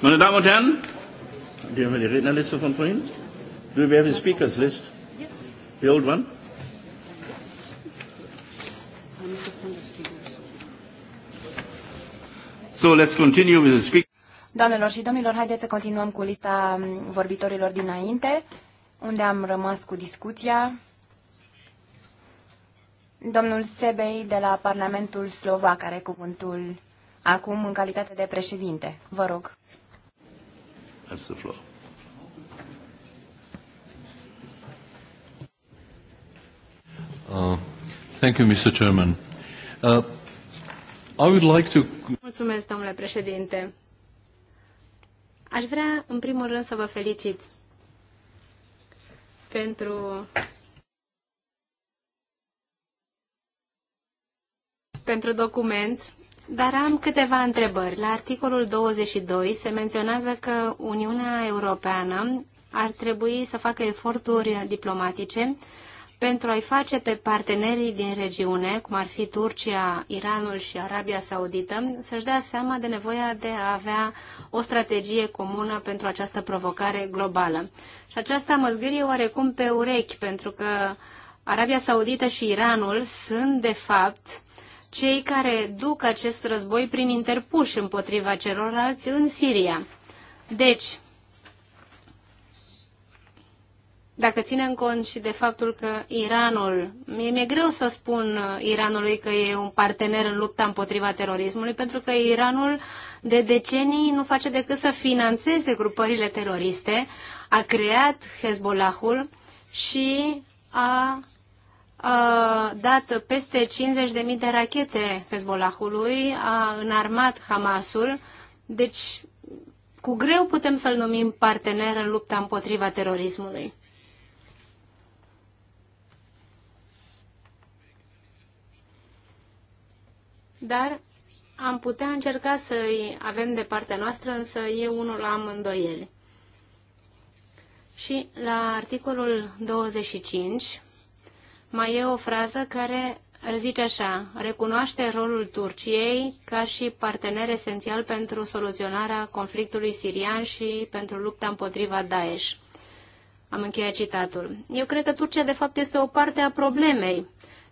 Meine Damen und Herren, die haben wir die Rednerliste von vorhin. Do we have a speakers list? Yes. The old one? Yes. So let's continue with the speaker. Doamnelor și domnilor, haideți să continuăm cu lista mm, vorbitorilor dinainte, unde am rămas cu discuția. Domnul Sebei de la Parlamentul Slovac are cuvântul Acum, în calitate de președinte, vă rog. That's the floor. Uh, thank you, Mr. Chairman. Uh, I would like to... Mulțumesc, domnule președinte. Aș vrea, în primul rând, să vă felicit pentru pentru document dar am câteva întrebări. La articolul 22 se menționează că Uniunea Europeană ar trebui să facă eforturi diplomatice pentru a-i face pe partenerii din regiune, cum ar fi Turcia, Iranul și Arabia Saudită, să-și dea seama de nevoia de a avea o strategie comună pentru această provocare globală. Și aceasta mă zgârie oarecum pe urechi, pentru că Arabia Saudită și Iranul sunt, de fapt, cei care duc acest război prin interpuși împotriva celorlalți în Siria. Deci, dacă ținem cont și de faptul că Iranul, mie mi-e greu să spun uh, Iranului că e un partener în lupta împotriva terorismului, pentru că Iranul de decenii nu face decât să financeze grupările teroriste, a creat Hezbollahul și a a dat peste 50.000 de rachete Hezbollahului, a înarmat Hamasul, deci cu greu putem să-l numim partener în lupta împotriva terorismului. Dar am putea încerca să-i avem de partea noastră, însă eu unul am îndoieli. Și la articolul 25, mai e o frază care zice așa, recunoaște rolul Turciei ca și partener esențial pentru soluționarea conflictului sirian și pentru lupta împotriva Daesh. Am încheiat citatul. Eu cred că Turcia, de fapt, este o parte a problemei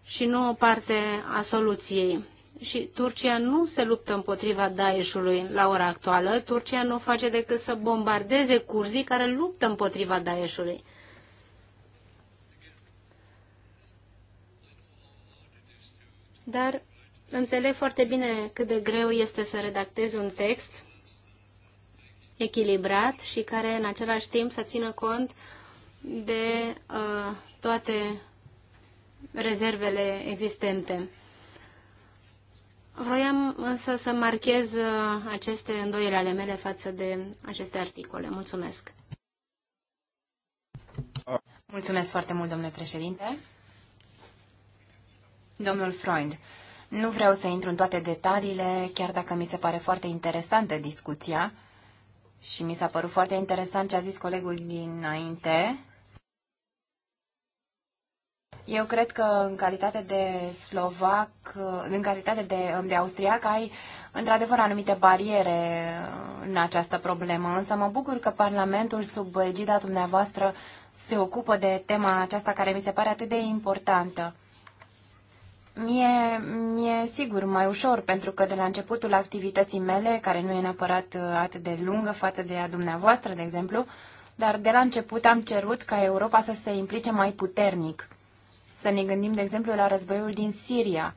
și nu o parte a soluției. Și Turcia nu se luptă împotriva Daeshului la ora actuală. Turcia nu face decât să bombardeze curzii care luptă împotriva Daeshului. dar înțeleg foarte bine cât de greu este să redactezi un text echilibrat și care în același timp să țină cont de uh, toate rezervele existente. Vroiam însă să marchez uh, aceste îndoiele ale mele față de aceste articole. Mulțumesc! Mulțumesc foarte mult, domnule președinte! Domnul Freund, nu vreau să intru în toate detaliile, chiar dacă mi se pare foarte interesantă discuția și mi s-a părut foarte interesant ce a zis colegul dinainte. Eu cred că în calitate de slovac, în calitate de, de austriac, ai într-adevăr anumite bariere în această problemă, însă mă bucur că Parlamentul, sub egida dumneavoastră, se ocupă de tema aceasta care mi se pare atât de importantă. Mie, mie sigur mai ușor, pentru că de la începutul activității mele, care nu e neapărat uh, atât de lungă față de a dumneavoastră, de exemplu, dar de la început am cerut ca Europa să se implice mai puternic. Să ne gândim, de exemplu, la războiul din Siria,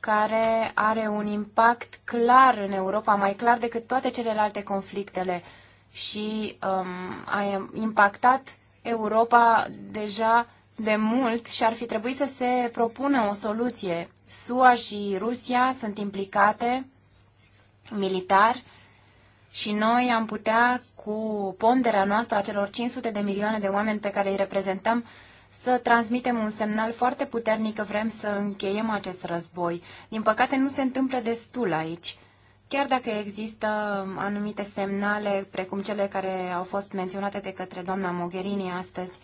care are un impact clar în Europa, mai clar decât toate celelalte conflictele și um, a impactat Europa deja de mult și ar fi trebuit să se propună o soluție. SUA și Rusia sunt implicate militar și noi am putea, cu ponderea noastră a celor 500 de milioane de oameni pe care îi reprezentăm, să transmitem un semnal foarte puternic că vrem să încheiem acest război. Din păcate, nu se întâmplă destul aici. Chiar dacă există anumite semnale, precum cele care au fost menționate de către doamna Mogherini astăzi,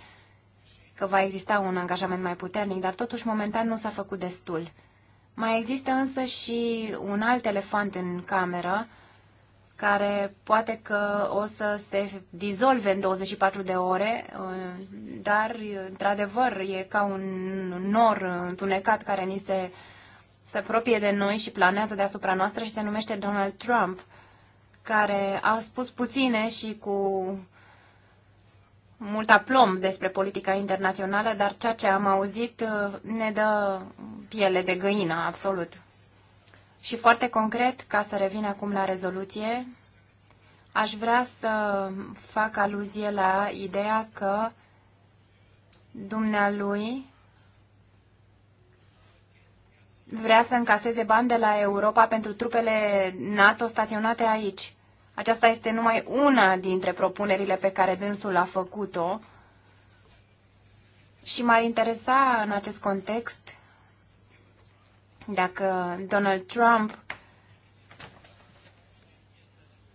că va exista un angajament mai puternic, dar totuși momentan nu s-a făcut destul. Mai există însă și un alt elefant în cameră, care poate că o să se dizolve în 24 de ore, uh, dar, într-adevăr, e ca un nor întunecat care ni se, se apropie de noi și planează deasupra noastră și se numește Donald Trump, care a spus puține și cu mult aplom despre politica internațională, dar ceea ce am auzit uh, ne dă piele de găină, absolut. Și foarte concret, ca să revin acum la rezoluție, aș vrea să fac aluzie la ideea că dumnealui vrea să încaseze bani de la Europa pentru trupele NATO staționate aici. Aceasta este numai una dintre propunerile pe care dânsul a făcut-o și m-ar interesa în acest context dacă Donald Trump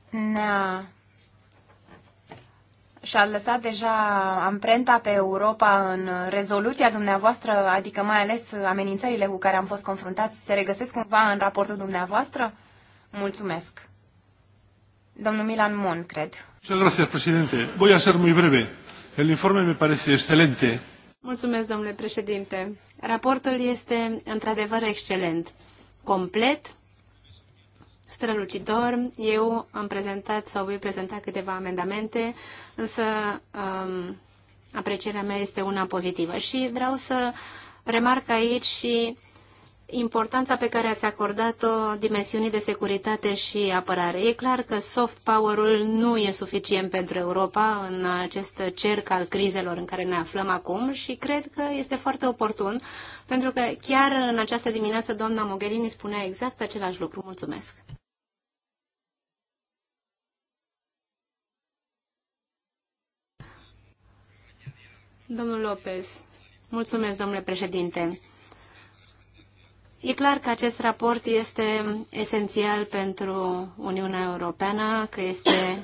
ne-a și-a lăsat deja amprenta pe Europa în rezoluția dumneavoastră, adică mai ales amenințările cu care am fost confruntați, se regăsesc cumva în raportul dumneavoastră? Mulțumesc! Domnul Milan Mon, cred. Muchas gracias, presidente. Voy a ser muy breve. El informe me parece excelente. Mulțumesc, domnule președinte. Raportul este într-adevăr excelent. Complet, strălucitor. Eu am prezentat sau voi prezenta câteva amendamente, însă um, aprecierea mea este una pozitivă. Și vreau să remarc aici și importanța pe care ați acordat-o dimensiunii de securitate și apărare. E clar că soft power-ul nu e suficient pentru Europa în acest cerc al crizelor în care ne aflăm acum și cred că este foarte oportun, pentru că chiar în această dimineață doamna Mogherini spunea exact același lucru. Mulțumesc! Domnul Lopez, mulțumesc, domnule președinte. E clar că acest raport este esențial pentru Uniunea Europeană, că este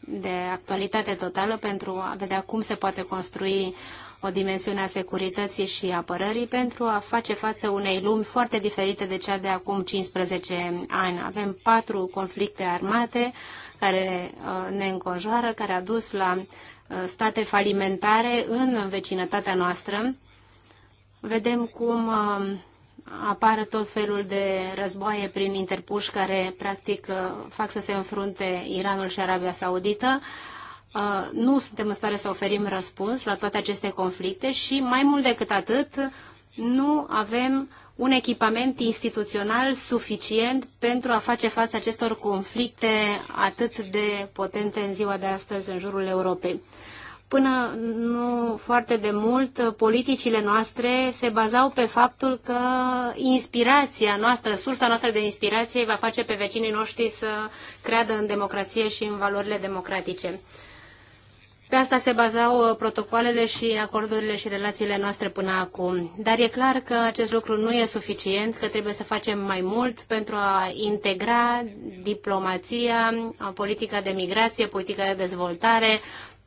de actualitate totală pentru a vedea cum se poate construi o dimensiune a securității și apărării pentru a face față unei lumi foarte diferite de cea de acum 15 ani. Avem patru conflicte armate care uh, ne înconjoară, care a dus la uh, state falimentare în vecinătatea noastră. Vedem cum uh, apară tot felul de războaie prin interpuși care practic uh, fac să se înfrunte Iranul și Arabia Saudită. Uh, nu suntem în stare să oferim răspuns la toate aceste conflicte și mai mult decât atât nu avem un echipament instituțional suficient pentru a face față acestor conflicte atât de potente în ziua de astăzi în jurul Europei. Până nu foarte de mult, politicile noastre se bazau pe faptul că inspirația noastră, sursa noastră de inspirație va face pe vecinii noștri să creadă în democrație și în valorile democratice. Pe asta se bazau uh, protocoalele și acordurile și relațiile noastre până acum. Dar e clar că acest lucru nu e suficient, că trebuie să facem mai mult pentru a integra diplomația, politica de migrație, politica de dezvoltare,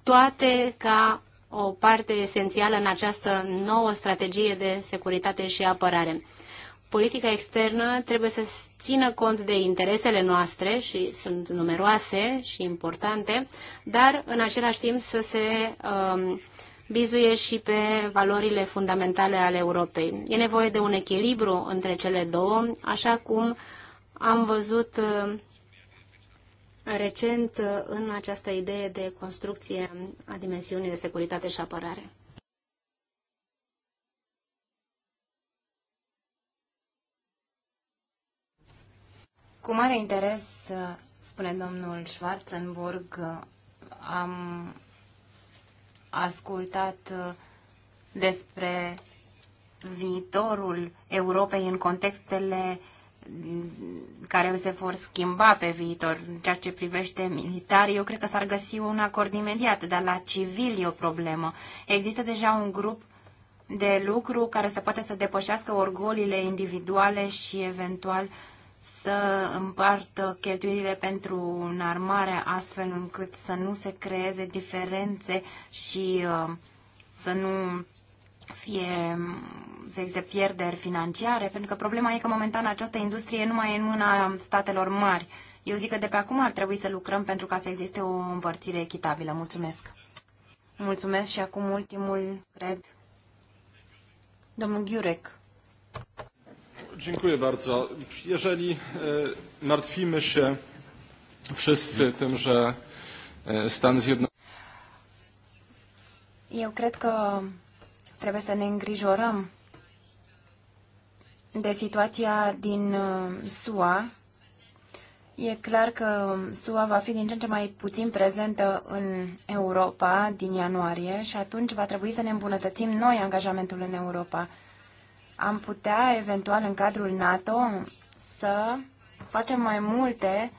toate ca o parte esențială în această nouă strategie de securitate și apărare. Politica externă trebuie să țină cont de interesele noastre și sunt numeroase și importante, dar în același timp să se um, bizuie și pe valorile fundamentale ale Europei. E nevoie de un echilibru între cele două, așa cum am văzut uh, recent uh, în această idee de construcție a dimensiunii de securitate și apărare. Cu mare interes, uh, spune domnul Schwarzenburg, uh, am ascultat despre viitorul Europei în contextele care se vor schimba pe viitor în ceea ce privește militari, eu cred că s-ar găsi un acord imediat, dar la civil e o problemă. Există deja un grup de lucru care să poate să depășească orgolile individuale și eventual să împartă cheltuielile pentru înarmare astfel încât să nu se creeze diferențe și uh, să nu fie să pierderi financiare, pentru că problema e că momentan această industrie nu mai e în mâna statelor mari. Eu zic că de pe acum ar trebui să lucrăm pentru ca să existe o împărțire echitabilă. Mulțumesc! Mulțumesc și acum ultimul, cred, domnul Ghiurec. Dziękuję bardzo. Jeżeli martwimy się wszyscy tym, że Stan Zjednoczony... Eu cred că Trebuie să ne îngrijorăm de situația din uh, SUA. E clar că SUA va fi din ce în ce mai puțin prezentă în Europa din ianuarie și atunci va trebui să ne îmbunătățim noi angajamentul în Europa. Am putea, eventual, în cadrul NATO, să facem mai multe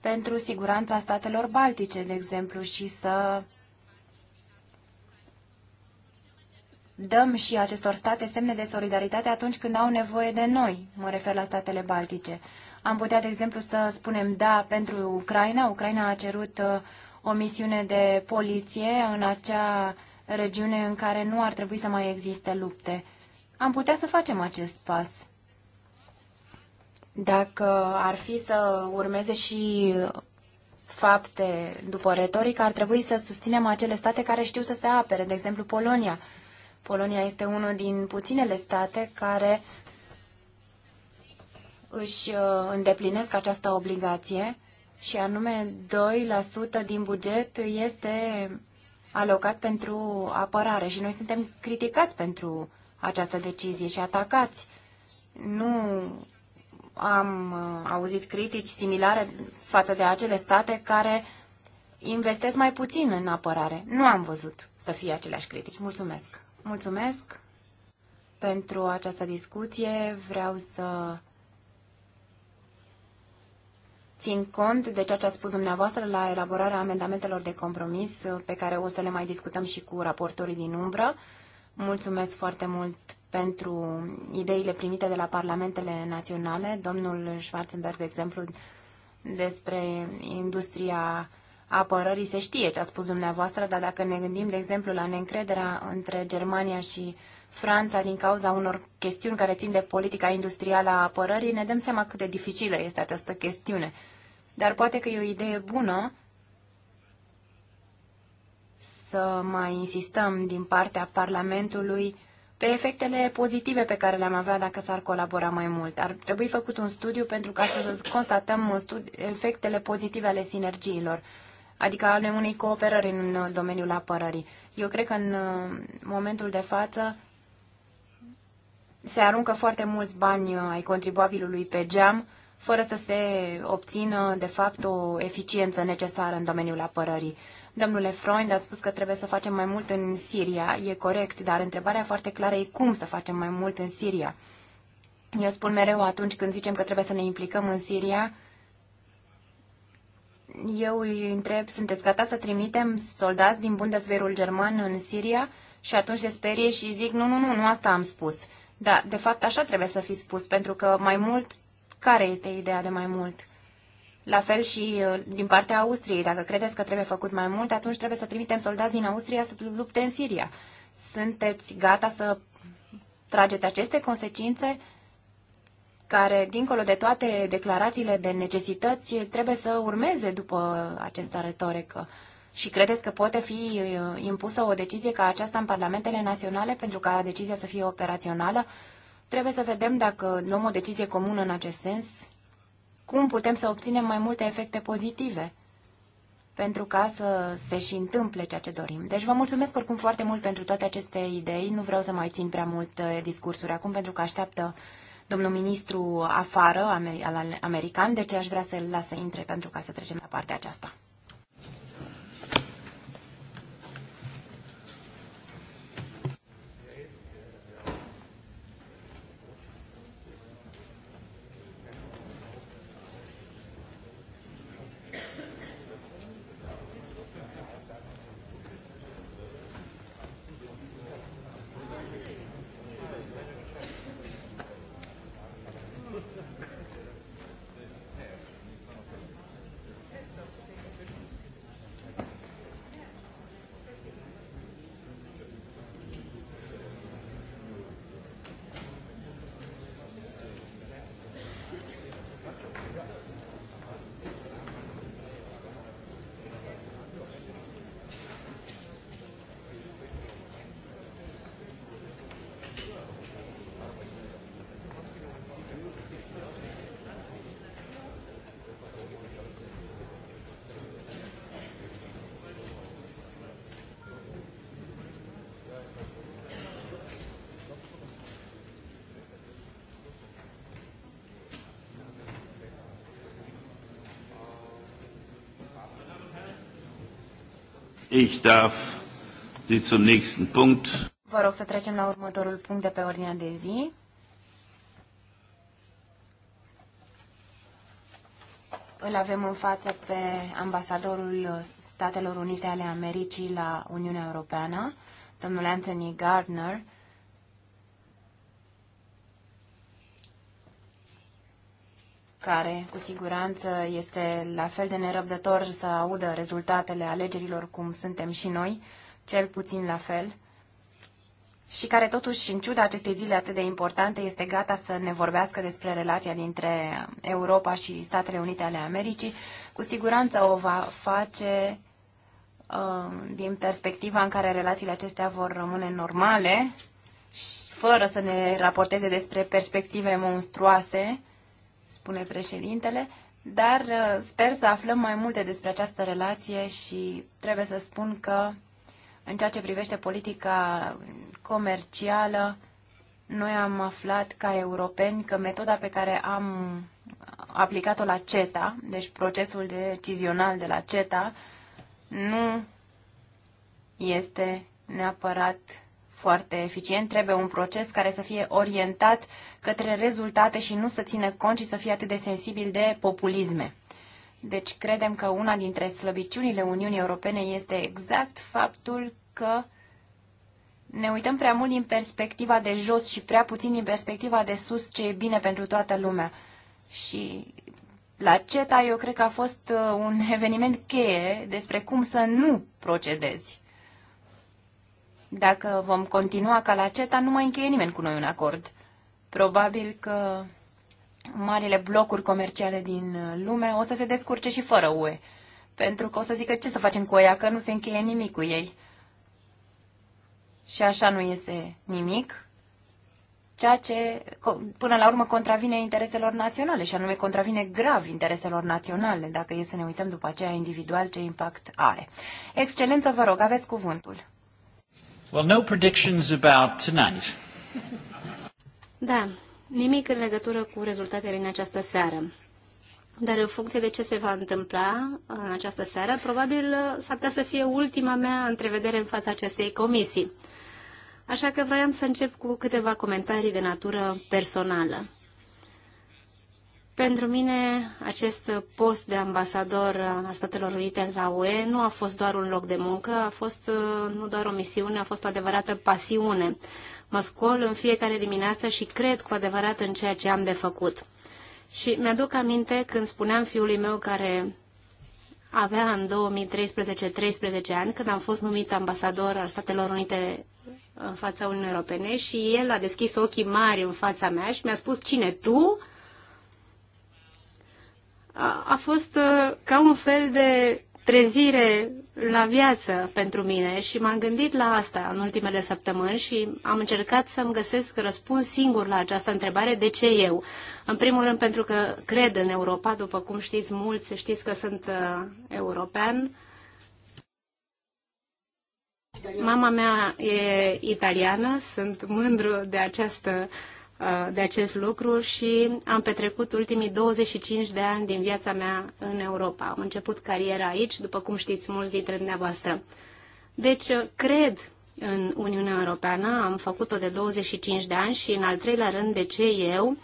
pentru siguranța statelor baltice, de exemplu, și să dăm și acestor state semne de solidaritate atunci când au nevoie de noi, mă refer la statele baltice. Am putea, de exemplu, să spunem da pentru Ucraina. Ucraina a cerut uh, o misiune de poliție în acea regiune în care nu ar trebui să mai existe lupte. Am putea să facem acest pas. Dacă ar fi să urmeze și fapte după retorică, ar trebui să susținem acele state care știu să se apere, de exemplu Polonia, Polonia este unul din puținele state care își uh, îndeplinesc această obligație și anume 2% din buget este alocat pentru apărare și noi suntem criticați pentru această decizie și atacați. Nu am uh, auzit critici similare față de acele state care investesc mai puțin în apărare. Nu am văzut să fie aceleași critici. Mulțumesc! Mulțumesc pentru această discuție. Vreau să țin cont de ceea ce a spus dumneavoastră la elaborarea amendamentelor de compromis pe care o să le mai discutăm și cu raportorii din umbră. Mulțumesc foarte mult pentru ideile primite de la parlamentele naționale. Domnul Schwarzenberg, de exemplu, despre industria apărării se știe ce a spus dumneavoastră, dar dacă ne gândim, de exemplu, la neîncrederea între Germania și Franța din cauza unor chestiuni care țin de politica industrială a apărării, ne dăm seama cât de dificilă este această chestiune. Dar poate că e o idee bună să mai insistăm din partea Parlamentului pe efectele pozitive pe care le-am avea dacă s-ar colabora mai mult. Ar trebui făcut un studiu pentru ca să constatăm efectele pozitive ale sinergiilor adică ale unei cooperări în uh, domeniul apărării. Eu cred că în uh, momentul de față se aruncă foarte mulți bani uh, ai contribuabilului pe geam, fără să se obțină, de fapt, o eficiență necesară în domeniul apărării. Domnule Freund, ați spus că trebuie să facem mai mult în Siria. E corect, dar întrebarea foarte clară e cum să facem mai mult în Siria. Eu spun mereu atunci când zicem că trebuie să ne implicăm în Siria, eu îi întreb, sunteți gata să trimitem soldați din Bundeswehrul german în Siria? Și atunci se sperie și zic, nu, nu, nu, nu asta am spus. Da, de fapt așa trebuie să fi spus, pentru că mai mult, care este ideea de mai mult? La fel și uh, din partea Austriei, dacă credeți că trebuie făcut mai mult, atunci trebuie să trimitem soldați din Austria să lupte în Siria. Sunteți gata să trageți aceste consecințe? care, dincolo de toate declarațiile de necesități, trebuie să urmeze după această retorică. Și credeți că poate fi uh, impusă o decizie ca aceasta în parlamentele naționale pentru ca decizia să fie operațională? Trebuie să vedem dacă luăm o decizie comună în acest sens. Cum putem să obținem mai multe efecte pozitive? pentru ca să se și întâmple ceea ce dorim. Deci vă mulțumesc oricum foarte mult pentru toate aceste idei. Nu vreau să mai țin prea mult uh, discursuri acum pentru că așteaptă domnul ministru afară, al, american, deci aș vrea să-l las să intre pentru ca să trecem la partea aceasta. Ich darf Sie zum nächsten Punkt. Vă rog să trecem la următorul punct de pe ordinea de zi. Îl avem în față pe ambasadorul Statelor Unite ale Americii la Uniunea Europeană, domnul Anthony Gardner, care cu siguranță este la fel de nerăbdător să audă rezultatele alegerilor cum suntem și noi, cel puțin la fel, și care totuși, în ciuda acestei zile atât de importante, este gata să ne vorbească despre relația dintre Europa și Statele Unite ale Americii, cu siguranță o va face uh, din perspectiva în care relațiile acestea vor rămâne normale, fără să ne raporteze despre perspective monstruoase spune președintele, dar uh, sper să aflăm mai multe despre această relație și trebuie să spun că în ceea ce privește politica comercială, noi am aflat ca europeni că metoda pe care am aplicat-o la CETA, deci procesul decizional de la CETA, nu este neapărat foarte eficient, trebuie un proces care să fie orientat către rezultate și nu să țină cont și să fie atât de sensibil de populisme. Deci credem că una dintre slăbiciunile Uniunii Europene este exact faptul că ne uităm prea mult din perspectiva de jos și prea puțin din perspectiva de sus ce e bine pentru toată lumea. Și la CETA eu cred că a fost uh, un eveniment cheie despre cum să nu procedezi. Dacă vom continua ca la CETA, nu mai încheie nimeni cu noi un acord. Probabil că marile blocuri comerciale din lume o să se descurce și fără UE. Pentru că o să zică ce să facem cu ea, că nu se încheie nimic cu ei. Și așa nu iese nimic, ceea ce până la urmă contravine intereselor naționale și anume contravine grav intereselor naționale, dacă e să ne uităm după aceea individual ce impact are. Excelență, vă rog, aveți cuvântul. Well, no predictions about tonight. Da, nimic în legătură cu rezultatele în această seară. Dar în funcție de ce se va întâmpla uh, în această seară, probabil uh, s-ar putea să fie ultima mea întrevedere în fața acestei comisii. Așa că vroiam să încep cu câteva comentarii de natură personală. Pentru mine, acest post de ambasador al Statelor Unite la UE nu a fost doar un loc de muncă, a fost uh, nu doar o misiune, a fost o adevărată pasiune. Mă scol în fiecare dimineață și cred cu adevărat în ceea ce am de făcut. Și mi-aduc aminte când spuneam fiului meu care avea în 2013 13 ani, când am fost numit ambasador al Statelor Unite în fața Uniunii Europene și el a deschis ochii mari în fața mea și mi-a spus, cine tu? a, fost uh, ca un fel de trezire la viață pentru mine și m-am gândit la asta în ultimele săptămâni și am încercat să-mi găsesc răspuns singur la această întrebare, de ce eu? În primul rând pentru că cred în Europa, după cum știți mulți, știți că sunt uh, european. Mama mea e italiană, sunt mândru de această uh, Uh, de acest lucru și am petrecut ultimii 25 de ani din viața mea în Europa. Am început cariera aici, după cum știți mulți dintre dumneavoastră. Deci, uh, cred în Uniunea Europeană, am făcut-o de 25 de ani și, în al treilea rând, de ce eu?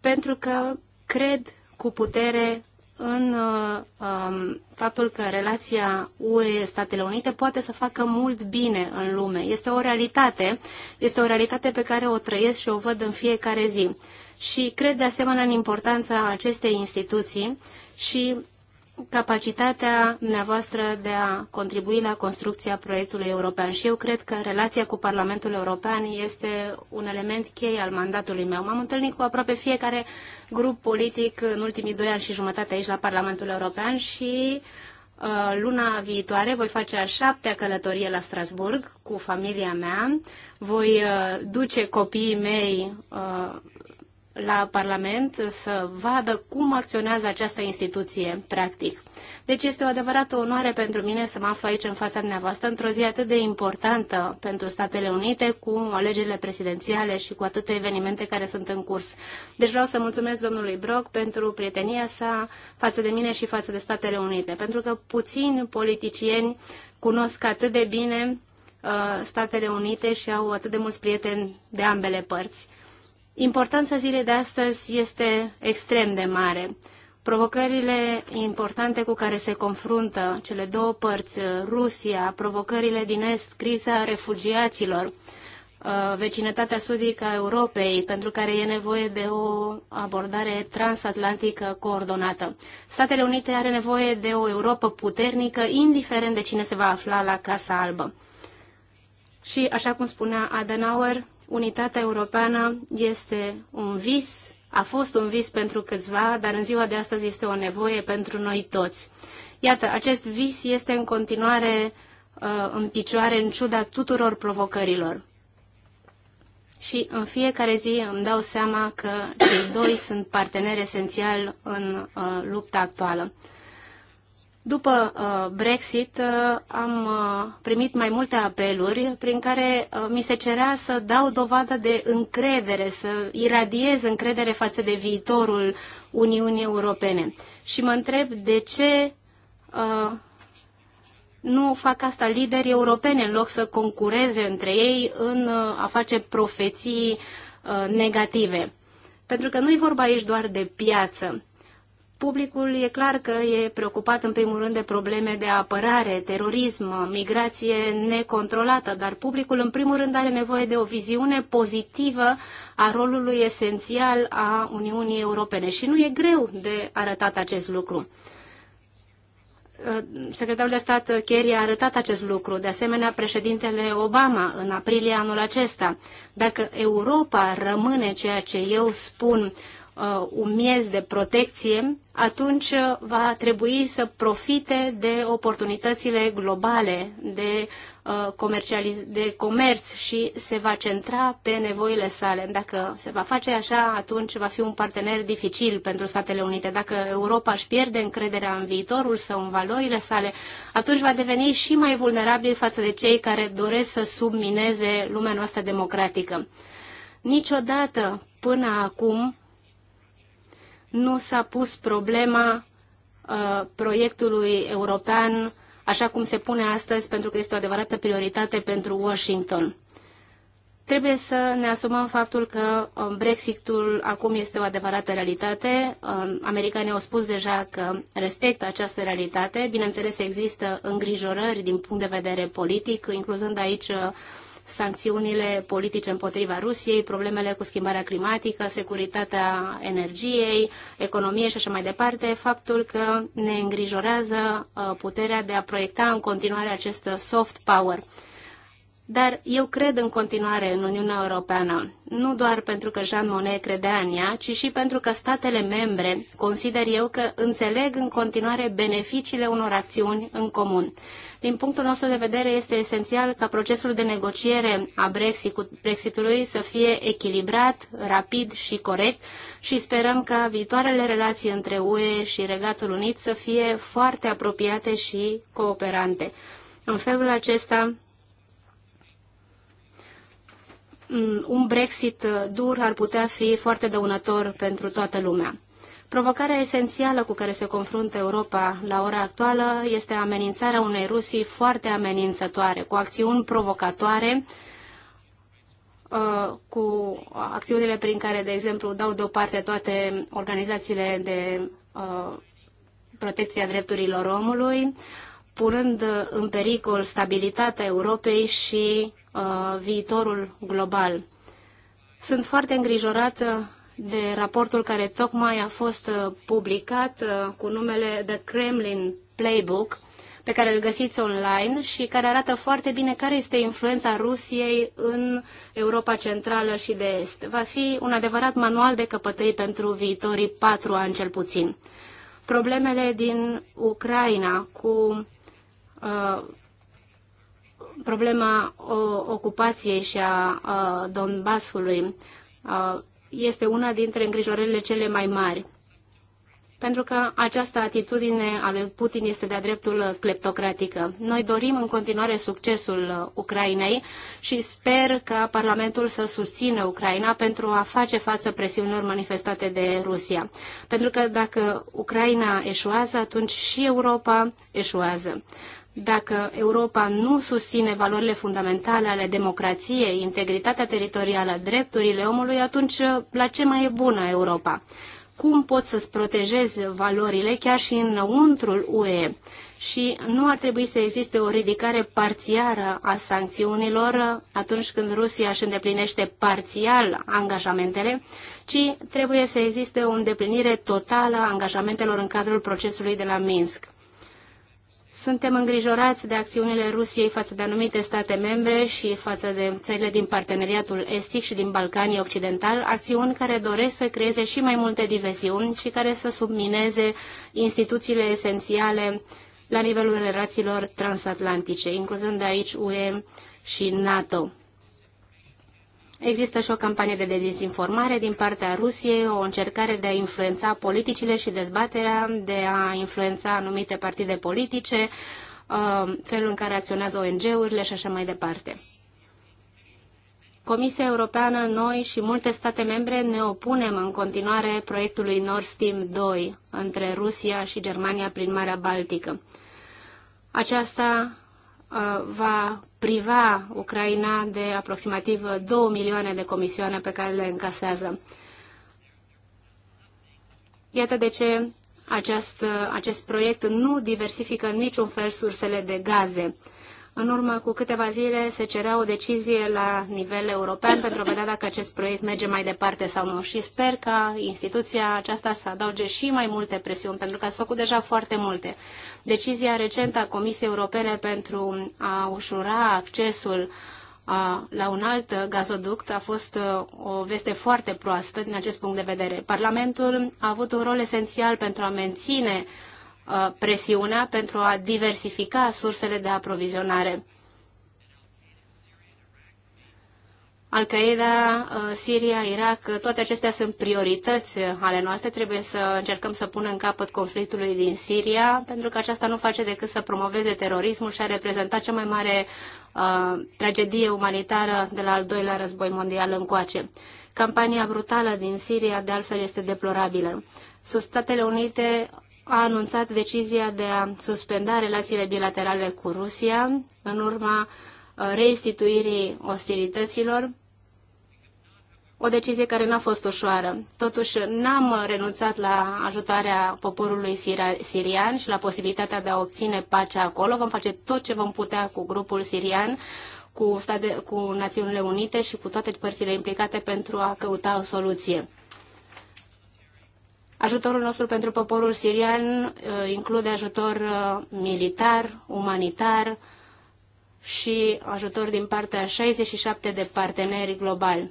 Pentru că cred cu putere în uh, um, faptul că relația UE-Statele Unite poate să facă mult bine în lume. Este o realitate, este o realitate pe care o trăiesc și o văd în fiecare zi. Și cred de asemenea în importanța acestei instituții și capacitatea dumneavoastră de a contribui la construcția proiectului european și eu cred că relația cu Parlamentul European este un element chei al mandatului meu. M-am întâlnit cu aproape fiecare grup politic în ultimii doi ani și jumătate aici la Parlamentul European și uh, luna viitoare voi face a șaptea călătorie la Strasburg cu familia mea. Voi uh, duce copiii mei uh, la Parlament să vadă cum acționează această instituție, practic. Deci este o adevărată onoare pentru mine să mă aflu aici în fața dumneavoastră într-o zi atât de importantă pentru Statele Unite cu alegerile prezidențiale și cu atâtea evenimente care sunt în curs. Deci vreau să mulțumesc domnului Brock pentru prietenia sa față de mine și față de Statele Unite, pentru că puțini politicieni cunosc atât de bine uh, Statele Unite și au atât de mulți prieteni de ambele părți. Importanța zilei de astăzi este extrem de mare. Provocările importante cu care se confruntă cele două părți, uh, Rusia, provocările din Est, criza refugiaților, uh, vecinătatea sudică a Europei, pentru care e nevoie de o abordare transatlantică coordonată. Statele Unite are nevoie de o Europa puternică, indiferent de cine se va afla la Casa Albă. Și, așa cum spunea Adenauer, unitatea europeană este un vis, a fost un vis pentru câțiva, dar în ziua de astăzi este o nevoie pentru noi toți. Iată, acest vis este în continuare uh, în picioare în ciuda tuturor provocărilor. Și în fiecare zi îmi dau seama că cei doi sunt parteneri esențial în uh, lupta actuală. După uh, Brexit uh, am uh, primit mai multe apeluri prin care mi se cerea să dau dovadă de încredere, să iradiez încredere față de viitorul Uniunii Europene. Și mă întreb de ce nu fac asta liderii europeni în loc să concureze între ei în a face profeții negative. Pentru că nu e vorba aici doar de piață publicul e clar că e preocupat în primul rând de probleme de apărare, terorism, migrație necontrolată, dar publicul în primul rând are nevoie de o viziune pozitivă a rolului esențial a Uniunii Europene și nu e greu de arătat acest lucru. Secretarul de stat Kerry a arătat acest lucru, de asemenea președintele Obama în aprilie anul acesta. Dacă Europa rămâne ceea ce eu spun, uh, un miez de protecție, atunci uh, va trebui să profite de oportunitățile globale de, uh, de comerț și se va centra pe nevoile sale. Dacă se va face așa, atunci va fi un partener dificil pentru Statele Unite. Dacă Europa își pierde încrederea în viitorul sau în valorile sale, atunci va deveni și mai vulnerabil față de cei care doresc să submineze lumea noastră democratică. Niciodată până acum nu s-a pus problema uh, proiectului european așa cum se pune astăzi, pentru că este o adevărată prioritate pentru Washington. Trebuie să ne asumăm faptul că um, Brexitul acum este o adevărată realitate. Um, americanii au spus deja că respectă această realitate. Bineînțeles, există îngrijorări din punct de vedere politic, incluzând aici uh, sancțiunile politice împotriva Rusiei, problemele cu schimbarea climatică, securitatea energiei, economie și așa mai departe, faptul că ne îngrijorează uh, puterea de a proiecta în continuare acest soft power dar eu cred în continuare în Uniunea Europeană, nu doar pentru că Jean Monnet credea în ea, ci și pentru că statele membre consider eu că înțeleg în continuare beneficiile unor acțiuni în comun. Din punctul nostru de vedere, este esențial ca procesul de negociere a Brexitului să fie echilibrat, rapid și corect și sperăm ca viitoarele relații între UE și Regatul Unit să fie foarte apropiate și cooperante. În felul acesta, Mm, un Brexit uh, dur ar putea fi foarte dăunător pentru toată lumea. Provocarea esențială cu care se confruntă Europa la ora actuală este amenințarea unei Rusii foarte amenințătoare, cu acțiuni provocatoare, uh, cu acțiunile prin care, de exemplu, dau deoparte toate organizațiile de uh, protecție a drepturilor omului, punând în pericol stabilitatea Europei și Uh, viitorul global. Sunt foarte îngrijorată de raportul care tocmai a fost uh, publicat uh, cu numele The Kremlin Playbook, pe care îl găsiți online și care arată foarte bine care este influența Rusiei în Europa Centrală și de Est. Va fi un adevărat manual de căpătăi pentru viitorii patru ani cel puțin. Problemele din Ucraina cu uh, problema ocupației și a Donbasului este una dintre îngrijorările cele mai mari. Pentru că această atitudine a lui Putin este de-a dreptul cleptocratică. Noi dorim în continuare succesul uh, Ucrainei și sper că Parlamentul să susțină Ucraina pentru a face față presiunilor manifestate de Rusia. Pentru că dacă Ucraina eșuează, atunci și Europa eșuează. Dacă Europa nu susține valorile fundamentale ale democrației, integritatea teritorială, drepturile omului, atunci uh, la ce mai e bună Europa? Cum poți să-ți protejezi valorile chiar și înăuntrul UE? Și nu ar trebui să existe o ridicare parțială a sancțiunilor uh, atunci când Rusia își îndeplinește parțial angajamentele, ci trebuie să existe o îndeplinire totală a angajamentelor în cadrul procesului de la Minsk. Suntem îngrijorați de acțiunile Rusiei față de anumite state membre și față de țările din parteneriatul estic și din Balcanii Occidental, acțiuni care doresc să creeze și mai multe diversiuni și care să submineze instituțiile esențiale la nivelul relațiilor transatlantice, incluzând aici UE și NATO. Există și o campanie de dezinformare din partea Rusiei, o încercare de a influența politicile și dezbaterea, de a influența anumite partide politice, uh, felul în care acționează ONG-urile și așa mai departe. Comisia Europeană, noi și multe state membre ne opunem în continuare proiectului Nord Stream 2 între Rusia și Germania prin Marea Baltică. Aceasta Uh, va priva Ucraina de aproximativ 2 milioane de comisioane pe care le încasează. Iată de ce acest, acest proiect nu diversifică în niciun fel sursele de gaze. În urmă cu câteva zile se cerea o decizie la nivel european pentru a vedea dacă acest proiect merge mai departe sau nu și sper ca instituția aceasta să adauge și mai multe presiuni, pentru că ați făcut deja foarte multe. Decizia recentă a Comisiei Europene pentru a ușura accesul la un alt gazoduct a fost o veste foarte proastă din acest punct de vedere. Parlamentul a avut un rol esențial pentru a menține uh, Uh, presiunea pentru a diversifica sursele de aprovizionare. Al-Qaeda, uh, Siria, Irak, uh, toate acestea sunt priorități ale noastre. Trebuie să încercăm să punem în capăt conflictului din Siria, pentru că aceasta nu face decât să promoveze terorismul și a reprezentat cea mai mare uh, tragedie umanitară de la al doilea război mondial încoace. Campania brutală din Siria, de altfel, este deplorabilă. Statele Unite a anunțat decizia de a suspenda relațiile bilaterale cu Rusia în urma uh, reinstituirii ostilităților, o decizie care n-a fost ușoară. Totuși, n-am renunțat la ajutarea poporului sirian și la posibilitatea de a obține pacea acolo. Vom face tot ce vom putea cu grupul sirian, cu, state, cu Națiunile Unite și cu toate părțile implicate pentru a căuta o soluție. Ajutorul nostru pentru poporul sirian uh, include ajutor uh, militar, umanitar și ajutor din partea 67 de parteneri globali.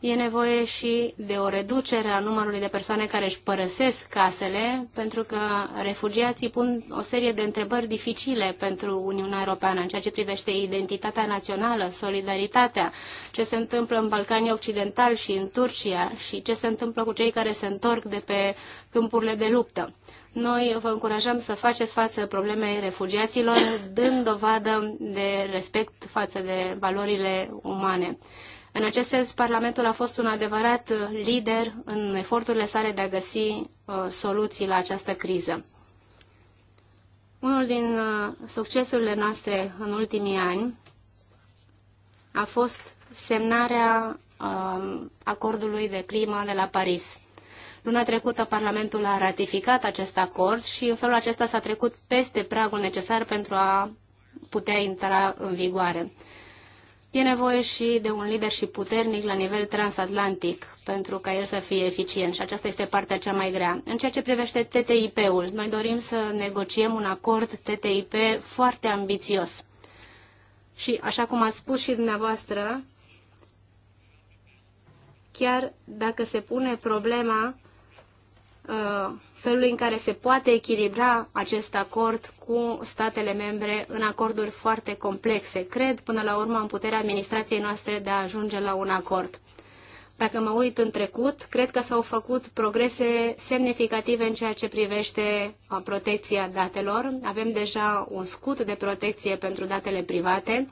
E nevoie și de o reducere a numărului de persoane care își părăsesc casele, pentru că refugiații pun o serie de întrebări dificile pentru Uniunea Europeană în ceea ce privește identitatea națională, solidaritatea, ce se întâmplă în Balcanii Occidentali și în Turcia și ce se întâmplă cu cei care se întorc de pe câmpurile de luptă. Noi vă încurajăm să faceți față problemei refugiaților, dând dovadă de respect față de valorile umane. În acest sens, Parlamentul a fost un adevărat lider în eforturile sale de a găsi uh, soluții la această criză. Unul din uh, succesurile noastre în ultimii ani a fost semnarea uh, acordului de climă de la Paris. Luna trecută Parlamentul a ratificat acest acord și în felul acesta s-a trecut peste pragul necesar pentru a putea intra în vigoare. E nevoie și de un lider și puternic la nivel transatlantic pentru ca el să fie eficient și aceasta este partea cea mai grea. În ceea ce privește TTIP-ul, noi dorim să negociem un acord TTIP foarte ambițios. Și așa cum ați spus și dumneavoastră, chiar dacă se pune problema Uh, felului în care se poate echilibra acest acord cu statele membre în acorduri foarte complexe. Cred, până la urmă, în puterea administrației noastre de a ajunge la un acord. Dacă mă uit în trecut, cred că s-au făcut progrese semnificative în ceea ce privește uh, protecția datelor. Avem deja un scut de protecție pentru datele private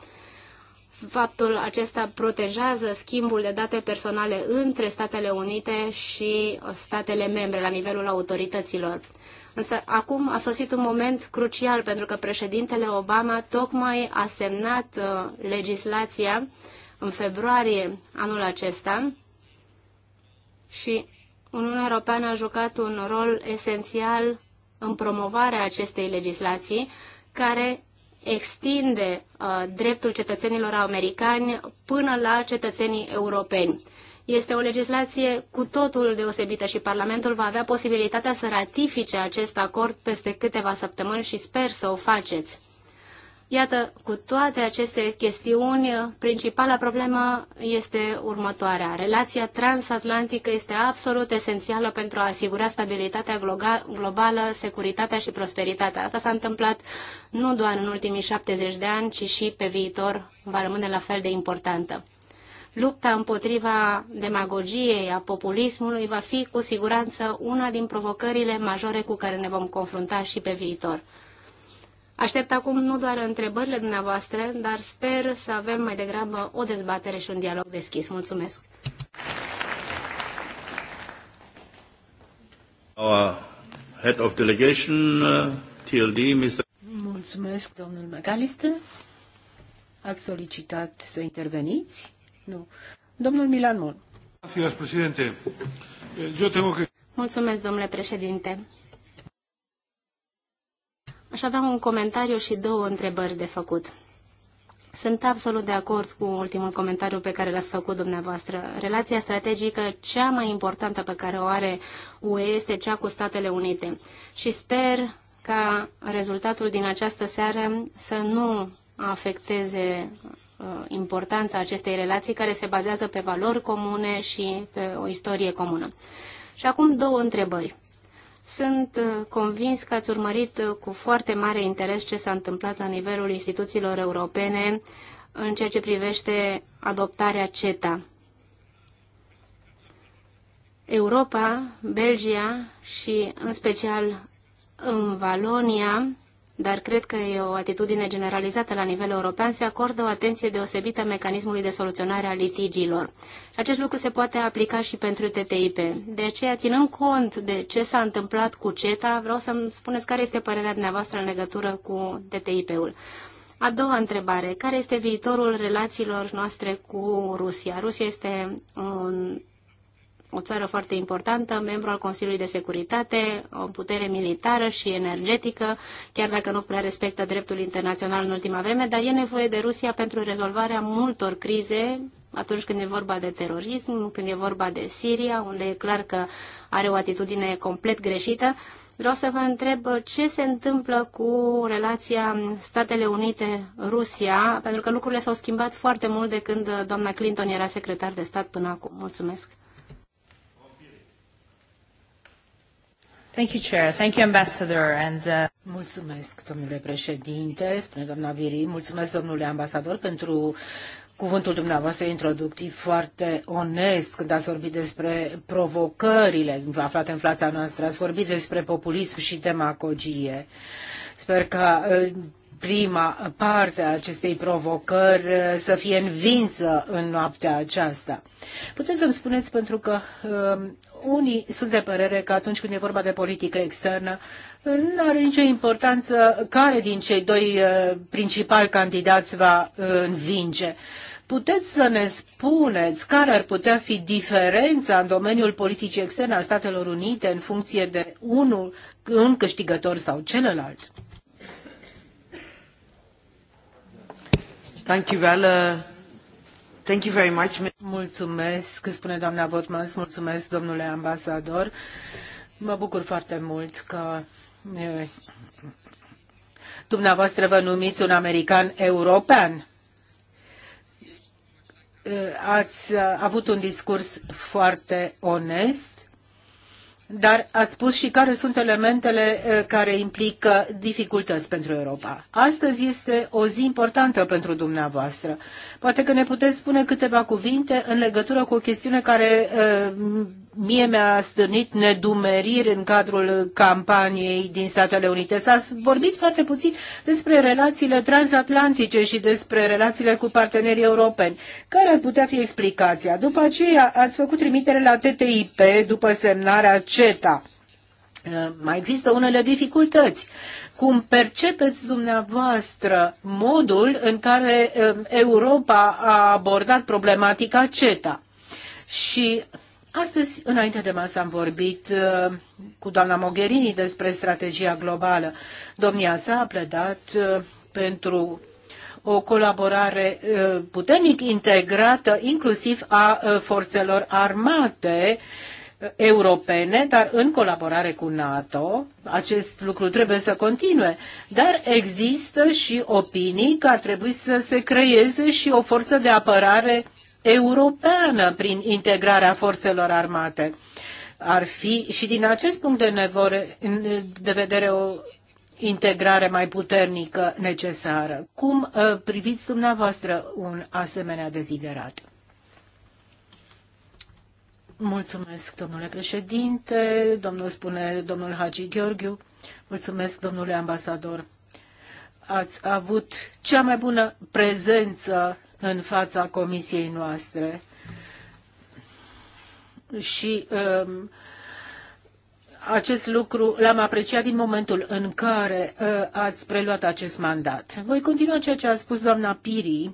faptul acesta protejează schimbul de date personale între Statele Unite și statele membre la nivelul autorităților. Însă acum a sosit un moment crucial pentru că președintele Obama tocmai a semnat uh, legislația în februarie anul acesta și Uniunea Europeană a jucat un rol esențial în promovarea acestei legislații care extinde uh, dreptul cetățenilor americani până la cetățenii europeni. Este o legislație cu totul deosebită și Parlamentul va avea posibilitatea să ratifice acest acord peste câteva săptămâni și sper să o faceți. Iată, cu toate aceste chestiuni, principala problemă este următoarea. Relația transatlantică este absolut esențială pentru a asigura stabilitatea globală, securitatea și prosperitatea. Asta s-a întâmplat nu doar în ultimii 70 de ani, ci și pe viitor va rămâne la fel de importantă. Lupta împotriva demagogiei, a populismului, va fi cu siguranță una din provocările majore cu care ne vom confrunta și pe viitor. Aștept acum nu doar întrebările dumneavoastră, dar sper să avem mai degrabă o dezbatere și un dialog deschis. Mulțumesc! Our head of delegation, uh, TLD, Mr. Mulțumesc, domnul McAllister. Ați solicitat să interveniți? Nu. Domnul Milan Mon. Eh, Mulțumesc, domnule președinte. Aș avea un comentariu și două întrebări de făcut. Sunt absolut de acord cu ultimul comentariu pe care l-ați făcut dumneavoastră. Relația strategică cea mai importantă pe care o are UE este cea cu Statele Unite. Și sper ca rezultatul din această seară să nu afecteze uh, importanța acestei relații care se bazează pe valori comune și pe o istorie comună. Și acum două întrebări. Sunt uh, convins că ați urmărit uh, cu foarte mare interes ce s-a întâmplat la nivelul instituțiilor europene în ceea ce privește adoptarea CETA. Europa, Belgia și în special în Valonia dar cred că e o atitudine generalizată la nivel european, se acordă o atenție deosebită mecanismului de soluționare a litigiilor. Acest lucru se poate aplica și pentru TTIP. De aceea, ținând cont de ce s-a întâmplat cu CETA, vreau să-mi spuneți care este părerea dumneavoastră în legătură cu TTIP-ul. A doua întrebare. Care este viitorul relațiilor noastre cu Rusia? Rusia este un o țară foarte importantă, membru al Consiliului de Securitate, o putere militară și energetică, chiar dacă nu prea respectă dreptul internațional în ultima vreme, dar e nevoie de Rusia pentru rezolvarea multor crize atunci când e vorba de terorism, când e vorba de Siria, unde e clar că are o atitudine complet greșită. Vreau să vă întreb ce se întâmplă cu relația Statele Unite-Rusia, pentru că lucrurile s-au schimbat foarte mult de când doamna Clinton era secretar de stat până acum. Mulțumesc. Thank you, Chair. Thank you, Ambassador. And, uh... Mulțumesc, domnule președinte, spune doamna Viri. Mulțumesc, domnule ambasador, pentru cuvântul dumneavoastră introductiv foarte onest când ați vorbit despre provocările aflate în fața noastră, ați vorbit despre populism și demagogie. Sper că uh, prima parte a acestei provocări uh, să fie învinsă în noaptea aceasta. Puteți să-mi spuneți, pentru că uh, unii sunt de părere că atunci când e vorba de politică externă, nu are nicio importanță care din cei doi uh, principali candidați va uh, învinge. Puteți să ne spuneți care ar putea fi diferența în domeniul politicii externe a Statelor Unite în funcție de unul, un câștigător sau celălalt? Thank you, Ella. Mulțumesc, spune doamna Botmans, mulțumesc domnule ambasador. Mă bucur foarte mult că dumneavoastră vă numiți un american european. Ați avut un discurs foarte onest dar ați spus și care sunt elementele care implică dificultăți pentru Europa. Astăzi este o zi importantă pentru dumneavoastră. Poate că ne puteți spune câteva cuvinte în legătură cu o chestiune care mie mi-a stârnit nedumeriri în cadrul campaniei din Statele Unite. S-a vorbit foarte puțin despre relațiile transatlantice și despre relațiile cu partenerii europeni. Care ar putea fi explicația? După aceea ați făcut trimitere la TTIP după semnarea CETA. Mai există unele dificultăți. Cum percepeți dumneavoastră modul în care um, Europa a abordat problematica CETA? Și Astăzi, înainte de masă, am vorbit uh, cu doamna Mogherini despre strategia globală. Domnia sa a pledat uh, pentru o colaborare uh, puternic integrată, inclusiv a uh, forțelor armate uh, europene, dar în colaborare cu NATO. Acest lucru trebuie să continue, dar există și opinii că ar trebui să se creeze și o forță de apărare europeană prin integrarea forțelor armate. Ar fi și din acest punct de, nevore, de vedere o integrare mai puternică necesară. Cum uh, priviți dumneavoastră un asemenea deziderat? Mulțumesc, domnule președinte, domnul spune domnul Hagi Gheorghiu. Mulțumesc, domnule ambasador. Ați avut cea mai bună prezență în fața comisiei noastre. Și um, acest lucru l-am apreciat din momentul în care uh, ați preluat acest mandat. Voi continua ceea ce a spus doamna Piri,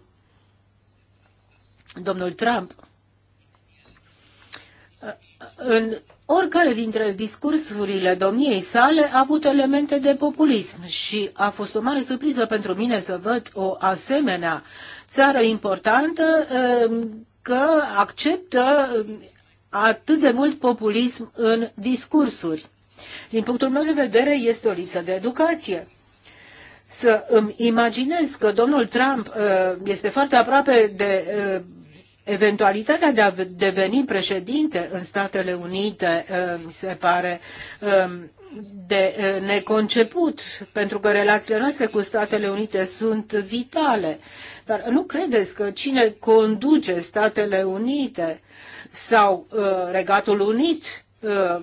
domnul Trump. Uh, în oricare dintre discursurile domniei sale a avut elemente de populism și a fost o mare surpriză pentru mine să văd o asemenea țară importantă um, că acceptă um, atât de mult populism în discursuri. Din punctul meu de vedere, este o lipsă de educație. Să îmi imaginez că domnul Trump uh, este foarte aproape de uh, eventualitatea de a deveni președinte în Statele Unite, uh, mi se pare um, de neconceput, pentru că relațiile noastre cu Statele Unite sunt vitale. Dar nu credeți că cine conduce Statele Unite sau uh, Regatul Unit, uh,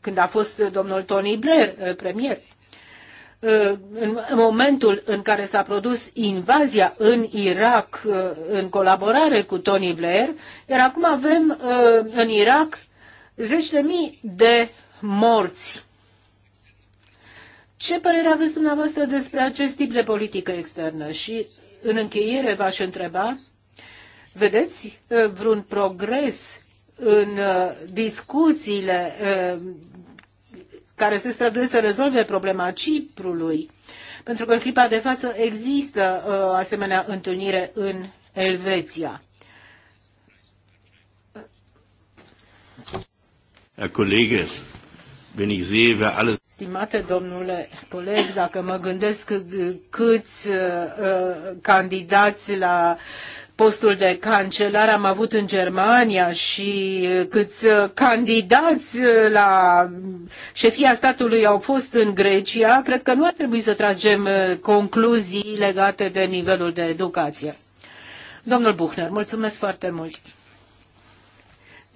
când a fost domnul Tony Blair uh, premier, în momentul în care s-a produs invazia în Irak în colaborare cu Tony Blair, iar acum avem în Irak zeci de mii de morți. Ce părere aveți dumneavoastră despre acest tip de politică externă? Și în încheiere v-aș întreba, vedeți uh, vreun progres în uh, discuțiile uh, care se străduiesc să rezolve problema Ciprului? Pentru că în clipa de față există o asemenea întâlnire în Elveția. Herr Kollege, wenn ich sehe, wer alles Stimate domnule coleg, dacă mă gândesc câți uh, candidați la postul de cancelar am avut în Germania și câți uh, candidați uh, la șefia statului au fost în Grecia, cred că nu ar trebui să tragem uh, concluzii legate de nivelul de educație. Domnul Buchner, mulțumesc foarte mult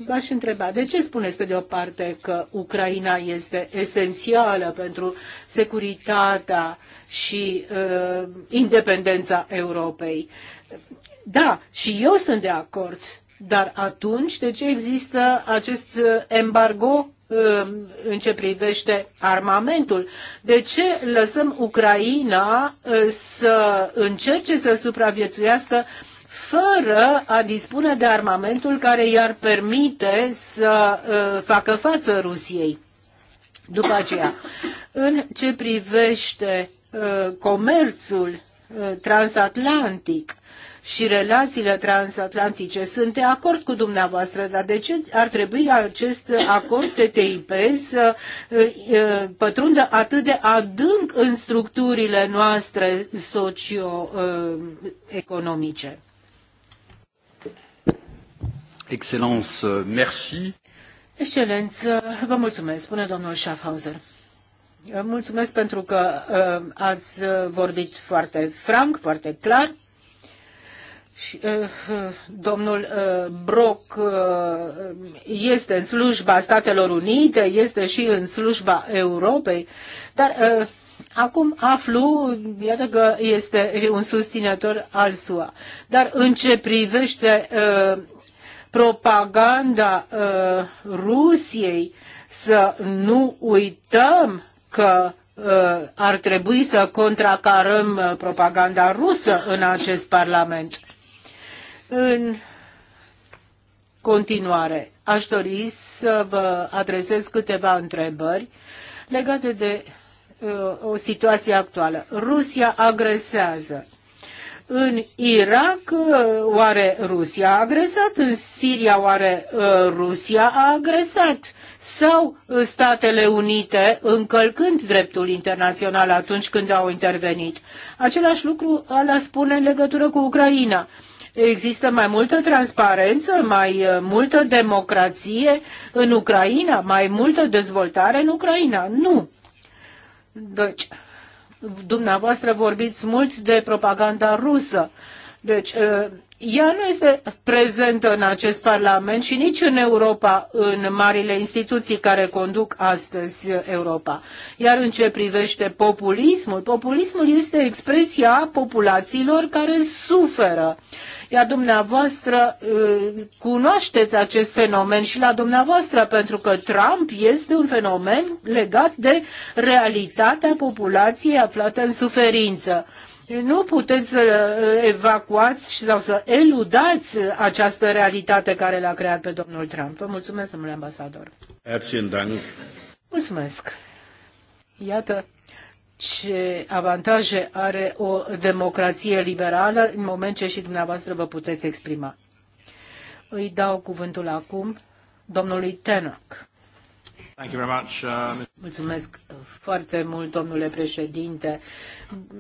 v-aș întreba, de ce spuneți pe de o parte că Ucraina este esențială pentru securitatea și uh, independența Europei? Da, și eu sunt de acord, dar atunci de ce există acest uh, embargo uh, în ce privește armamentul. De ce lăsăm Ucraina uh, să încerce să supraviețuiască fără a dispune de armamentul care i-ar permite să uh, facă față Rusiei. După aceea, în ce privește uh, comerțul uh, transatlantic și relațiile transatlantice, sunt de acord cu dumneavoastră, dar de ce ar trebui acest acord TTIP să pătrundă atât de adânc în structurile noastre socio-economice? Excellență, merci. Excelență, vă mulțumesc, spune domnul Schaffhauser. Mulțumesc pentru că uh, ați uh, vorbit foarte franc, foarte clar. Și, uh, uh, domnul uh, Brock uh, este în slujba Statelor Unite, este și în slujba Europei, dar uh, Acum aflu, iată că este un susținător al SUA. Dar în ce privește uh, propaganda uh, Rusiei, să nu uităm că uh, ar trebui să contracarăm uh, propaganda rusă în acest Parlament. În continuare, aș dori să vă adresez câteva întrebări legate de uh, o situație actuală. Rusia agresează. În Irak, uh, oare Rusia a agresat? În Siria, oare uh, Rusia a agresat? Sau uh, Statele Unite, încălcând dreptul internațional atunci când au intervenit? Același lucru ala spune în legătură cu Ucraina există mai multă transparență, mai multă democrație în Ucraina, mai multă dezvoltare în Ucraina. Nu. Deci, Dumneavoastră vorbiți mult de propaganda rusă. Deci, uh, ea nu este prezentă în acest Parlament și nici în Europa, în marile instituții care conduc astăzi Europa. Iar în ce privește populismul, populismul este expresia populațiilor care suferă. Iar dumneavoastră uh, cunoașteți acest fenomen și la dumneavoastră, pentru că Trump este un fenomen legat de realitatea populației aflată în suferință. Deci nu puteți să uh, evacuați sau să eludați această realitate care l-a creat pe domnul Trump. Vă mulțumesc, domnule ambasador. Mulțumesc. Iată ce avantaje are o democrație liberală în moment ce și dumneavoastră vă puteți exprima. Îi dau cuvântul acum domnului Tenoc. Uh, Mulțumesc foarte mult, domnule președinte.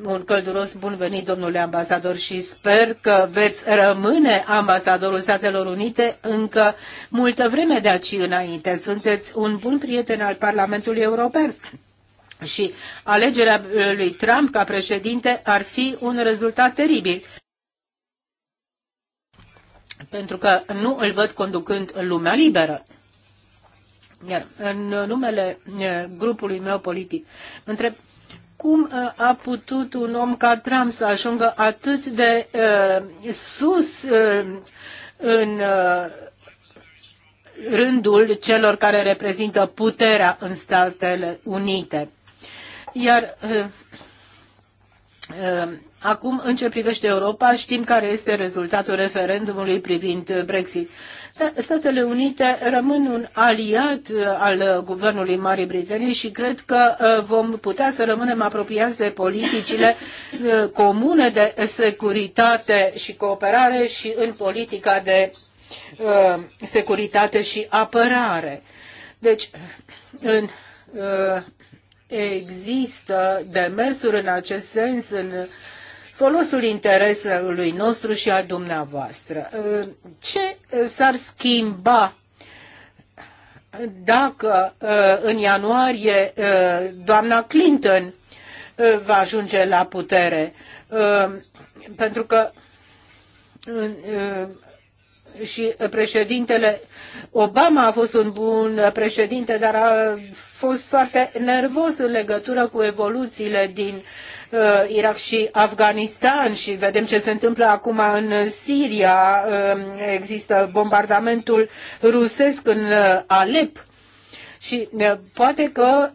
Un călduros bun venit, domnule ambasador, și sper că veți rămâne ambasadorul Statelor Unite încă multă vreme de aici înainte. Sunteți un bun prieten al Parlamentului European. Și alegerea lui Trump ca președinte ar fi un rezultat teribil pentru că nu îl văd conducând lumea liberă în numele grupului meu politic, întreb cum a putut un om ca Trump să ajungă atât de uh, sus uh, în uh, rândul celor care reprezintă puterea în Statele Unite. Iar uh, uh, acum, în ce privește Europa, știm care este rezultatul referendumului privind Brexit. Statele Unite rămân un aliat uh, al guvernului Marii Britanii și cred că uh, vom putea să rămânem apropiați de politicile uh, comune de securitate și cooperare și în politica de securitate și apărare. Deci, în există demersuri în acest sens în folosul interesului nostru și al dumneavoastră. Uh, ce uh, s-ar schimba dacă uh, în ianuarie doamna Clinton va ajunge la putere? Pentru că și președintele Obama a fost un bun președinte, dar a fost foarte nervos în legătură cu evoluțiile din Uh, Irak și Afganistan și vedem ce se întâmplă acum în Siria. Um, există bombardamentul rusesc în uh, Alep. Și uh, poate că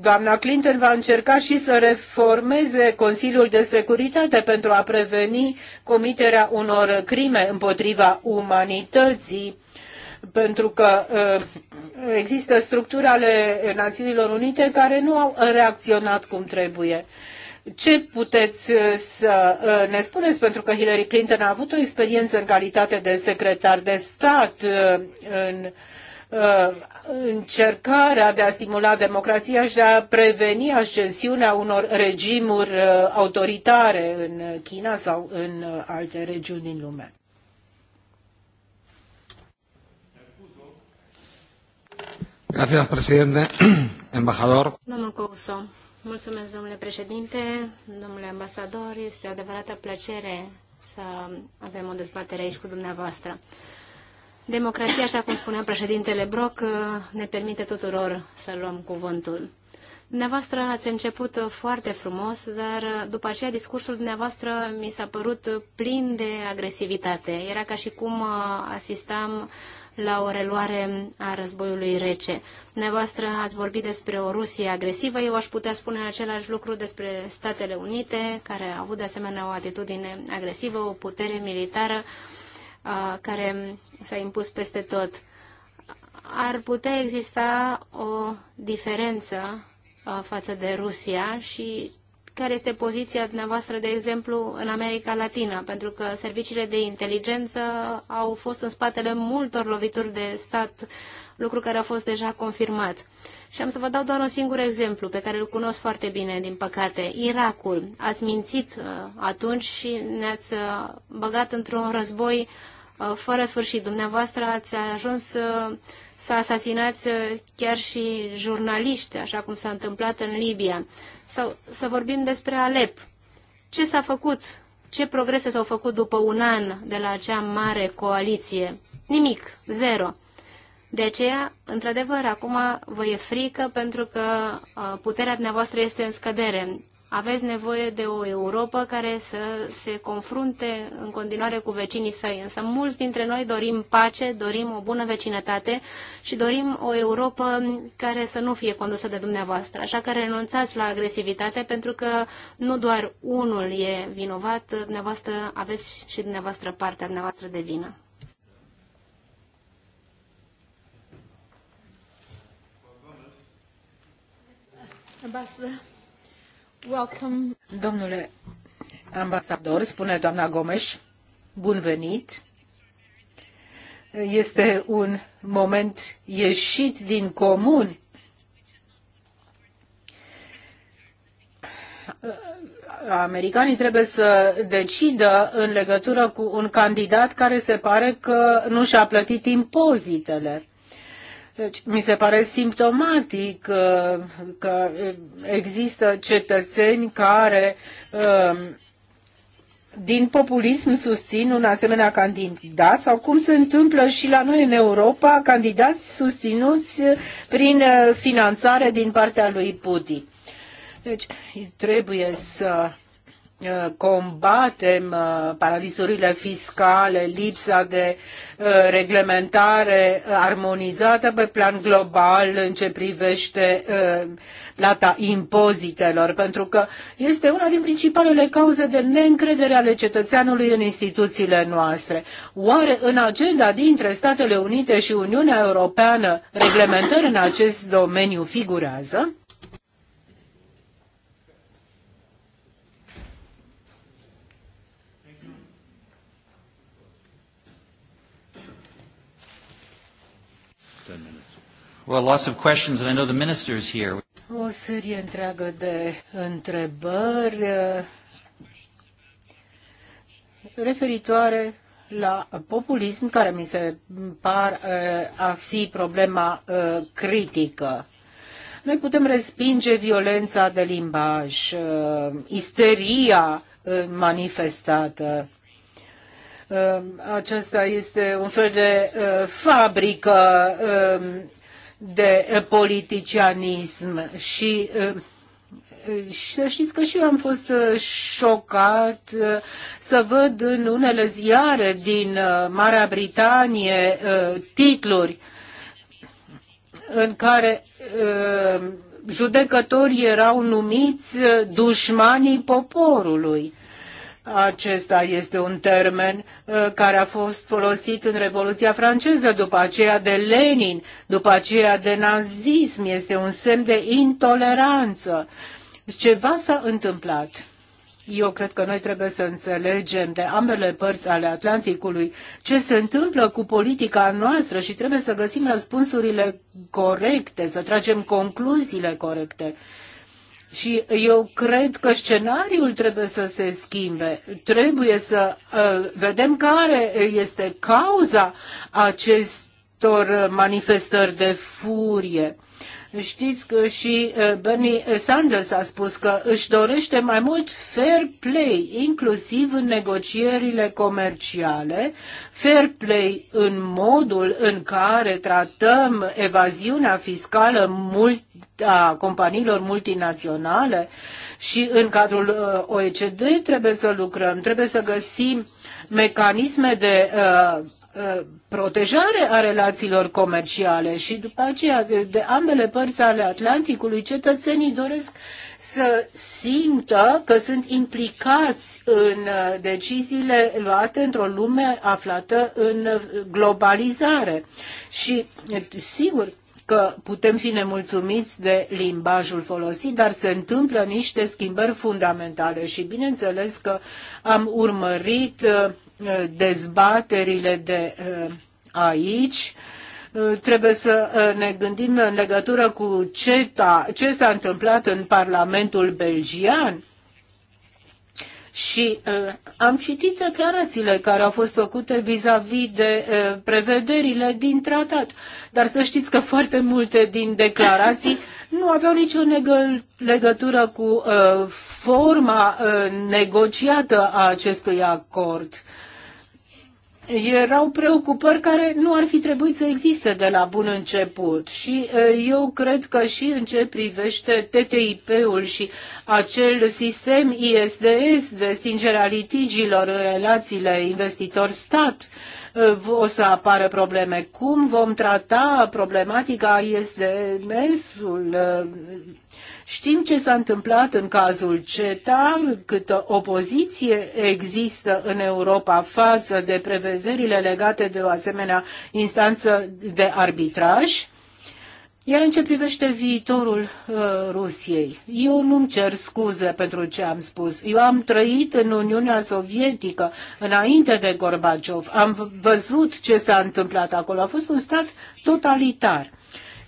doamna Clinton va încerca și să reformeze Consiliul de Securitate pentru a preveni comiterea unor crime împotriva umanității pentru că uh, există structuri ale Națiunilor Unite care nu au reacționat cum trebuie. Ce puteți uh, să uh, ne spuneți? Pentru că Hillary Clinton a avut o experiență în calitate de secretar de stat în încercarea de a stimula democrația și de a preveni ascensiunea unor regimuri autoritare în China sau în alte regiuni din lume. Gracias, presidente. Embajador. Domnul Couso, mulțumesc, domnule președinte, domnule ambasador. Este o adevărată plăcere să avem o dezbatere aici cu dumneavoastră. Democrația, așa cum spunea președintele Brok, ne permite tuturor să luăm cuvântul. Dumneavoastră ați început foarte frumos, dar după aceea discursul dumneavoastră mi s-a părut plin de agresivitate. Era ca și cum asistam la o reluare a războiului rece. Nevoastră ați vorbit despre o Rusie agresivă, eu aș putea spune același lucru despre Statele Unite, care a avut de asemenea o atitudine agresivă, o putere militară uh, care s-a impus peste tot. Ar putea exista o diferență uh, față de Rusia și care este poziția dumneavoastră, de exemplu, în America Latină, pentru că serviciile de inteligență au fost în spatele multor lovituri de stat, lucru care a fost deja confirmat. Și am să vă dau doar un singur exemplu pe care îl cunosc foarte bine, din păcate. Irakul. Ați mințit uh, atunci și ne-ați uh, băgat într-un război uh, fără sfârșit. Dumneavoastră ați ajuns să asasinați uh, chiar și jurnaliști, așa cum s-a întâmplat în Libia. Sau să vorbim despre Alep. Ce s-a făcut? Ce progrese s-au făcut după un an de la acea mare coaliție? Nimic, zero. De aceea, într-adevăr, acum vă e frică pentru că uh, puterea dumneavoastră este în scădere. Aveți nevoie de o Europa care să se confrunte în continuare cu vecinii săi, însă mulți dintre noi dorim pace, dorim o bună vecinătate și dorim o Europa care să nu fie condusă de dumneavoastră. Așa că renunțați la agresivitate pentru că nu doar unul e vinovat, dumneavoastră aveți și dumneavoastră partea dumneavoastră de vină. Ambassador. Welcome. Domnule ambasador, spune doamna Gomes, bun venit. Este un moment ieșit din comun. Americanii trebuie să decidă în legătură cu un candidat care se pare că nu și-a plătit impozitele. Deci, mi se pare simptomatic uh, că uh, există cetățeni care uh, din populism susțin un asemenea candidat sau cum se întâmplă și la noi în Europa candidați susținuți prin finanțare din partea lui Putin. Deci trebuie să Eh, combatem eh, paradisurile fiscale, lipsa de eh, reglementare armonizată pe plan global în ce privește plata impozitelor, pentru că este una din principalele cauze de neîncredere ale cetățeanului în instituțiile noastre. Oare în agenda dintre Statele Unite și Uniunea Europeană reglementări în acest domeniu figurează? Well, lots of questions, and I know the minister is here. O serie întreagă de întrebări uh, referitoare la populism, care mi se par uh, a fi problema uh, critică. Noi putem respinge violența de limbaj, isteria manifestată, Acesta este un fel de uh, fabrică uh, de eh, politicianism și eh, să știți că și eu am fost eh, șocat să văd în unele ziare din Marea Britanie titluri în care judecătorii erau numiți dușmanii poporului. Acesta este un termen uh, care a fost folosit în Revoluția franceză, după aceea de Lenin, după aceea de nazism. Este un semn de intoleranță. Ceva s-a întâmplat. Eu cred că noi trebuie să înțelegem de ambele părți ale Atlanticului ce se întâmplă cu politica noastră și trebuie să găsim răspunsurile corecte, să tragem concluziile corecte. Și eu cred că scenariul trebuie să se schimbe. Trebuie să uh, vedem care este cauza acestor manifestări de furie. Știți că și uh, Bernie Sanders a spus că își dorește mai mult fair play, inclusiv în negocierile comerciale, fair play în modul în care tratăm evaziunea fiscală mult a companiilor multinaționale și în cadrul uh, OECD trebuie să lucrăm, trebuie să găsim mecanisme de uh, Uh, protejare a relațiilor comerciale și după aceea de ambele părți ale Atlanticului cetățenii doresc să simtă că sunt implicați în uh, deciziile luate într-o lume aflată în uh, globalizare. Și sigur că putem fi nemulțumiți de limbajul folosit, dar se întâmplă niște schimbări fundamentale și bineînțeles că am urmărit dezbaterile de eh, aici, eh, trebuie să eh, ne gândim în legătură cu ce, ce s-a întâmplat în Parlamentul belgian. Și uh, am citit declarațiile care au fost făcute vis-a-vis -vis de uh, prevederile din tratat. Dar să știți că foarte multe din declarații nu aveau nicio negă- legătură cu uh, forma uh, negociată a acestui acord. Uh, erau preocupări care nu ar fi trebuit să existe de la bun început și eu cred că și în ce privește TTIP-ul și acel sistem ISDS de stingerea litigilor în relațiile investitor-stat o să apară probleme. Cum vom trata problematica ISDS-ul? Știm ce s-a întâmplat în cazul CETA, câtă opoziție există în Europa față de prevederile legate de o asemenea instanță de arbitraj. Iar în ce privește viitorul uh, Rusiei, eu nu-mi cer scuze pentru ce am spus. Eu am trăit în Uniunea Sovietică înainte de Gorbaciov. Am văzut ce s-a întâmplat acolo. A fost un stat totalitar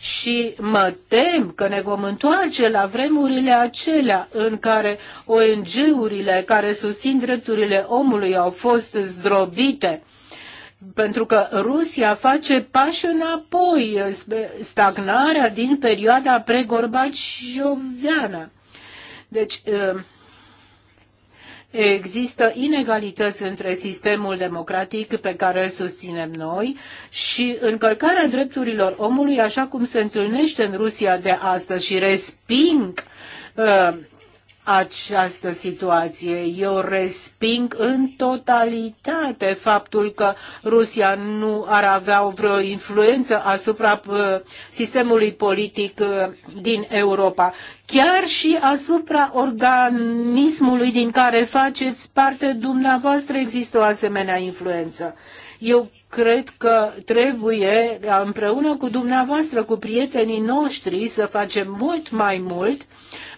și mă tem că ne vom întoarce la vremurile acelea în care ONG-urile care susțin drepturile omului au fost zdrobite pentru că Rusia face pași înapoi, stagnarea din perioada pregorbaciovdeană. Deci, uh, există inegalități între sistemul democratic pe care îl susținem noi și încălcarea drepturilor omului, așa cum se întâlnește în Rusia de astăzi și resping uh, această situație. Eu resping în totalitate faptul că Rusia nu ar avea vreo influență asupra uh, sistemului politic uh, din Europa, chiar și asupra organismului din care faceți parte dumneavoastră există o asemenea influență. Eu cred că trebuie împreună cu dumneavoastră, cu prietenii noștri, să facem mult mai mult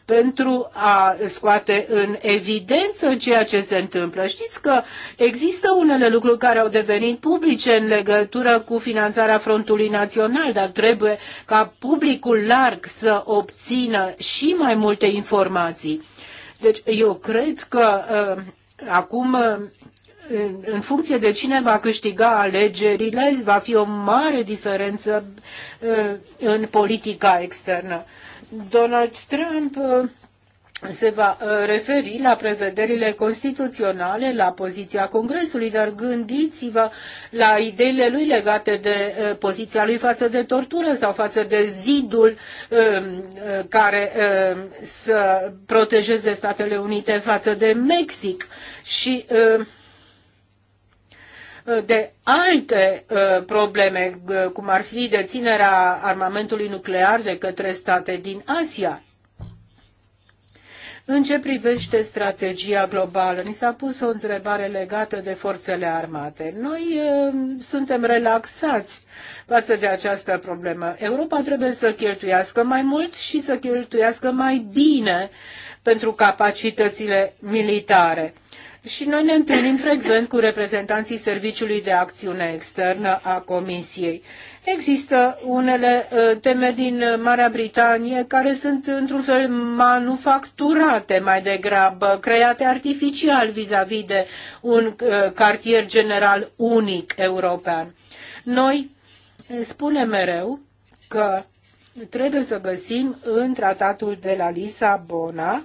pentru a scoate în evidență ceea ce se întâmplă. Știți că există unele lucruri care au devenit publice în legătură cu finanțarea Frontului Național, dar trebuie ca publicul larg să obțină și mai multe informații. Deci eu cred că uh, acum uh, în funcție de cine va câștiga alegerile, va fi o mare diferență uh, în politica externă. Donald Trump uh, se va uh, referi la prevederile constituționale, la poziția Congresului, dar gândiți-vă la ideile lui legate de poziția lui față de tortură sau față de zidul um, care um, să protejeze Statele Unite față de Mexic și um, Uh, de alte uh, probleme, uh, cum ar fi deținerea armamentului nuclear de către state din Asia. În ce privește strategia globală, ni s-a pus o întrebare legată de forțele armate. Noi uh, suntem relaxați față de această problemă. Europa trebuie să cheltuiască mai mult și să cheltuiască mai bine pentru capacitățile militare. Uh, și noi ne întâlnim frecvent cu reprezentanții Serviciului de Acțiune Externă a Comisiei. Există unele uh, teme din Marea Britanie care sunt într-un fel manufacturate mai degrabă, create artificial vis-a-vis -vis de un uh, cartier general unic european. Noi uh, spunem mereu că trebuie să găsim în tratatul de la Lisabona uh,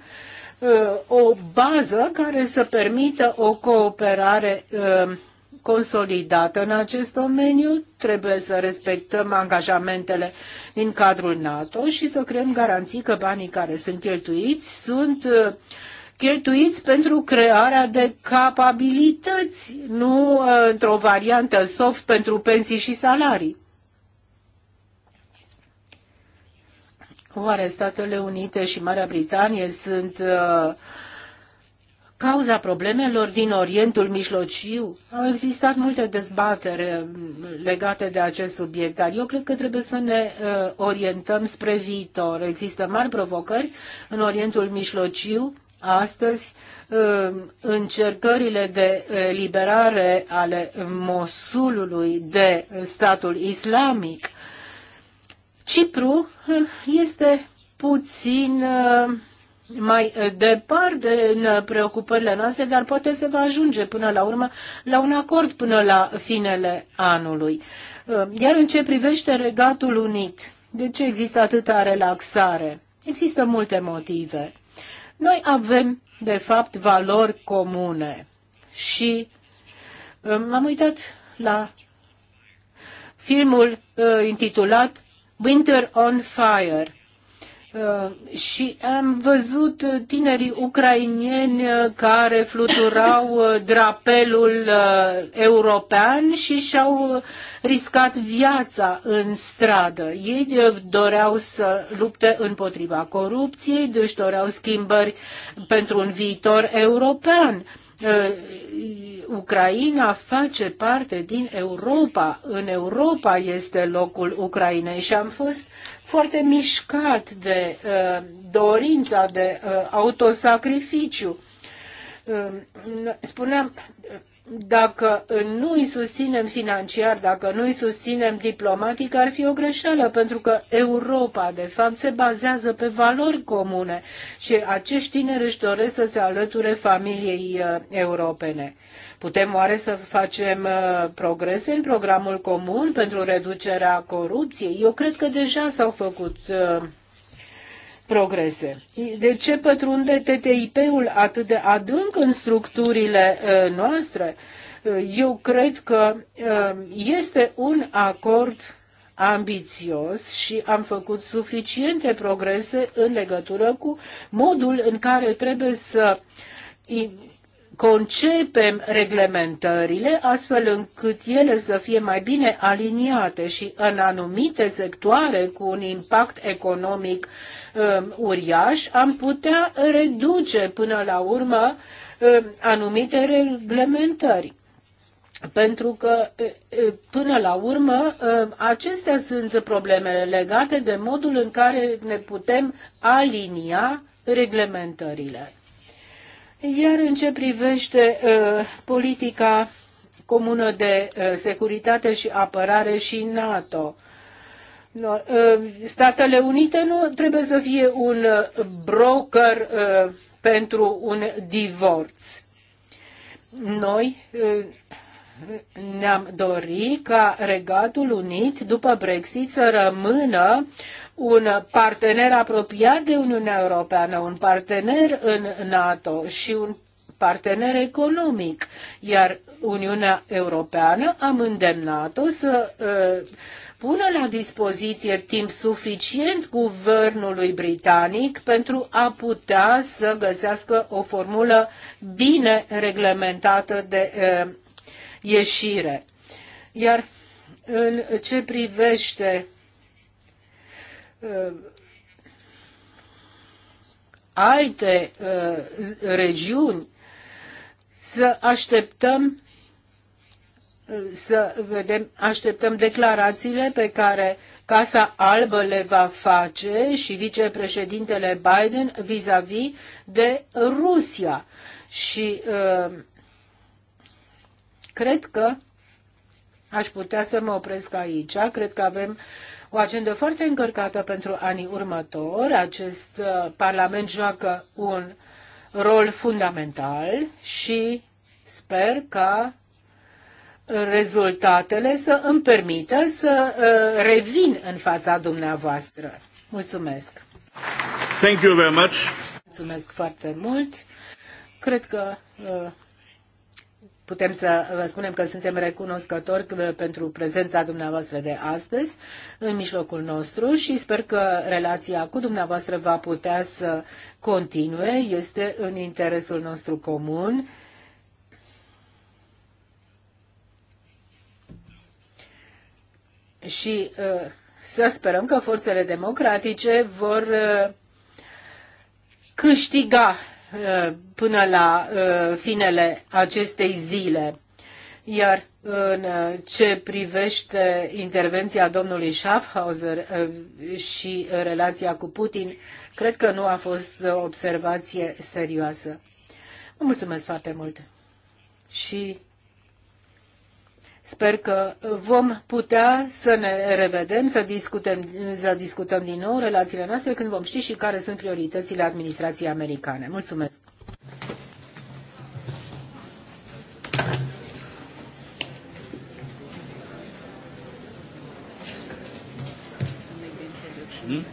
Uh, o bază care să permită o cooperare uh, consolidată în acest domeniu, trebuie să respectăm angajamentele din cadrul NATO și să creăm garanții că banii care sunt cheltuiți sunt uh, cheltuiți pentru crearea de capabilități, nu într-o variantă soft pentru pensii și salarii. Oare Statele Unite și Marea Britanie sunt uh, cauza problemelor din Orientul Mijlociu? Au existat multe dezbatere mm, legate de acest subiect, dar eu cred că trebuie să ne uh, orientăm spre viitor. Există mari provocări în Orientul Mijlociu, astăzi uh, încercările de liberare ale Mosulului de statul islamic Cipru eh, este puțin eh, mai eh, departe în preocupările noastre, dar poate se va ajunge până la urmă la un acord până la finele anului. Iar în ce privește Regatul Unit, de ce există atâta relaxare? Există multe motive. Noi avem, de fapt, valori comune și m-am uitat la filmul uh, intitulat Winter on Fire. Uh, și am văzut tinerii ucrainieni uh, care fluturau uh, drapelul european și și-au riscat viața în stradă. Ei doreau să lupte împotriva corupției, deci doreau schimbări pentru un viitor european Ucraina face parte din Europa. În Europa este locul Ucrainei și am fost foarte mișcat de uh, dorința de uh, autosacrificiu. Uh, spuneam, dacă nu îi susținem financiar, dacă nu îi susținem diplomatic, ar fi o greșeală, pentru că Europa, de fapt, se bazează pe valori comune și acești tineri își doresc să se alăture familiei uh, europene. Putem oare să facem uh, progrese în programul comun pentru reducerea corupției? Eu cred că deja s-au făcut uh, progrese. De ce pătrunde TTIP-ul atât de adânc în structurile uh, noastre? Uh, eu cred că uh, este un acord ambițios și am făcut suficiente progrese în legătură cu modul în care trebuie să concepem reglementările astfel încât ele să fie mai bine aliniate și în anumite sectoare cu un impact economic um, uriaș, am putea reduce până la urmă um, anumite reglementări. Pentru că, uh, uh, până la urmă, um, acestea sunt problemele legate de modul în care ne putem alinia reglementările. Iar în ce privește uh, politica comună de uh, securitate și apărare și NATO, no, uh, Statele Unite nu trebuie să fie un broker uh, pentru un divorț. Noi uh, ne-am dorit ca Regatul Unit după Brexit să rămână un partener apropiat de Uniunea Europeană, un partener în NATO și un partener economic, iar Uniunea Europeană am îndemnat-o să uh, pună la dispoziție timp suficient guvernului britanic pentru a putea să găsească o formulă bine reglementată de uh, ieșire. Iar în ce privește Uh, alte uh, regiuni, să așteptăm uh, să vedem, așteptăm declarațiile pe care Casa Albă le va face și vicepreședintele Biden vis-a-vis -vis de Rusia. Și uh, cred că aș putea să mă opresc aici. Cred că avem o agendă foarte încărcată pentru anii următori. Acest uh, Parlament joacă un rol fundamental și sper ca rezultatele să îmi permită să uh, revin în fața dumneavoastră. Mulțumesc! Thank you very much. Mulțumesc foarte mult! Cred că uh, putem să vă spunem că suntem recunoscători pentru prezența dumneavoastră de astăzi în mijlocul nostru și sper că relația cu dumneavoastră va putea să continue. Este în interesul nostru comun. Și uh, să sperăm că forțele democratice vor uh, câștiga Eh, până la eh, finele acestei zile. Iar în eh, ce privește intervenția domnului Schaffhauser și relația cu Putin, cred că nu a fost o observație serioasă. Mulțumesc foarte mult. Și Sper că vom putea să ne revedem, să discutăm, să discutăm din nou relațiile noastre când vom ști și care sunt prioritățile administrației americane. Mulțumesc! Hmm?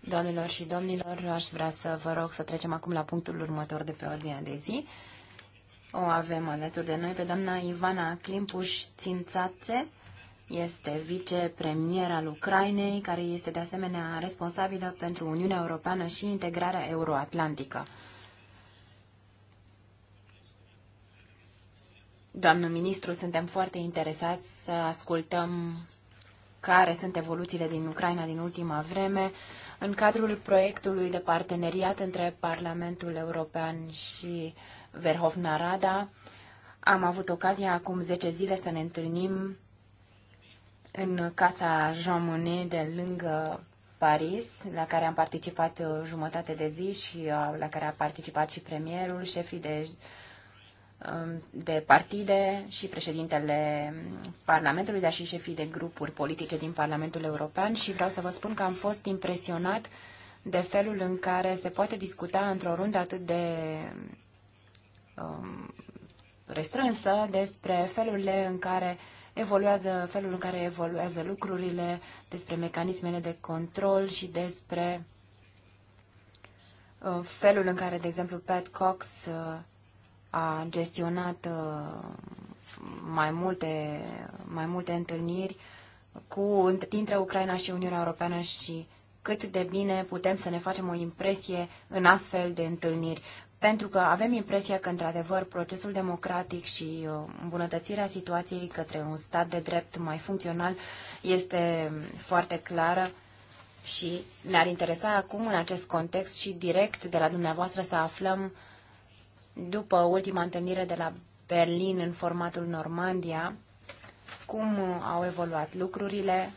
Doamnelor și domnilor, aș vrea să vă rog să trecem acum la punctul următor de pe ordinea de zi. O avem alături de noi pe doamna Ivana climpuș Țințațe, este vicepremier al Ucrainei, care este de asemenea responsabilă pentru Uniunea Europeană și integrarea euroatlantică. Doamnă ministru, suntem foarte interesați să ascultăm care sunt evoluțiile din Ucraina din ultima vreme în cadrul proiectului de parteneriat între Parlamentul European și Verhovna Rada. Am avut ocazia acum 10 zile să ne întâlnim în casa Jean Monnet de lângă Paris, la care am participat jumătate de zi și uh, la care a participat și premierul, șefii de Um, de partide și președintele Parlamentului, dar și șefii de grupuri politice din Parlamentul European și vreau să vă spun că am fost impresionat de felul în care se poate discuta într-o rundă atât de um, restrânsă despre felul în care evoluează, felul în care evoluează lucrurile, despre mecanismele de control și despre uh, felul în care, de exemplu, Pat Cox uh, a gestionat uh, mai multe, mai multe întâlniri cu, dintre Ucraina și Uniunea Europeană și cât de bine putem să ne facem o impresie în astfel de întâlniri. Pentru că avem impresia că, într-adevăr, procesul democratic și uh, îmbunătățirea situației către un stat de drept mai funcțional este foarte clară și ne-ar interesa acum, în acest context și direct de la dumneavoastră, să aflăm uh, după ultima întâlnire de la Berlin în formatul Normandia, cum au evoluat lucrurile.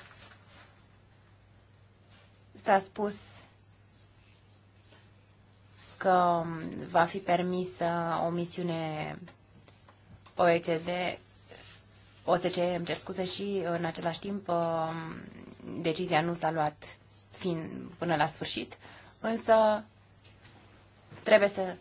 S-a spus că va fi permisă o misiune OECD, OSCE, îmi cer scuze, și în același timp um, decizia nu s-a luat fin, până la sfârșit, însă trebuie să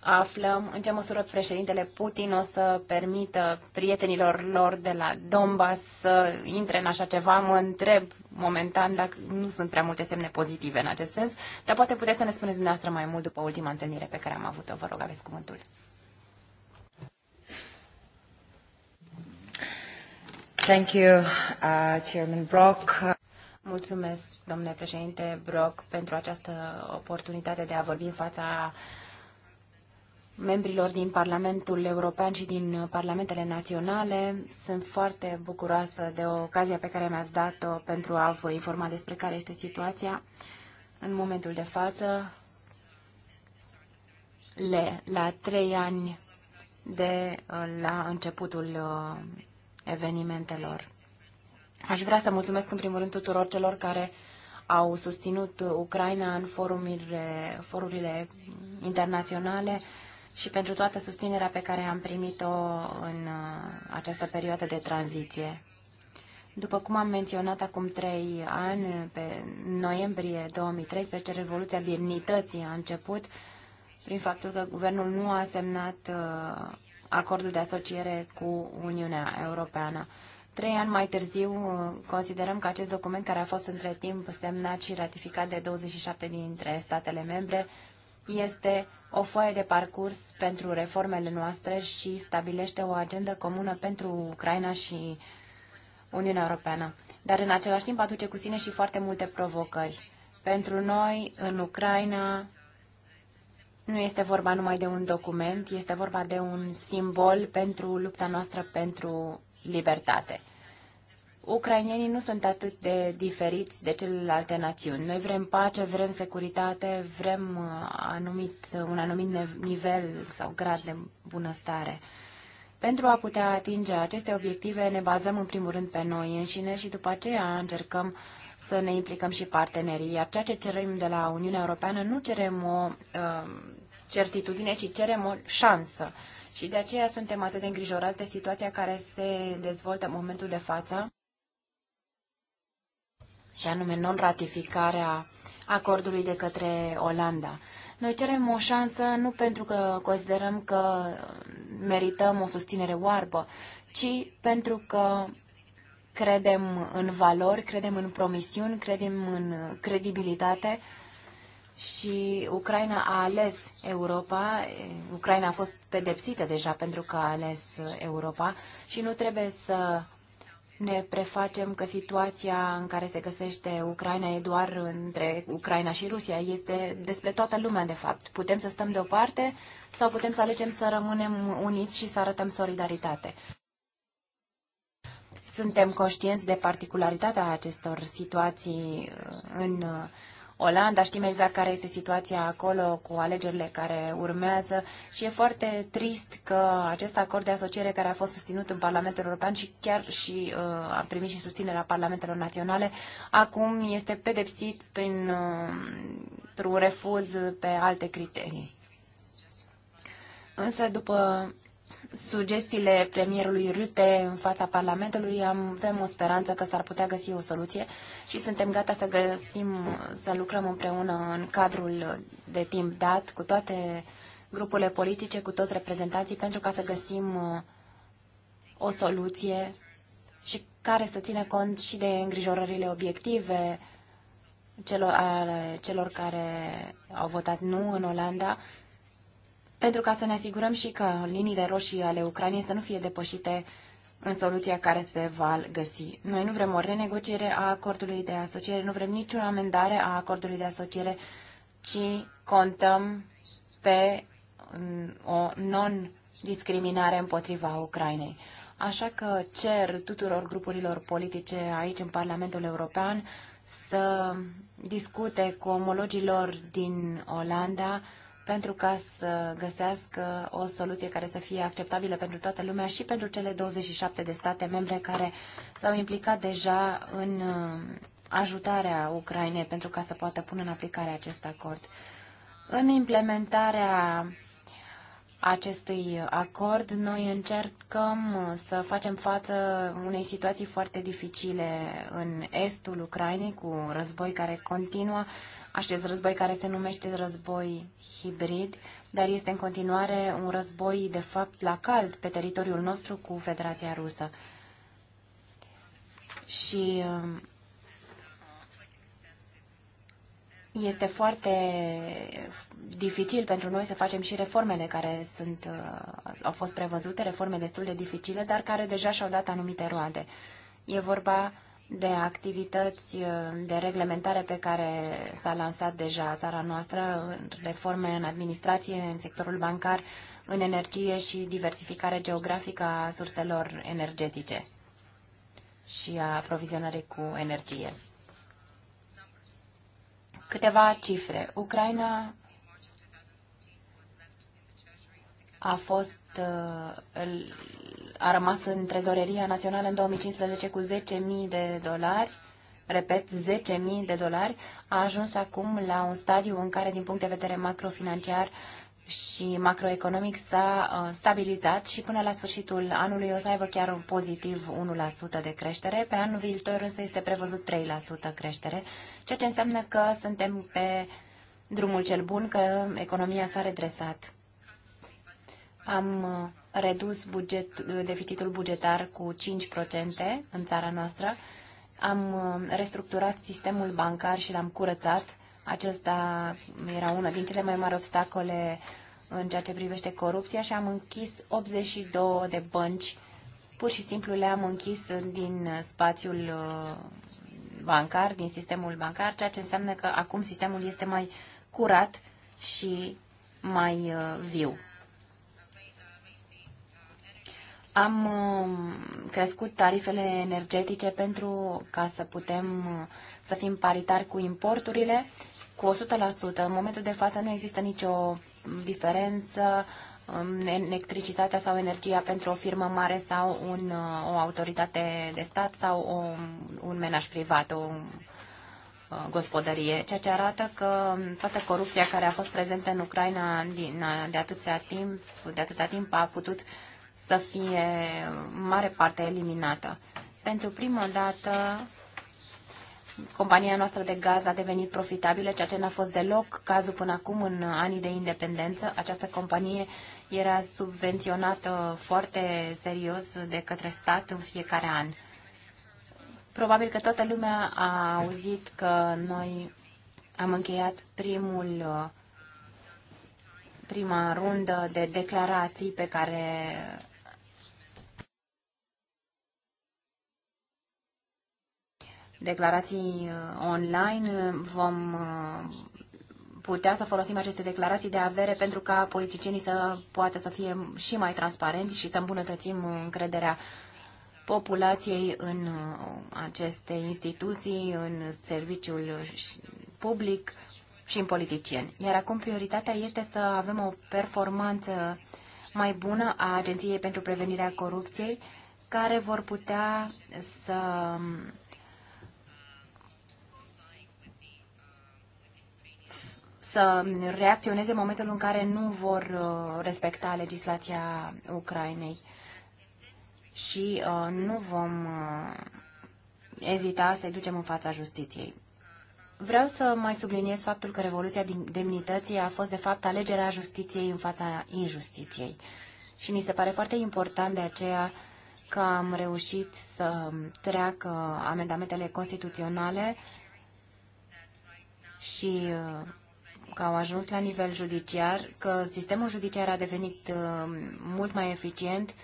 aflăm în ce măsură președintele Putin o să permită prietenilor lor de la Donbass să intre în așa ceva. Mă întreb momentan dacă nu sunt prea multe semne pozitive în acest sens, dar poate puteți să ne spuneți dumneavoastră mai mult după ultima întâlnire pe care am avut-o. Vă rog, aveți cuvântul. Thank you, uh, Chairman Brock. Mulțumesc, domnule președinte Brock, pentru această oportunitate de a vorbi în fața membrilor din Parlamentul European și din uh, Parlamentele Naționale. Sunt foarte bucuroasă de ocazia pe care mi-ați dat-o pentru a vă informa despre care este situația în momentul de față. Le, la trei ani de uh, la începutul uh, evenimentelor. Aș vrea să mulțumesc în primul rând tuturor celor care au susținut Ucraina în forurile, forurile internaționale, și pentru toată susținerea pe care am primit-o în uh, această perioadă de tranziție. După cum am menționat acum trei ani, pe noiembrie 2013, Revoluția Demnității a început prin faptul că guvernul nu a semnat uh, acordul de asociere cu Uniunea Europeană. Trei ani mai târziu, uh, considerăm că acest document, care a fost între timp semnat și ratificat de 27 dintre statele membre, este o foaie de parcurs pentru reformele noastre și stabilește o agendă comună pentru Ucraina și Uniunea Europeană. Dar în același timp aduce cu sine și foarte multe provocări. Pentru noi, în Ucraina, nu este vorba numai de un document, este vorba de un simbol pentru lupta noastră pentru libertate ucrainienii nu sunt atât de diferiți de celelalte națiuni. Noi vrem pace, vrem securitate, vrem uh, anumit, un anumit nivel sau grad de bunăstare. Pentru a putea atinge aceste obiective, ne bazăm în primul rând pe noi înșine și după aceea încercăm să ne implicăm și partenerii. Iar ceea ce cerem de la Uniunea Europeană nu cerem o uh, certitudine, ci cerem o șansă. Și de aceea suntem atât de îngrijorați de situația care se dezvoltă în momentul de față și anume non-ratificarea acordului de către Olanda. Noi cerem o șansă nu pentru că considerăm că merităm o susținere oarbă, ci pentru că credem în valori, credem în promisiuni, credem în credibilitate și Ucraina a ales Europa, Ucraina a fost pedepsită deja pentru că a ales Europa și nu trebuie să ne prefacem că situația în care se găsește Ucraina e doar între Ucraina și Rusia, este despre toată lumea, de fapt. Putem să stăm deoparte sau putem să alegem să rămânem uniți și să arătăm solidaritate. Suntem conștienți de particularitatea acestor situații în Olanda, știm exact care este situația acolo cu alegerile care urmează și e foarte trist că acest acord de asociere care a fost susținut în Parlamentul European și chiar și uh, a primit și susținerea Parlamentelor Naționale, acum este pedepsit prin uh, un refuz pe alte criterii. Însă, după sugestiile premierului Rute în fața Parlamentului, am, avem o speranță că s-ar putea găsi o soluție și suntem gata să găsim, să lucrăm împreună în cadrul de timp dat cu toate grupurile politice, cu toți reprezentanții, pentru ca să găsim uh, o soluție și care să ține cont și de îngrijorările obiective celor, ale celor care au votat nu în Olanda pentru ca să ne asigurăm și că liniile roșii ale Ucrainei să nu fie depășite în soluția care se va găsi. Noi nu vrem o renegociere a acordului de asociere, nu vrem nicio amendare a acordului de asociere, ci contăm pe um, o non-discriminare împotriva Ucrainei. Așa că cer tuturor grupurilor politice aici în Parlamentul European să discute cu omologilor din Olanda pentru ca să găsească o soluție care să fie acceptabilă pentru toată lumea și pentru cele 27 de state membre care s-au implicat deja în uh, ajutarea Ucrainei pentru ca să poată pune în aplicare acest acord. În implementarea acestui acord, noi încercăm uh, să facem față unei situații foarte dificile în estul Ucrainei, cu un război care continuă, acest război care se numește război hibrid, dar este în continuare un război, de fapt, la cald pe teritoriul nostru cu Federația Rusă. Și um, Este foarte dificil pentru noi să facem și reformele care sunt, uh, au fost prevăzute, reforme destul de dificile, dar care deja și-au dat anumite roade. E vorba de activități uh, de reglementare pe care s-a lansat deja țara noastră, reforme în administrație, în sectorul bancar, în energie și diversificare geografică a surselor energetice și a aprovizionării cu energie. Câteva cifre. Ucraina a fost uh, a rămas în trezoreria națională în 2015 cu 10.000 de dolari, repet, 10.000 de dolari, a ajuns acum la un stadiu în care, din punct de vedere macrofinanciar, uh, și macroeconomic s-a uh, stabilizat și până la sfârșitul anului o să aibă chiar un pozitiv 1% de creștere. Pe anul viitor însă este prevăzut 3% creștere, ceea ce înseamnă că suntem pe drumul cel bun, că economia s-a redresat. Am uh, redus buget, uh, deficitul bugetar cu 5% în țara noastră. Am restructurat sistemul bancar și l-am curățat. Acesta era una din cele mai mari obstacole uh, în ceea ce privește corupția și am închis 82 de bănci. Pur și simplu le-am închis din spațiul uh, bancar, din sistemul bancar, ceea ce înseamnă că acum sistemul este mai curat și mai uh, viu. Am uh, crescut tarifele energetice pentru ca să putem să fim paritari cu importurile cu 100%. În momentul de față nu există nicio diferență um, electricitatea sau energia pentru o firmă mare sau un, uh, o autoritate de stat sau o, un menaj privat, o uh, gospodărie, ceea ce arată că um, toată corupția care a fost prezentă în Ucraina uh, de atâția timp, de atâta timp a putut să fie mare parte eliminată. Pentru prima dată compania noastră de gaz a devenit profitabilă, ceea ce n-a fost deloc cazul până acum în anii de independență. Această companie era subvenționată foarte serios de către stat în fiecare an. Probabil că toată lumea a auzit că noi am încheiat primul, prima rundă de declarații pe care declarații uh, online, uh, vom uh, putea să folosim aceste declarații de avere pentru ca politicienii să poată să fie și mai transparenți și să îmbunătățim încrederea populației în aceste instituții, în serviciul public și în politicieni. Iar acum prioritatea este să avem o performanță mai bună a Agenției pentru Prevenirea Corupției, care vor putea să um, să reacționeze în momentul în care nu vor uh, respecta legislația Ucrainei. Și uh, nu vom uh, ezita să-i ducem în fața justiției. Vreau să mai subliniez faptul că Revoluția Demnității a fost, de fapt, alegerea justiției în fața injustiției. Și ni se pare foarte important de aceea că am reușit să treacă amendamentele constituționale și că au ajuns la nivel judiciar, că sistemul judiciar a devenit uh, mult mai eficient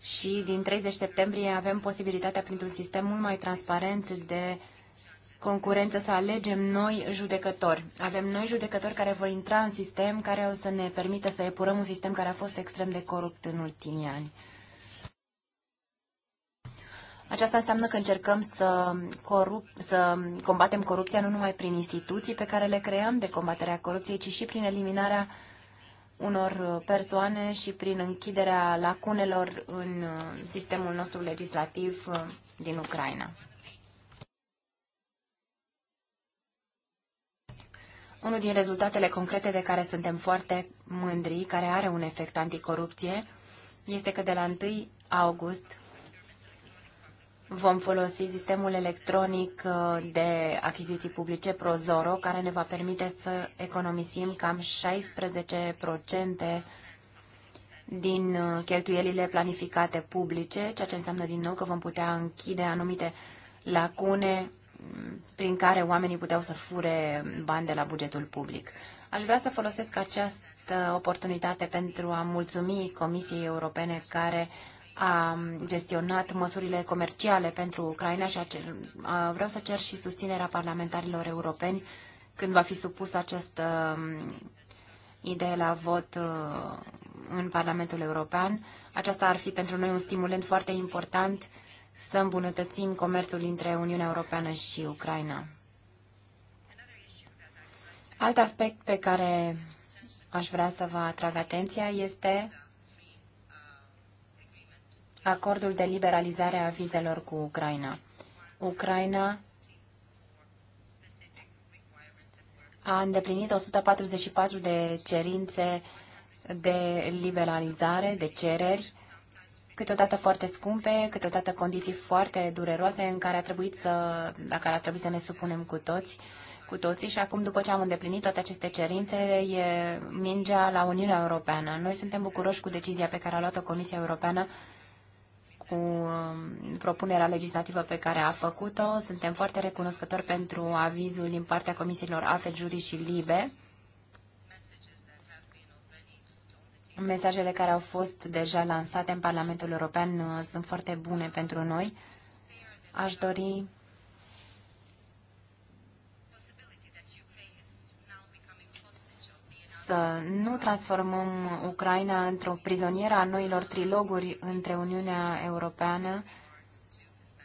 și din 30 septembrie avem posibilitatea, printr-un sistem mult mai transparent de concurență, să alegem noi judecători. Avem noi judecători care vor intra în sistem, care o să ne permită să epurăm un sistem care a fost extrem de corupt în ultimii ani. Aceasta înseamnă că încercăm să, corup, să combatem corupția nu numai prin instituții pe care le creăm de combaterea corupției, ci și prin eliminarea unor persoane și prin închiderea lacunelor în sistemul nostru legislativ uh, din Ucraina. Unul din rezultatele concrete de care suntem foarte mândri, care are un efect anticorupție, este că de la 1 august Vom folosi sistemul electronic uh, de achiziții publice Prozoro, care ne va permite să economisim cam 16% din uh, cheltuielile planificate publice, ceea ce înseamnă din nou că vom putea închide anumite lacune mm, prin care oamenii puteau să fure bani de la bugetul public. Aș vrea să folosesc această oportunitate pentru a mulțumi Comisiei Europene care uh, a gestionat măsurile comerciale pentru Ucraina și a cer, a, vreau să cer și susținerea parlamentarilor europeni când va fi supus această um, idee la vot uh, în Parlamentul European. Aceasta ar fi pentru noi un stimulent foarte important să îmbunătățim comerțul între Uniunea Europeană și Ucraina. Alt aspect pe care aș vrea să vă atrag atenția este acordul de liberalizare a vizelor cu Ucraina. Ucraina a îndeplinit 144 de cerințe de liberalizare, de cereri, câteodată foarte scumpe, câteodată condiții foarte dureroase în care a trebuit să, la care a trebuit să ne supunem cu toți, cu toții și acum după ce am îndeplinit toate aceste cerințe e mingea la Uniunea Europeană. Noi suntem bucuroși cu decizia pe care a luat-o Comisia Europeană cu um, propunerea legislativă pe care a făcut-o. Suntem foarte recunoscători pentru avizul din partea comisiilor AFET, Juri și LIBE. Mesajele care au fost deja lansate în Parlamentul European uh, sunt foarte bune pentru noi. Aș dori să nu transformăm Ucraina într-o prizonieră a noilor triloguri între Uniunea Europeană,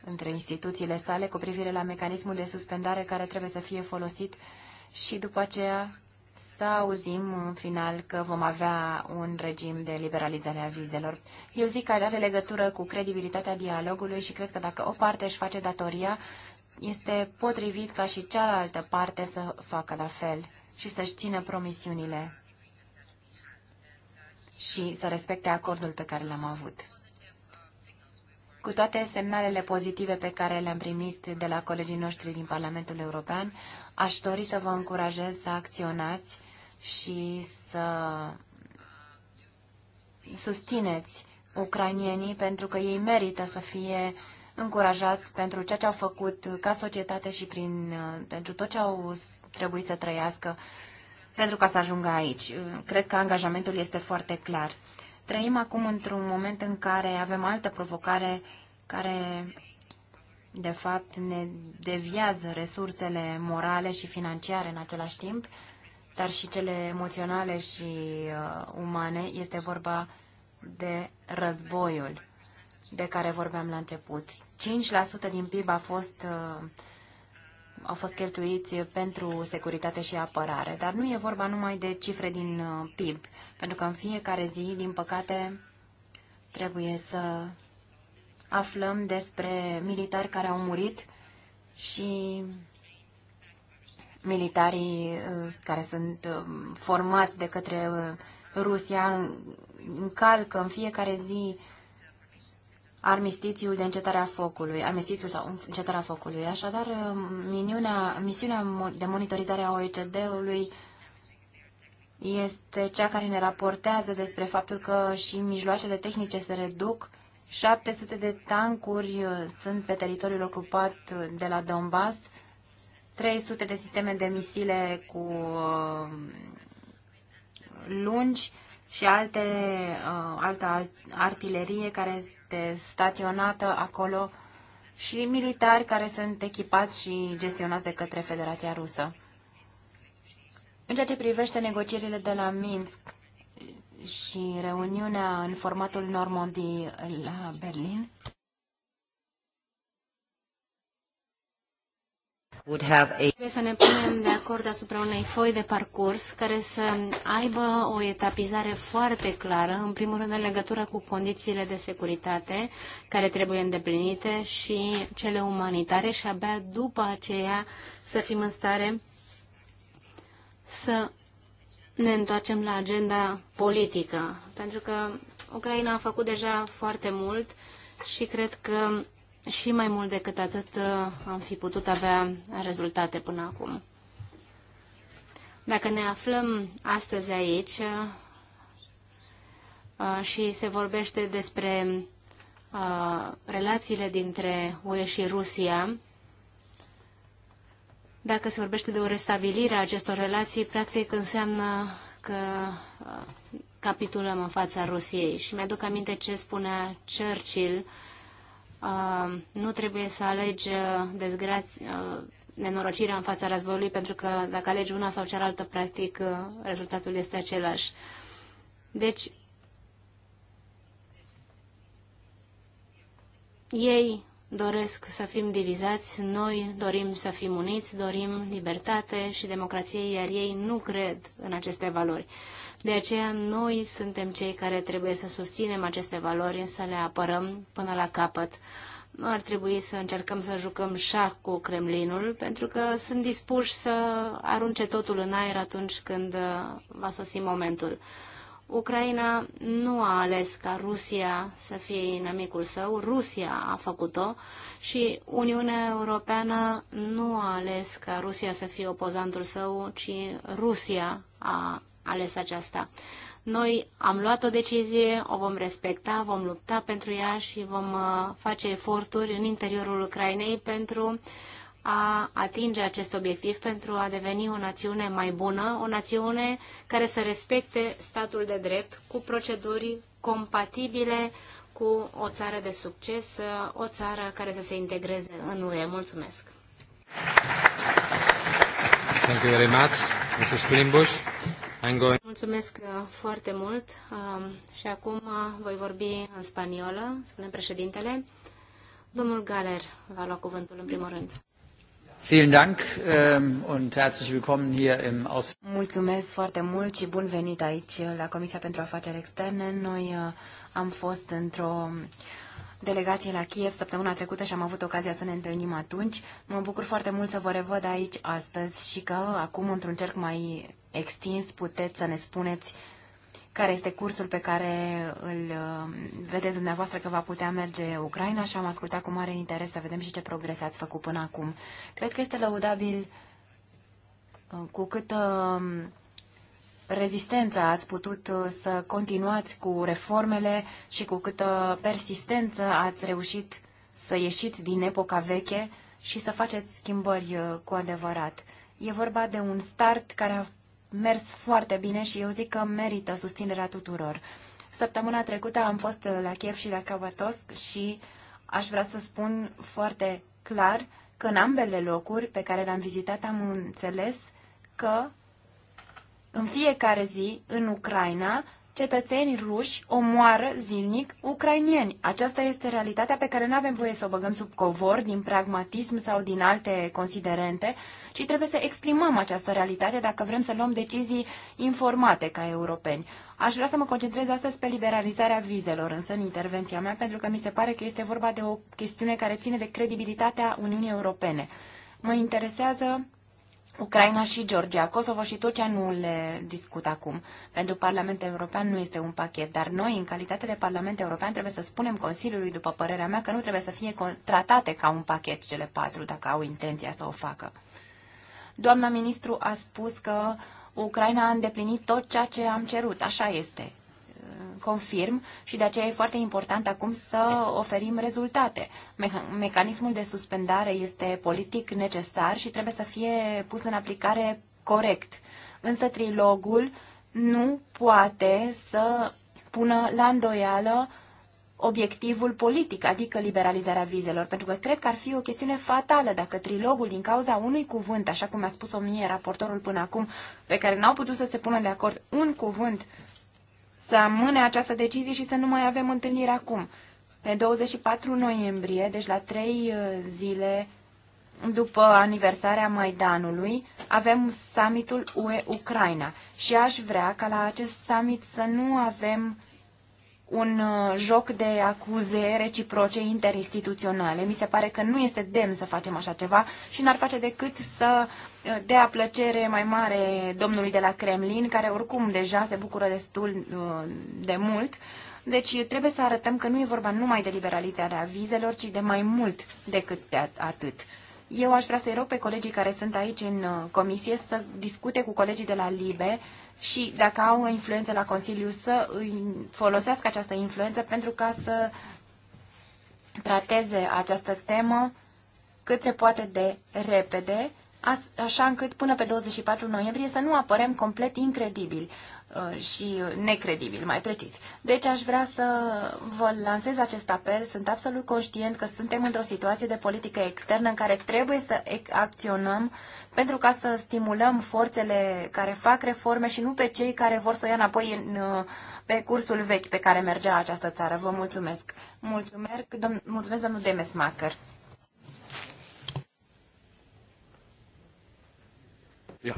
între instituțiile sale, cu privire la mecanismul de suspendare care trebuie să fie folosit și după aceea să auzim în final că vom avea un regim de liberalizare a vizelor. Eu zic că are legătură cu credibilitatea dialogului și cred că dacă o parte își face datoria, este potrivit ca și cealaltă parte să facă la fel și să-și țină promisiunile și să respecte acordul pe care l-am avut. Cu toate semnalele pozitive pe care le-am primit de la colegii noștri din Parlamentul European, aș dori să vă încurajez să acționați și să susțineți ucrainienii pentru că ei merită să fie încurajați pentru ceea ce au făcut ca societate și prin, uh, pentru tot ce au trebuit să trăiască pentru ca să ajungă aici. Cred că angajamentul este foarte clar. Trăim acum într-un moment în care avem altă provocare care, de fapt, ne deviază resursele morale și financiare în același timp, dar și cele emoționale și uh, umane. Este vorba de războiul de care vorbeam la început. 5% din PIB a fost uh, au fost cheltuiți pentru securitate și apărare. Dar nu e vorba numai de cifre din uh, PIB, pentru că în fiecare zi, din păcate, trebuie să aflăm despre militari care au murit și militarii uh, care sunt uh, formați de către Rusia încalcă în fiecare zi armistițiul de încetarea focului, armistițiul sau încetarea focului. Așadar, miniunea, um, misiunea de monitorizare a OECD-ului este cea care ne raportează despre faptul că și mijloacele tehnice se reduc. 700 de tancuri uh, sunt pe teritoriul ocupat uh, de la Donbass, 300 de sisteme de misile cu uh, lungi și alte, alta artilerie care este staționată acolo și militari care sunt echipați și gestionați de către Federația Rusă. În ceea ce privește negocierile de la Minsk și reuniunea în formatul Normandie la Berlin, Trebuie să ne punem de acord asupra unei foi de parcurs care să aibă o etapizare foarte clară, în primul rând în legătură cu condițiile de securitate care trebuie îndeplinite și cele umanitare și abia după aceea să fim în stare să ne întoarcem la agenda politică, pentru că Ucraina a făcut deja foarte mult și cred că și mai mult decât atât uh, am fi putut avea rezultate până acum. Dacă ne aflăm astăzi aici uh, uh, și se vorbește despre relațiile dintre UE și Rusia, dacă se vorbește de o restabilire a acestor relații, practic înseamnă că capitulăm în fața Rusiei. Și mi-aduc aminte ce spunea Churchill Um, nu trebuie să alegi uh, dezgrați, uh, nenorocirea în fața războiului, pentru că dacă alegi una sau cealaltă, practic, uh, rezultatul este același. Deci, ei doresc să fim divizați, noi dorim să fim uniți, dorim libertate și democrație, iar ei nu cred în aceste valori. De aceea noi suntem cei care trebuie să susținem aceste valori, să le apărăm până la capăt. Nu ar trebui să încercăm să jucăm șah cu Kremlinul, pentru că sunt dispuși să arunce totul în aer atunci când uh, va sosi momentul. Ucraina nu a ales ca Rusia să fie inamicul său, Rusia a făcut-o și Uniunea Europeană nu a ales ca Rusia să fie opozantul său, ci Rusia a ales aceasta. Noi am luat o decizie, o vom respecta, vom lupta pentru ea și vom uh, face eforturi în interiorul Ucrainei pentru a atinge acest obiectiv, pentru a deveni o națiune mai bună, o națiune care să respecte statul de drept cu proceduri compatibile cu o țară de succes, o țară care să se integreze în UE. Mulțumesc! Thank you very much, Mrs. Going... Mulțumesc uh, foarte mult um, și acum uh, voi vorbi în spaniolă, spune președintele. Domnul Galer va lua cuvântul în primul rând. Um, Mulțumesc foarte mult și bun venit aici uh, la Comisia pentru Afaceri Externe. Noi am fost într-o delegație la Kiev săptămâna trecută și am avut ocazia să ne întâlnim atunci. Mă bucur foarte mult să vă revăd aici astăzi și că acum într-un cerc mai extins, puteți să ne spuneți care este cursul pe care îl uh, vedeți dumneavoastră că va putea merge Ucraina și am ascultat cu mare interes să vedem și ce progrese ați făcut până acum. Cred că este lăudabil uh, cu cât um, rezistență ați putut uh, să continuați cu reformele și cu câtă persistență ați reușit să ieșiți din epoca veche și să faceți schimbări cu adevărat. E vorba de un start care a mers foarte bine și eu zic că merită susținerea tuturor. Săptămâna trecută am fost la Kiev și la Kavatovsk și aș vrea să spun foarte clar că în ambele locuri pe care le-am vizitat am înțeles că în fiecare zi în Ucraina cetățeni ruși omoară zilnic ucrainieni. Aceasta este realitatea pe care nu avem voie să o băgăm sub covor din pragmatism sau din alte considerente, ci trebuie să exprimăm această realitate dacă vrem să luăm decizii informate ca europeni. Aș vrea să mă concentrez astăzi pe liberalizarea vizelor, însă în intervenția mea, pentru că mi se pare că este vorba de o chestiune care ține de credibilitatea Uniunii Europene. Mă interesează Ucraina și Georgia, Kosovo și Turcia nu le discut acum. Pentru Parlamentul European nu este un pachet, dar noi, în calitate de Parlament European, trebuie să spunem Consiliului, după părerea mea, că nu trebuie să fie tratate ca un pachet cele patru, dacă au intenția să o facă. Doamna ministru a spus că Ucraina a îndeplinit tot ceea ce am cerut. Așa este confirm și de aceea e foarte important acum să oferim rezultate. Mecanismul de suspendare este politic necesar și trebuie să fie pus în aplicare corect. Însă trilogul nu poate să pună la îndoială obiectivul politic, adică liberalizarea vizelor, pentru că cred că ar fi o chestiune fatală dacă trilogul, din cauza unui cuvânt, așa cum a spus-o mie raportorul până acum, pe care n-au putut să se pună de acord un cuvânt să amâne această decizie și să nu mai avem întâlnire acum. Pe 24 noiembrie, deci la trei uh, zile după aniversarea Maidanului, avem summitul UE-Ucraina și aș vrea ca la acest summit să nu avem un uh, joc de acuze reciproce interinstituționale. Mi se pare că nu este demn să facem așa ceva și n-ar face decât să dea plăcere mai mare domnului de la Kremlin, care oricum deja se bucură destul uh, de mult. Deci trebuie să arătăm că nu e vorba numai de liberalizarea vizelor, ci de mai mult decât de atât. Eu aș vrea să-i rog pe colegii care sunt aici în uh, comisie să discute cu colegii de la LIBE și dacă au o influență la Consiliu să îi folosească această influență pentru ca să trateze această temă cât se poate de repede așa încât până pe 24 noiembrie să nu apărem complet incredibil uh, și necredibil, mai precis. Deci aș vrea să vă lansez acest apel. Sunt absolut conștient că suntem într-o situație de politică externă în care trebuie să acționăm pentru ca să stimulăm forțele care fac reforme și nu pe cei care vor să o ia înapoi în, uh, pe cursul vechi pe care mergea această țară. Vă mulțumesc. Mulțumesc, domn, mulțumesc domnul Demesmacher.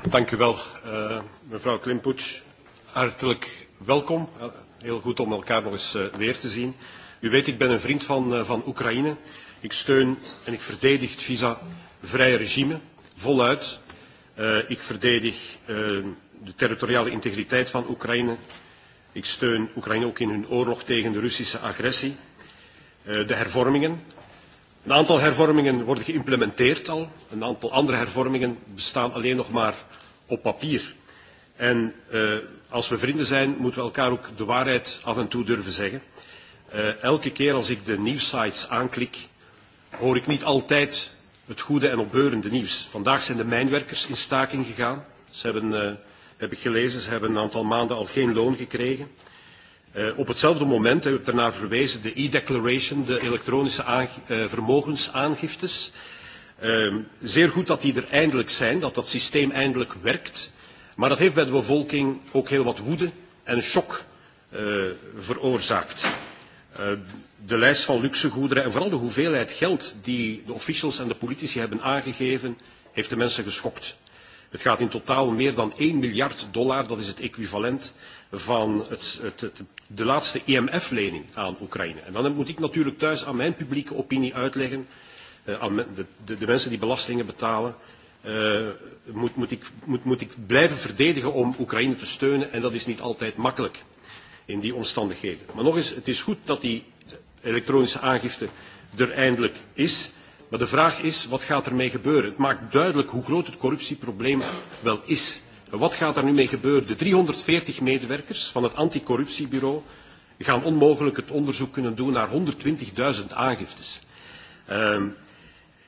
dank u wel, uh, mevrouw Klimpoets. Hartelijk welkom. heel goed om elkaar nog eens uh, weer te zien. U weet, ik ben een vriend van, uh, van Oekraïne. Ik steun en ik verdedig het visa-vrije regime voluit. Uh, ik verdedig uh, de territoriale integriteit van Oekraïne. Ik steun Oekraïne ook in hun oorlog tegen de Russische agressie. Uh, de hervormingen Een aantal hervormingen worden geïmplementeerd al. Een aantal andere hervormingen bestaan alleen nog maar op papier. En uh, als we vrienden zijn, moeten we elkaar ook de waarheid af en toe durven zeggen. Uh, elke keer als ik de nieuwsites aanklik, hoor ik niet altijd het goede en opbeurende nieuws. Vandaag zijn de mijnwerkers in staking gegaan. Ze hebben, uh, heb ik gelezen, ze hebben een aantal maanden al geen loon gekregen. Uh, op hetzelfde moment, u hebt ernaar verwezen, de e-declaration, de elektronische uh, vermogensaangiftes. Uh, zeer goed dat die er eindelijk zijn, dat dat systeem eindelijk werkt. Maar dat heeft bij de bevolking ook heel wat woede en shock uh, eh, veroorzaakt. Uh, de lijst van luxegoederen en vooral de hoeveelheid geld die de officials en de politici hebben aangegeven, heeft de mensen geschokt. Het gaat in totaal meer dan 1 miljard dollar, dat is het equivalent van het, het, het de laatste IMF-lening aan Oekraïne. En dan moet ik natuurlijk thuis aan mijn publieke opinie uitleggen, eh, aan de, de, de mensen die belastingen betalen, uh, moet, moet, ik, moet, moet ik blijven verdedigen om Oekraïne te steunen. En dat is niet altijd makkelijk in die omstandigheden. Maar nog eens, het is goed dat die elektronische aangifte er eindelijk is. Maar de vraag is, wat gaat ermee gebeuren? Het maakt duidelijk hoe groot het corruptieprobleem wel is. Wat gaat daar er nu mee gebeuren? De 340 medewerkers van het anticorruptiebureau gaan onmogelijk het onderzoek kunnen doen naar 120.000 aangiftes. Uh,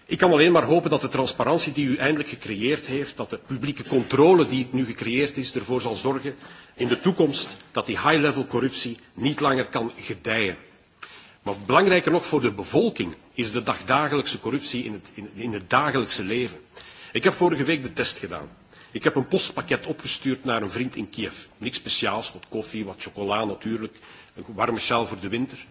ik kan alleen maar hopen dat de transparantie die u eindelijk gecreëerd heeft, dat de publieke controle die nu gecreëerd is, ervoor zal zorgen in de toekomst dat die high-level corruptie niet langer kan gedijen. Maar belangrijker nog voor de bevolking is de dagdagelijkse corruptie in het, in, in het dagelijkse leven. Ik heb vorige week de test gedaan. Ik heb een postpakket opgestuurd naar een vriend in Kiev. Niks speciaals, wat koffie, wat chocola natuurlijk, een warme sjaal voor de winter.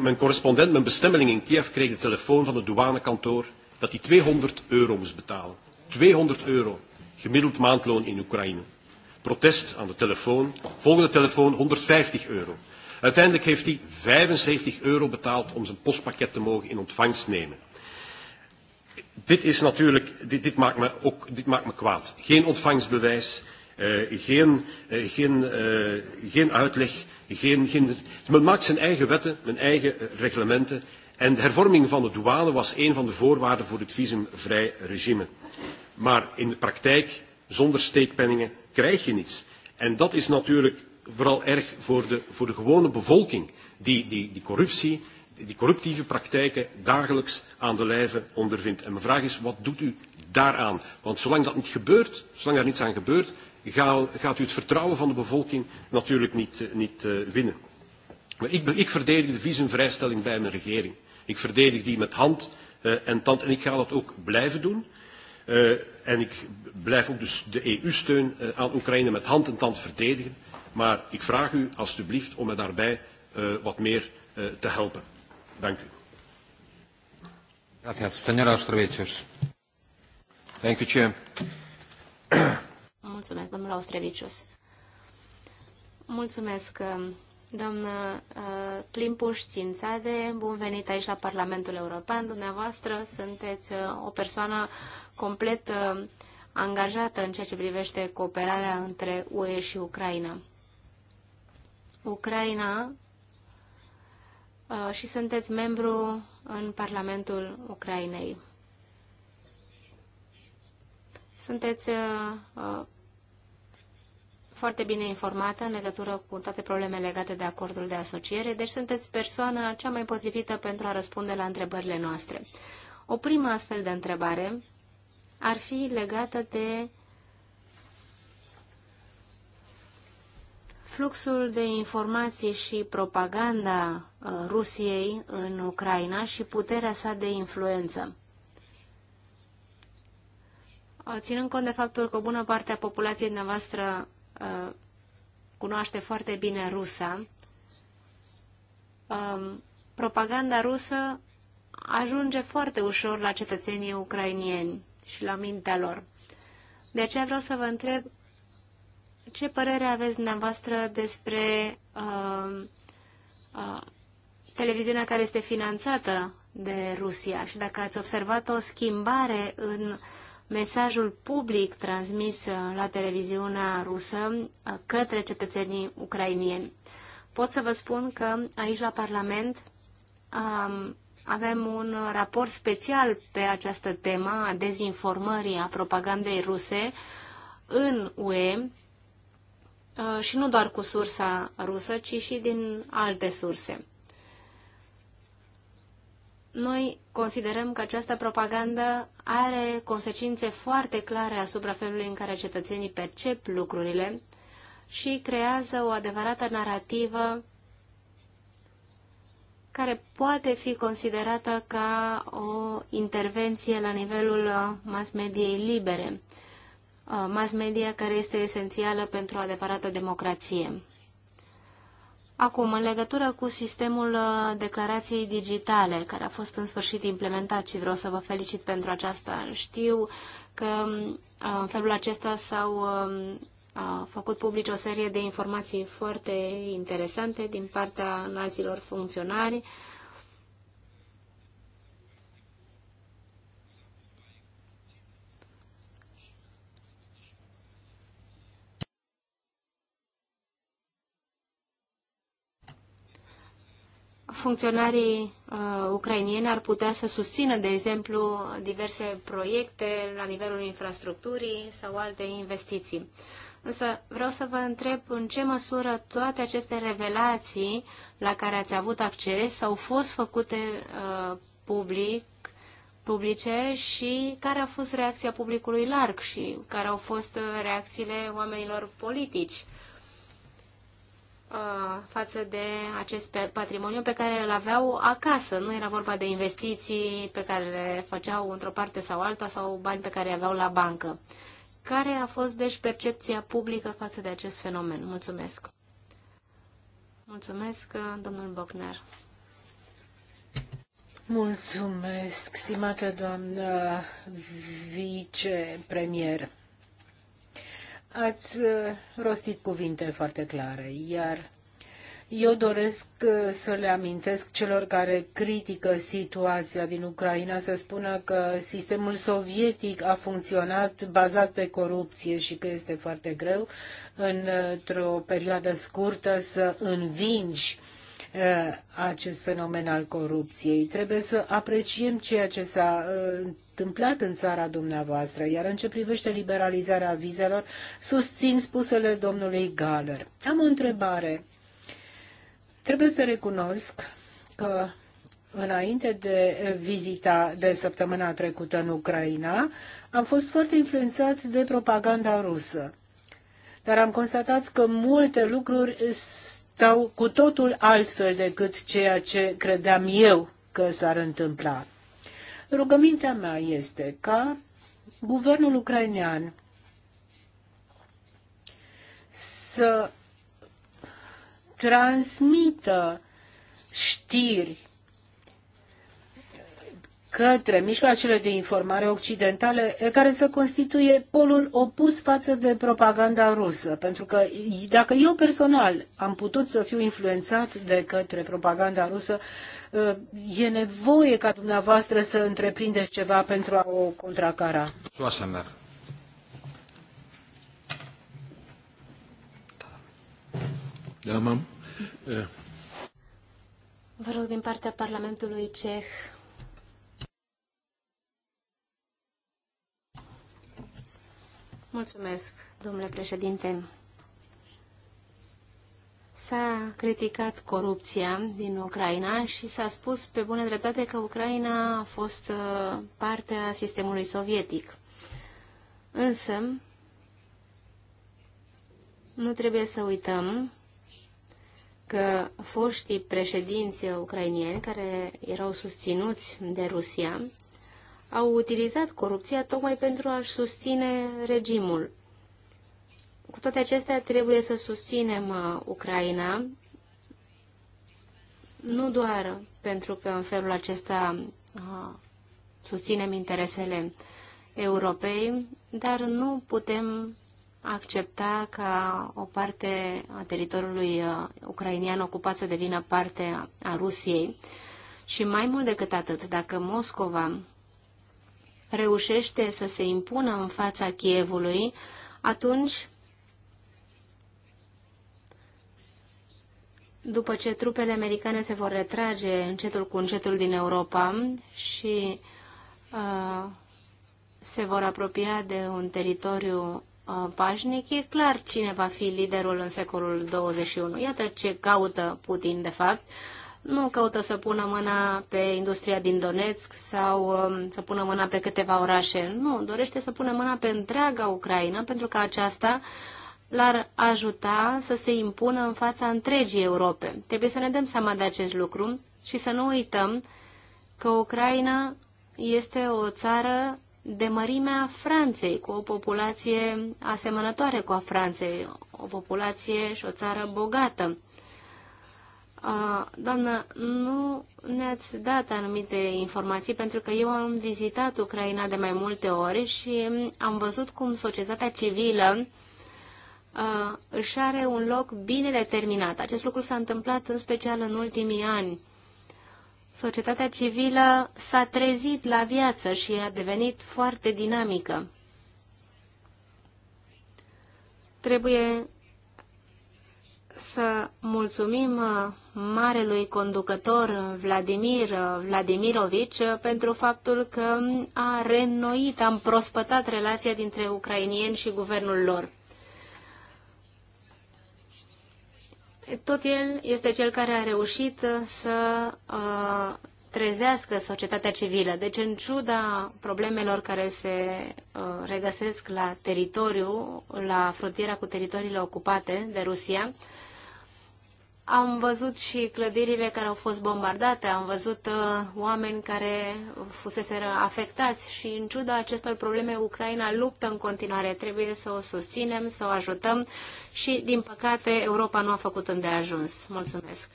Mijn correspondent, mijn bestemmeling in Kiev, kreeg de telefoon van het douanekantoor dat hij 200 euro moest betalen. 200 euro, gemiddeld maandloon in Oekraïne. Protest aan de telefoon, volgende telefoon 150 euro. Uiteindelijk heeft hij 75 euro betaald om zijn postpakket te mogen in ontvangst nemen dit is natuurlijk, dit, dit, maakt me ook, dit maakt me kwaad. Geen ontvangstbewijs, uh, geen, uh, geen, uh, geen uitleg, geen, geen... Men maakt zijn eigen wetten, zijn eigen reglementen. En de hervorming van de douane was een van de voorwaarden voor het visumvrij regime. Maar in de praktijk, zonder steekpenningen, krijg je niets. En dat is natuurlijk vooral erg voor de, voor de gewone bevolking, die, die, die corruptie die corruptieve praktijken dagelijks aan de lijve ondervindt. En mijn vraag is, wat doet u daaraan? Want zolang dat niet gebeurt, zolang daar er niets aan gebeurt, gaat u het vertrouwen van de bevolking natuurlijk niet, eh, niet eh, winnen. Maar ik, ik verdedig de visumvrijstelling bij mijn regering. Ik verdedig die met hand eh, en tand en ik ga dat ook blijven doen. en ik blijf ook dus de EU-steun aan Oekraïne met hand en tand verdedigen. Maar ik vraag u alstublieft om me daarbij wat meer te helpen. Dank u. Gracias, señora Ostrovicius. Thank you, Chair. Mulțumesc, domnule Ostrevicius. Mulțumesc, um, doamnă Plimpuș uh, Țințade. Bun venit aici la Parlamentul European. Dumneavoastră sunteți uh, o persoană complet uh, angajată în ceea ce privește cooperarea între UE și Ucraina. Ucraina Uh, și sunteți membru în Parlamentul Ucrainei. Sunteți uh, uh, foarte bine informată în legătură cu toate problemele legate de acordul de asociere, deci sunteți persoana cea mai potrivită pentru a răspunde la întrebările noastre. O primă astfel de întrebare ar fi legată de fluxul de informații și propaganda Uh, Rusiei în Ucraina și puterea sa de influență. Uh, ținând cont de faptul că o bună parte a populației dumneavoastră uh, cunoaște foarte bine rusa, um, propaganda rusă ajunge foarte ușor la cetățenii ucrainieni și la mintea lor. De aceea vreau să vă întreb ce părere aveți dumneavoastră despre um, uh, uh, televiziunea care este finanțată de Rusia și dacă ați observat o schimbare în mesajul public transmis uh, la televiziunea rusă uh, către cetățenii ucrainieni. Pot să vă spun că aici la Parlament um, avem un raport special pe această temă a dezinformării, a propagandei ruse în UE uh, și nu doar cu sursa rusă, ci și din alte surse noi considerăm că această propagandă are consecințe foarte clare asupra felului în care cetățenii percep lucrurile și creează o adevărată narrativă care poate fi considerată ca o intervenție la nivelul uh, mass mediei libere, uh, mass media care este esențială pentru o adevărată democrație. Acum, în legătură cu sistemul uh, declarației digitale, care a fost în sfârșit implementat și vreau să vă felicit pentru aceasta, știu că um, în felul acesta s-au um, făcut publici o serie de informații foarte interesante din partea înalților funcționari, funcționarii uh, ucrainieni ar putea să susțină, de exemplu, diverse proiecte la nivelul infrastructurii sau alte investiții. Însă vreau să vă întreb în ce măsură toate aceste revelații la care ați avut acces au fost făcute uh, public, publice și care a fost reacția publicului larg și care au fost uh, reacțiile oamenilor politici Uh, față de acest patrimoniu pe care îl aveau acasă. Nu era vorba de investiții pe care le făceau într-o parte sau alta sau bani pe care îi aveau la bancă. Care a fost, deci, percepția publică față de acest fenomen? Mulțumesc! Mulțumesc, uh, domnul Bocner! Mulțumesc, stimată doamnă vicepremier! Ați uh, rostit cuvinte foarte clare, iar eu doresc uh, să le amintesc celor care critică situația din Ucraina să spună că sistemul sovietic a funcționat bazat pe corupție și că este foarte greu într-o perioadă scurtă să învingi uh, acest fenomen al corupției. Trebuie să apreciem ceea ce s-a întâmplat în țara dumneavoastră. Iar în ce privește liberalizarea vizelor, susțin spusele domnului Galer. Am o întrebare. Trebuie să recunosc că Înainte de vizita de săptămâna trecută în Ucraina, am fost foarte influențat de propaganda rusă. Dar am constatat că multe lucruri stau cu totul altfel decât ceea ce credeam eu că s-ar întâmpla. Rugămintea mea este ca guvernul ucrainean să transmită știri către mijloacele de informare occidentale care să constituie polul opus față de propaganda rusă. Pentru că dacă eu personal am putut să fiu influențat de către propaganda rusă, e nevoie ca dumneavoastră să întreprindeți ceva pentru a o contracara. Soasemer. Da, mam. Vă rog din partea Parlamentului Ceh Mulțumesc, domnule președinte. S-a criticat corupția din Ucraina și s-a spus pe bună dreptate că Ucraina a fost uh, parte a sistemului sovietic. Însă, nu trebuie să uităm că foștii președinți ucrainieni care erau susținuți de Rusia au utilizat corupția tocmai pentru a-și susține regimul. Cu toate acestea, trebuie să susținem uh, Ucraina, nu doar pentru că în felul acesta uh, susținem interesele europei, dar nu putem accepta ca o parte a teritoriului uh, ucrainian ocupat să devină parte a Rusiei. Și mai mult decât atât, dacă Moscova reușește să se impună în fața Chievului, atunci, după ce trupele americane se vor retrage încetul cu încetul din Europa și uh, se vor apropia de un teritoriu uh, pașnic, e clar cine va fi liderul în secolul 21. Iată ce caută Putin, de fapt. Uh, nu căută să pună mâna pe industria din Donetsk sau um, să pună mâna pe câteva orașe. Nu, dorește să pună mâna pe întreaga Ucraina, pentru că aceasta l-ar ajuta să se impună în fața întregii Europe. Trebuie să ne dăm seama de acest lucru și să nu uităm că Ucraina este o țară de mărimea Franței, cu o populație asemănătoare cu a Franței, o populație și o țară bogată. Doamnă, nu ne-ați dat anumite informații pentru că eu am vizitat Ucraina de mai multe ori și am văzut cum societatea civilă își are un loc bine determinat. Acest lucru s-a întâmplat în special în ultimii ani. Societatea civilă s-a trezit la viață și a devenit foarte dinamică. Trebuie să mulțumim uh, marelui conducător uh, Vladimir uh, Vladimirovici pentru faptul că um, a reînnoit, a împrospătat relația dintre ucrainieni și guvernul lor. Tot el este cel care a reușit să trezească societatea civilă. Deci, în ciuda problemelor care se regăsesc la teritoriu, la frontiera cu teritoriile ocupate de Rusia, am văzut și clădirile care au fost bombardate, am văzut uh, oameni care fusese afectați și în ciuda acestor probleme Ucraina luptă în continuare. Trebuie să o susținem, să o ajutăm și din păcate Europa nu a făcut îndeajuns. Mulțumesc!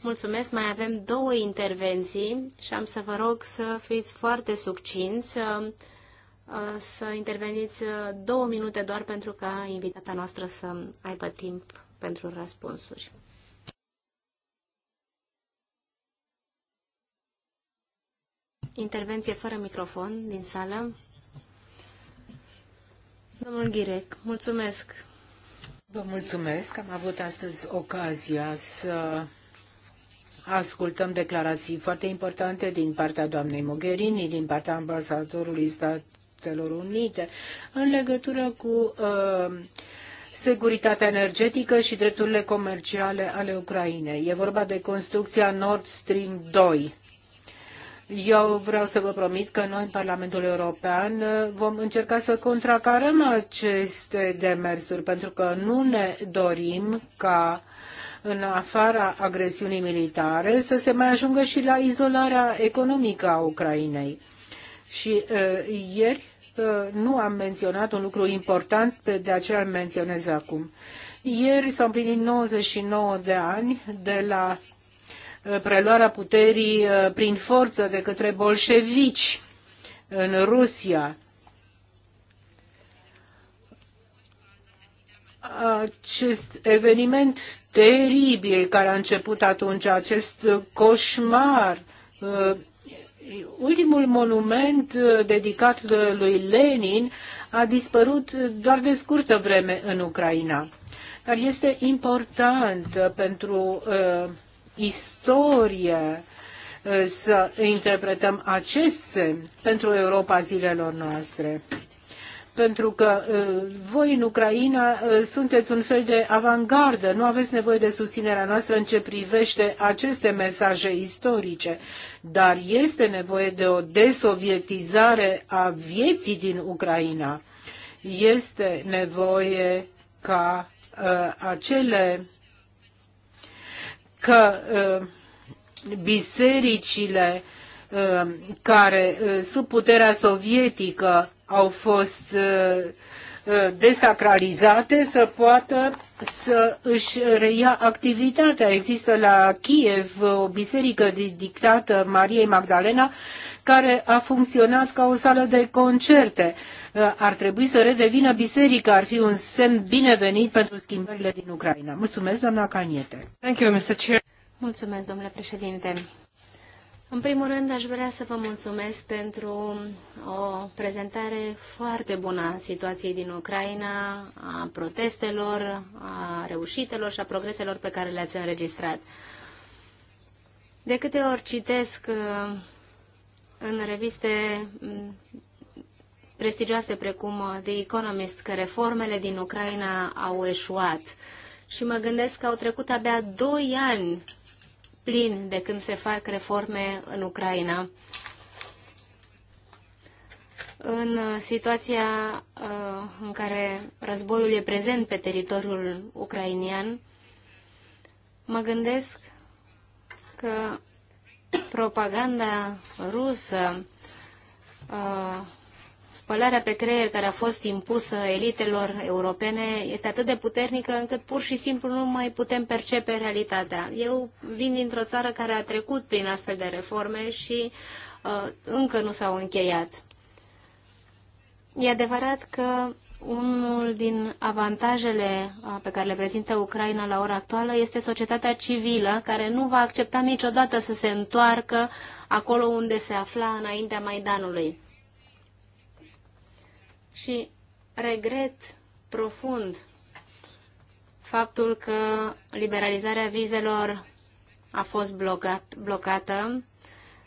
Mulțumesc, mai avem două intervenții și am să vă rog să fiți foarte succinți, să, uh, uh, să interveniți uh, două minute doar pentru ca invitata noastră să aibă timp pentru răspunsuri. Intervenție fără microfon din sală. Domnul Ghirec, mulțumesc. Vă mulțumesc. Am avut astăzi ocazia să ascultăm declarații foarte importante din partea doamnei Mogherini, din partea ambasadorului Statelor Unite, în legătură cu uh, securitatea energetică și drepturile comerciale ale Ucrainei. E vorba de construcția Nord Stream 2 eu vreau să vă promit că noi în Parlamentul European uh, vom încerca să contracarăm aceste demersuri, pentru că nu ne dorim ca în afara agresiunii militare să se mai ajungă și la izolarea economică a Ucrainei. Și uh, ieri uh, nu am menționat un lucru important, de aceea îl menționez acum. Ieri s-au împlinit 99 de ani de la Uh, preluarea puterii uh, prin forță de către bolșevici în Rusia. Acest eveniment teribil care a început atunci, acest coșmar, uh, ultimul monument dedicat lui Lenin a dispărut doar de scurtă vreme în Ucraina. Dar este important pentru uh, istorie să interpretăm acest semn pentru Europa zilelor noastre. Pentru că voi în Ucraina sunteți un fel de avangardă, nu aveți nevoie de susținerea noastră în ce privește aceste mesaje istorice, dar este nevoie de o desovietizare a vieții din Ucraina. Este nevoie ca uh, acele că uh, bisericile uh, care uh, sub puterea sovietică au fost desacralizate să poată să își reia activitatea. Există la Kiev o biserică dedicată Mariei Magdalena care a funcționat ca o sală de concerte. Uh, ar trebui să redevină biserica, ar fi un semn binevenit pentru schimbările din Ucraina. Mulțumesc, doamna Caniete. Thank you, Mr. Chair. Mulțumesc, domnule președinte. În primul rând, aș vrea să vă mulțumesc pentru o prezentare foarte bună a situației din Ucraina, a protestelor, a reușitelor și a progreselor pe care le-ați înregistrat. De câte ori citesc uh, în reviste prestigioase precum uh, The Economist că reformele din Ucraina au eșuat. Și mă gândesc că au trecut abia doi ani plini de când se fac reforme în Ucraina. În situația uh, în care războiul e prezent pe teritoriul ucrainian, mă gândesc că propaganda rusă uh, Spălarea pe creier care a fost impusă elitelor europene este atât de puternică încât pur și simplu nu mai putem percepe realitatea. Eu vin dintr-o țară care a trecut prin astfel de reforme și uh, încă nu s-au încheiat. E adevărat că unul din avantajele uh, pe care le prezintă Ucraina la ora actuală este societatea civilă, care nu va accepta niciodată să se întoarcă acolo unde se afla înaintea Maidanului și regret profund faptul că liberalizarea vizelor a fost blocat, blocată,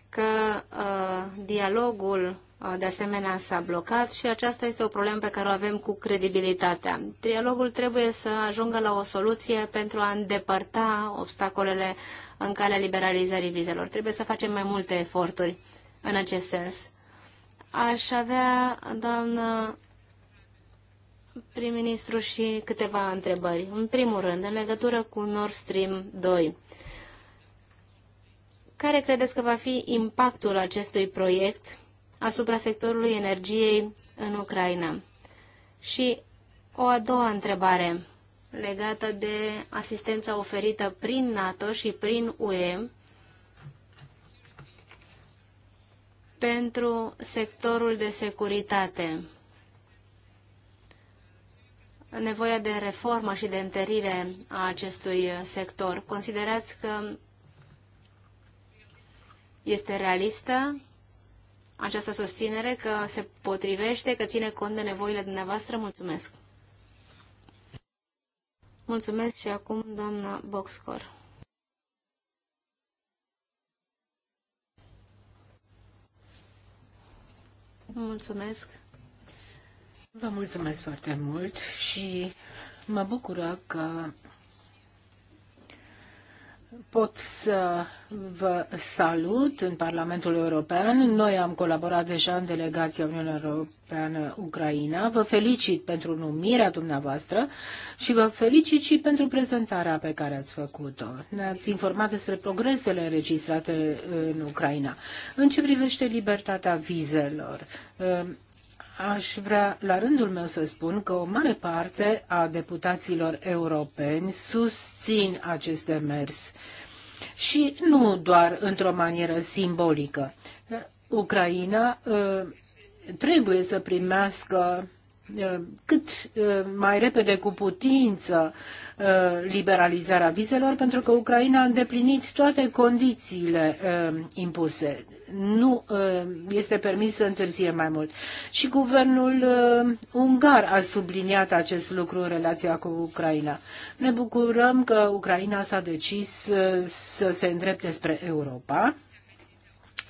că uh, dialogul uh, de asemenea s-a blocat și aceasta este o problemă pe care o avem cu credibilitatea. Dialogul trebuie să ajungă la o soluție pentru a îndepărta obstacolele în calea liberalizării vizelor. Trebuie să facem mai multe eforturi în acest sens. Aș avea, doamnă prim-ministru, și câteva întrebări. În primul rând, în legătură cu Nord Stream 2, care credeți că va fi impactul acestui proiect asupra sectorului energiei în Ucraina? Și o a doua întrebare legată de asistența oferită prin NATO și prin UE pentru sectorul de securitate. Nevoia de reformă și de întărire a acestui sector. Considerați că este realistă această susținere, că se potrivește, că ține cont de nevoile dumneavoastră? Mulțumesc! Mulțumesc și acum doamna Boxcor. Mulțumesc. Vă mulțumesc foarte mult și mă bucură că pot să vă salut în Parlamentul European. Noi am colaborat deja în delegația Uniunii Europene Europeană Ucraina. Vă felicit pentru numirea dumneavoastră și vă felicit și pentru prezentarea pe care ați făcut-o. Ne-ați informat despre progresele înregistrate în Ucraina. În ce privește libertatea vizelor, uh, Aș vrea la rândul meu să spun că o mare parte a deputaților europeni susțin acest demers și nu doar într-o manieră simbolică. Ucraina uh, trebuie să primească cât mai repede cu putință liberalizarea vizelor, pentru că Ucraina a îndeplinit toate condițiile impuse. Nu este permis să întârzie mai mult. Și guvernul ungar a subliniat acest lucru în relația cu Ucraina. Ne bucurăm că Ucraina s-a decis să se îndrepte spre Europa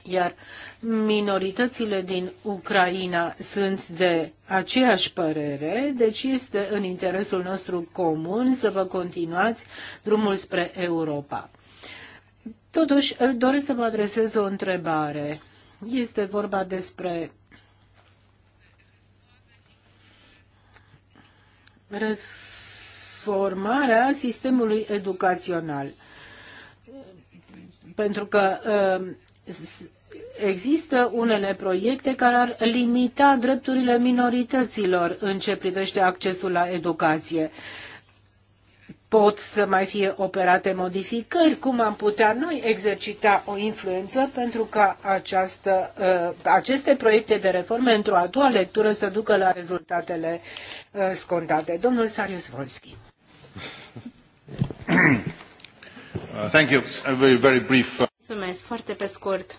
iar minoritățile din Ucraina sunt de aceeași părere, deci este în interesul nostru comun să vă continuați drumul spre Europa. Totuși, doresc să vă adresez o întrebare. Este vorba despre reformarea sistemului educațional pentru că uh, există unele proiecte care ar limita drepturile minorităților în ce privește accesul la educație. Pot să mai fie operate modificări, cum am putea noi exercita o influență pentru ca această, uh, aceste proiecte de reforme într-o a doua lectură să ducă la rezultatele uh, scontate. Domnul Sarius Volski. thank you. A very, very brief. Uh, Mulțumesc. Foarte pe scurt.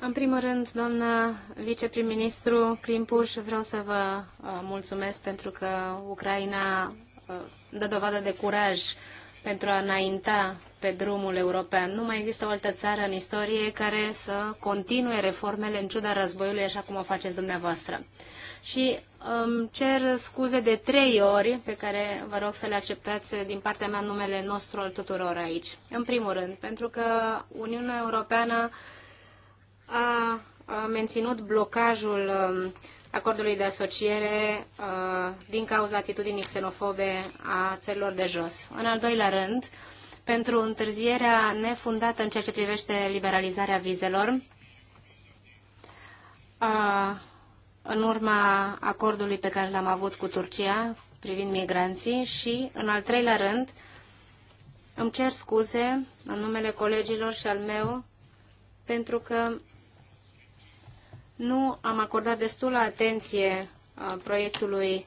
În primul rând, doamnă viceprim-ministru Crimpuș, vreau să vă uh, mulțumesc pentru că Ucraina uh, dă dovadă de curaj pentru a înainta pe drumul european. Nu mai există o altă țară în istorie care să continue reformele în ciuda războiului așa cum o faceți dumneavoastră și îmi um, cer scuze de trei ori pe care vă rog să le acceptați din partea mea numele nostru al tuturor aici. În primul rând, pentru că Uniunea Europeană a menținut blocajul um, acordului de asociere uh, din cauza atitudinii xenofobe a țărilor de jos. În al doilea rând, pentru întârzierea nefundată în ceea ce privește liberalizarea vizelor, în urma acordului pe care l-am avut cu Turcia privind migranții și, în al treilea rând, îmi cer scuze în numele colegilor și al meu pentru că nu am acordat destulă atenție uh, proiectului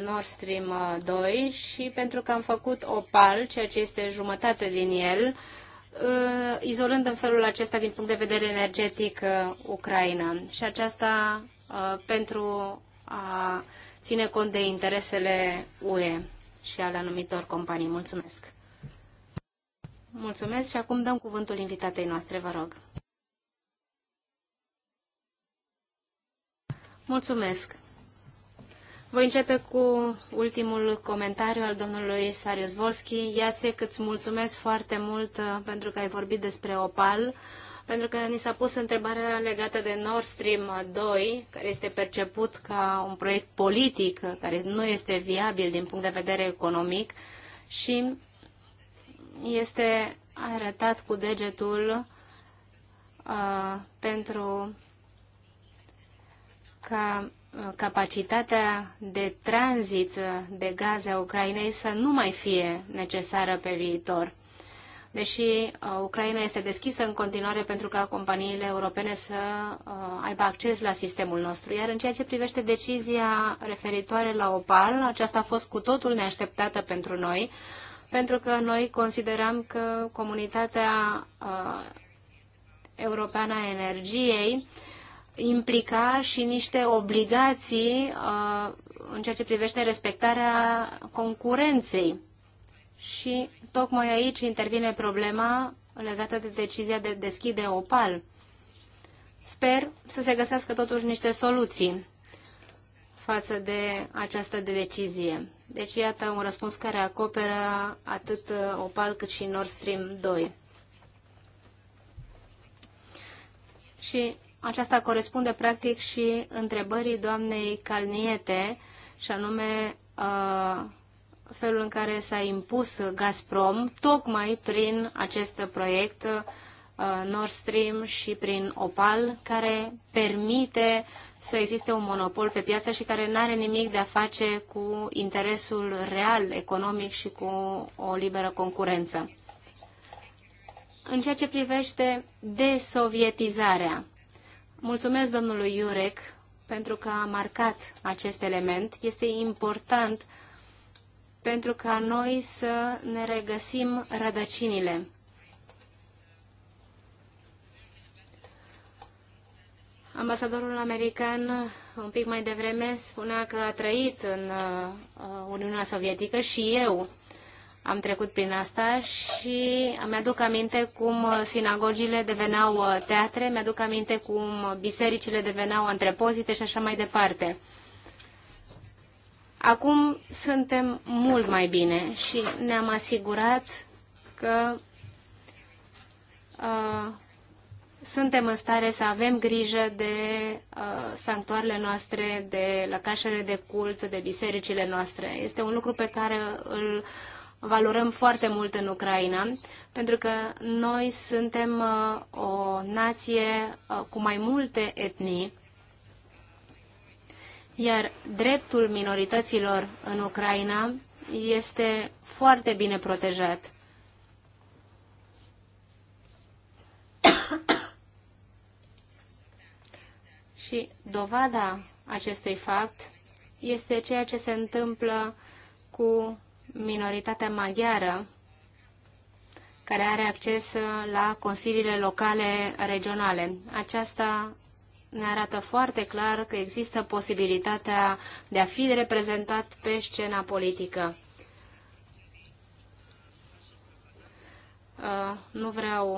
Nord Stream 2 uh, și pentru că am făcut opal, ceea ce este jumătate din el, uh, izolând în felul acesta din punct de vedere energetic Ucraina. Și aceasta Uh, pentru a ține cont de interesele UE și ale anumitor companii. Mulțumesc! Mulțumesc și acum dăm cuvântul invitatei noastre, vă rog. Mulțumesc! Voi începe cu ultimul comentariu al domnului Sarius Volski. Iație, că îți mulțumesc foarte mult uh, pentru că ai vorbit despre Opal pentru că ni s-a pus întrebarea legată de Nord Stream 2, care este perceput ca un proiect politic, care nu este viabil din punct de vedere economic și este arătat cu degetul uh, pentru ca uh, capacitatea de tranzit de gaze a Ucrainei să nu mai fie necesară pe viitor deși uh, Ucraina este deschisă în continuare pentru ca companiile europene să uh, aibă acces la sistemul nostru. Iar în ceea ce privește decizia referitoare la OPAL, aceasta a fost cu totul neașteptată pentru noi, pentru că noi consideram că comunitatea uh, europeană a energiei implica și niște obligații în ceea ce privește respectarea concurenței și tocmai aici intervine problema legată de decizia de deschide Opal. Sper să se găsească totuși niște soluții față de această de decizie. Deci iată un răspuns care acoperă atât uh, Opal cât și Nord Stream 2. Și aceasta corespunde practic și întrebării doamnei Calniete, și anume uh, felul în care s-a impus Gazprom, tocmai prin acest proiect uh, Nord Stream și prin Opal, care permite să existe un monopol pe piață și care nu are nimic de a face cu interesul real economic și cu o liberă concurență. În ceea ce privește desovietizarea, mulțumesc domnului Iurec pentru că a marcat acest element. Este important pentru ca noi să ne regăsim rădăcinile. Ambasadorul american un pic mai devreme spunea că a trăit în uh, Uniunea Sovietică și eu am trecut prin asta și îmi aduc aminte cum sinagogile deveneau uh, teatre, mi-aduc aminte cum bisericile deveneau antrepozite și așa mai departe. Acum suntem mult mai bine și ne-am asigurat că uh, suntem în stare să avem grijă de uh, sanctuarele noastre, de lăcașele de cult, de bisericile noastre. Este un lucru pe care îl valorăm foarte mult în Ucraina, pentru că noi suntem uh, o nație uh, cu mai multe etnii iar dreptul minorităților în Ucraina este foarte bine protejat. Și dovada acestui fapt este ceea ce se întâmplă cu minoritatea maghiară, care are acces la consiliile locale regionale. Aceasta ne arată foarte clar că există posibilitatea de a fi reprezentat pe scena politică. Uh, nu vreau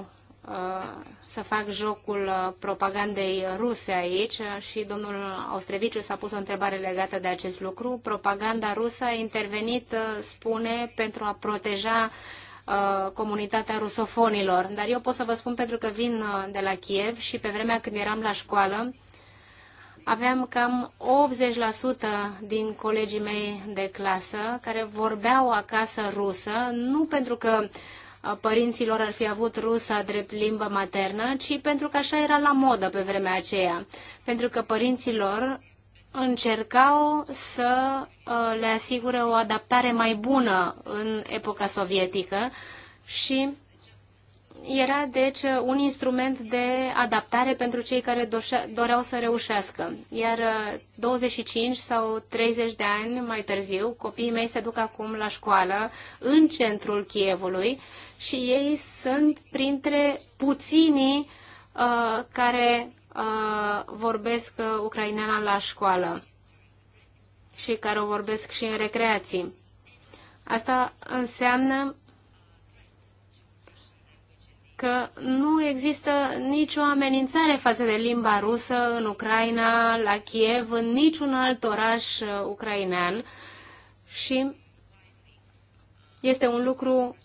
uh, să fac jocul uh, propagandei ruse aici și domnul Austreviciu s-a pus o întrebare legată de acest lucru. Propaganda rusă a intervenit, spune, pentru a proteja uh, Uh, comunitatea rusofonilor. Dar eu pot să vă spun pentru că vin uh, de la Kiev și pe vremea când eram la școală, aveam cam 80% din colegii mei de clasă care vorbeau acasă rusă, nu pentru că uh, părinților ar fi avut rusa drept limbă maternă, ci pentru că așa era la modă pe vremea aceea. Pentru că părinților încercau să uh, le asigure o adaptare mai bună în epoca sovietică și era deci un instrument de adaptare pentru cei care doreau să reușească. Iar 25 uh, sau 30 de ani mai târziu, copiii mei se duc acum la școală în centrul Chievului și ei sunt printre puținii uh, care vorbesc uh, ucraineana la școală și care o vorbesc și în recreații. Asta înseamnă că nu există nicio amenințare față de limba rusă în Ucraina, la Kiev, în niciun alt oraș uh, ucrainean și este un lucru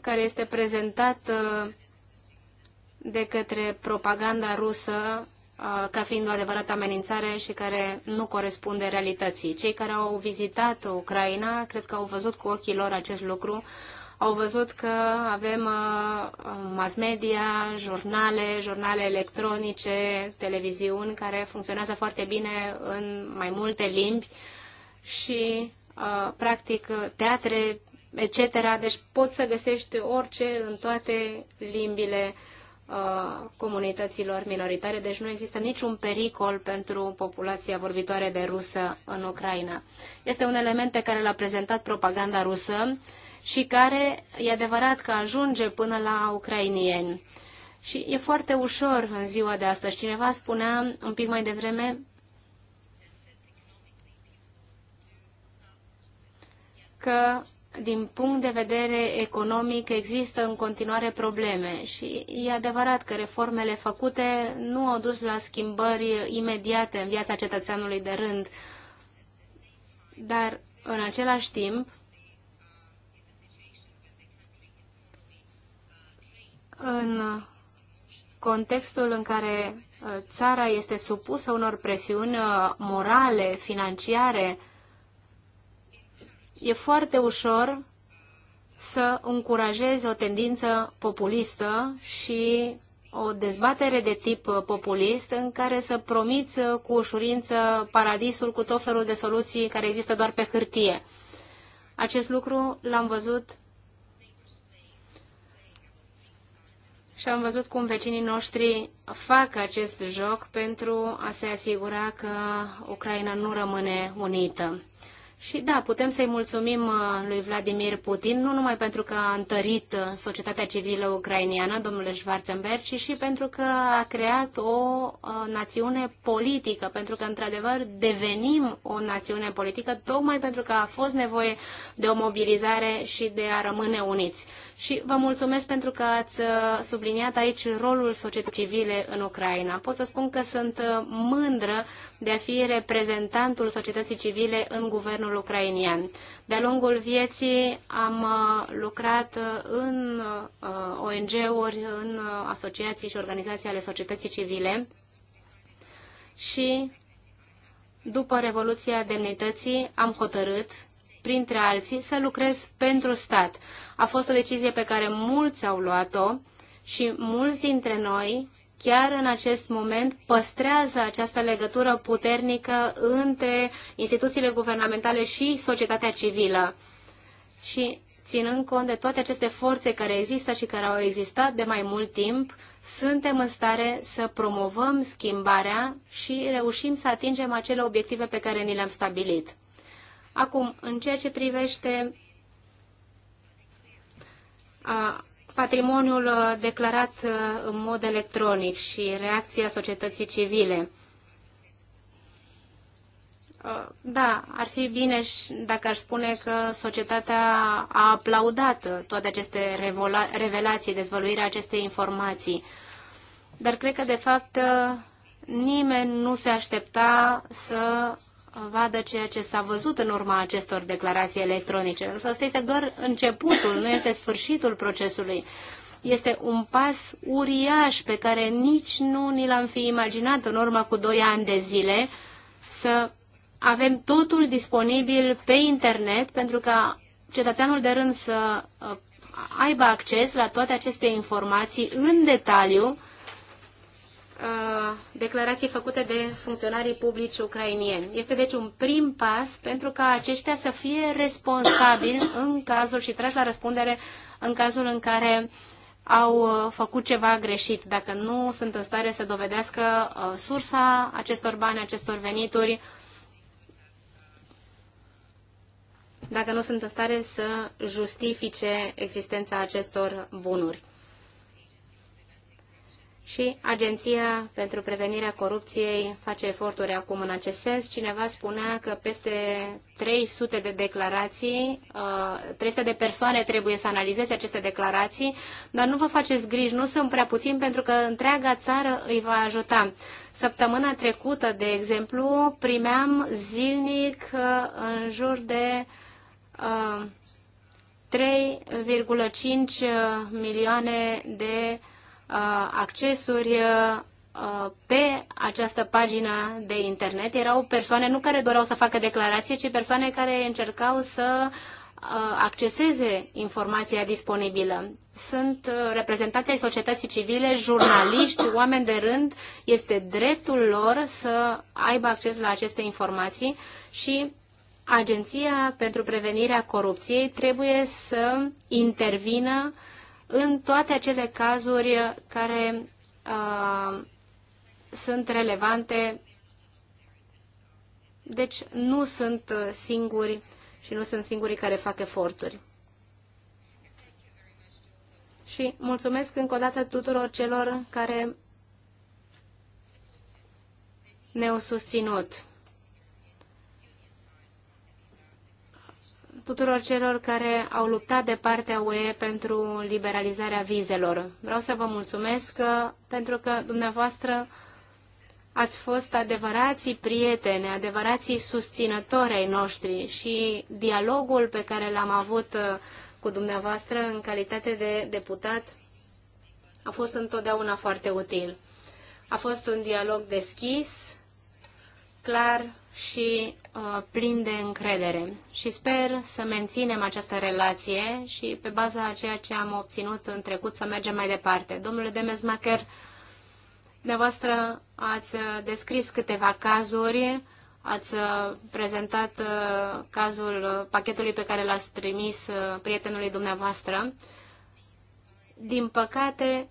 care este prezentat uh, de către propaganda rusă ca fiind o adevărată amenințare și care nu corespunde realității. Cei care au vizitat Ucraina, cred că au văzut cu ochii lor acest lucru, au văzut că avem mass media, jurnale, jurnale electronice, televiziuni care funcționează foarte bine în mai multe limbi și practic teatre, etc. Deci poți să găsești orice în toate limbile uh, comunităților minoritare, deci nu există niciun pericol pentru populația vorbitoare de rusă în Ucraina. Este un element pe care l-a prezentat propaganda rusă și care e adevărat că ajunge până la ucrainieni. Și e foarte ușor în ziua de astăzi. Cineva spunea un pic mai devreme că din punct de vedere economic există în continuare probleme și e adevărat că reformele făcute nu au dus la schimbări imediate în viața cetățeanului de rând, dar în același timp în contextul în care uh, țara este supusă unor presiuni uh, morale, financiare, e foarte ușor să încurajezi o tendință populistă și o dezbatere de tip populist în care să promiți cu ușurință paradisul cu tot felul de soluții care există doar pe hârtie. Acest lucru l-am văzut și am văzut cum vecinii noștri fac acest joc pentru a se asigura că Ucraina nu rămâne unită. Și da, putem să-i mulțumim uh, lui Vladimir Putin, nu numai pentru că a întărit uh, societatea civilă ucrainiană, domnule Schwarzenberg, ci și pentru că a creat o uh, națiune politică, pentru că, într-adevăr, devenim o națiune politică, tocmai pentru că a fost nevoie de o mobilizare și de a rămâne uniți și vă mulțumesc pentru că ați uh, subliniat aici rolul societății civile în Ucraina. Pot să spun că sunt uh, mândră de a fi reprezentantul societății civile în guvernul ucrainian. De-a lungul vieții am uh, lucrat în ONG-uri, în asociații și organizații ale societății civile și după Revoluția Demnității am hotărât printre alții, să lucrez pentru stat. A fost o decizie pe care mulți au luat-o și mulți dintre noi, chiar în acest moment, păstrează această legătură puternică între instituțiile guvernamentale și societatea civilă. Și ținând cont de toate aceste forțe care există și care au existat de mai mult timp, suntem în stare să promovăm schimbarea și reușim să atingem acele obiective pe care ni le-am stabilit. Acum, în ceea ce privește a, patrimoniul declarat în mod electronic și reacția societății civile, da, ar fi bine și dacă aș spune că societatea a aplaudat toate aceste revola, revelații, dezvăluirea acestei informații. Dar cred că, de fapt, nimeni nu se aștepta să vadă ceea ce s-a văzut în urma acestor declarații electronice. Însă asta este doar începutul, nu este sfârșitul procesului. Este un pas uriaș pe care nici nu ni l-am fi imaginat în urmă cu doi ani de zile să avem totul disponibil pe internet pentru ca cetățeanul de rând să uh, aibă acces la toate aceste informații în detaliu Uh, declarații făcute de funcționarii publici ucrainieni. Este deci un prim pas pentru ca aceștia să fie responsabili în cazul și trași la răspundere în cazul în care au uh, făcut ceva greșit, dacă nu sunt în stare să dovedească uh, sursa acestor bani, acestor venituri, dacă nu sunt în stare să justifice existența acestor bunuri. Și Agenția pentru Prevenirea Corupției face eforturi acum în acest sens. Cineva spunea că peste 300 de declarații, 300 uh, de persoane trebuie să analizeze aceste declarații, dar nu vă faceți griji, nu sunt prea puțini pentru că întreaga țară îi va ajuta. Săptămâna trecută, de exemplu, primeam zilnic uh, în jur de 3,5 uh, milioane de Uh, accesuri uh, uh, pe această pagină de internet. Erau persoane nu care doreau să facă declarație, ci persoane care încercau să acceseze informația disponibilă. Sunt reprezentații societății civile, jurnaliști, oameni de rând. Este dreptul lor să aibă acces la aceste informații și Agenția pentru Prevenirea Corupției trebuie să intervină uh, în toate acele cazuri care a, sunt relevante, deci nu sunt singuri și nu sunt singurii care fac eforturi. Și mulțumesc încă o dată tuturor celor care ne-au susținut. tuturor celor care au luptat de partea UE pentru liberalizarea vizelor. Vreau să vă mulțumesc că, uh, pentru că dumneavoastră ați fost adevărații prieteni, adevărații susținători ai noștri și dialogul pe care l-am avut uh, cu dumneavoastră în calitate de deputat a fost întotdeauna foarte util. A fost un dialog deschis, clar și Uh, plin de încredere și sper să menținem această relație și pe baza a ceea ce am obținut în trecut să mergem mai departe. Domnule Demesmacher, dumneavoastră ați uh, descris câteva cazuri, ați uh, prezentat cazul pachetului pe care l-ați trimis prietenului dumneavoastră. Din păcate,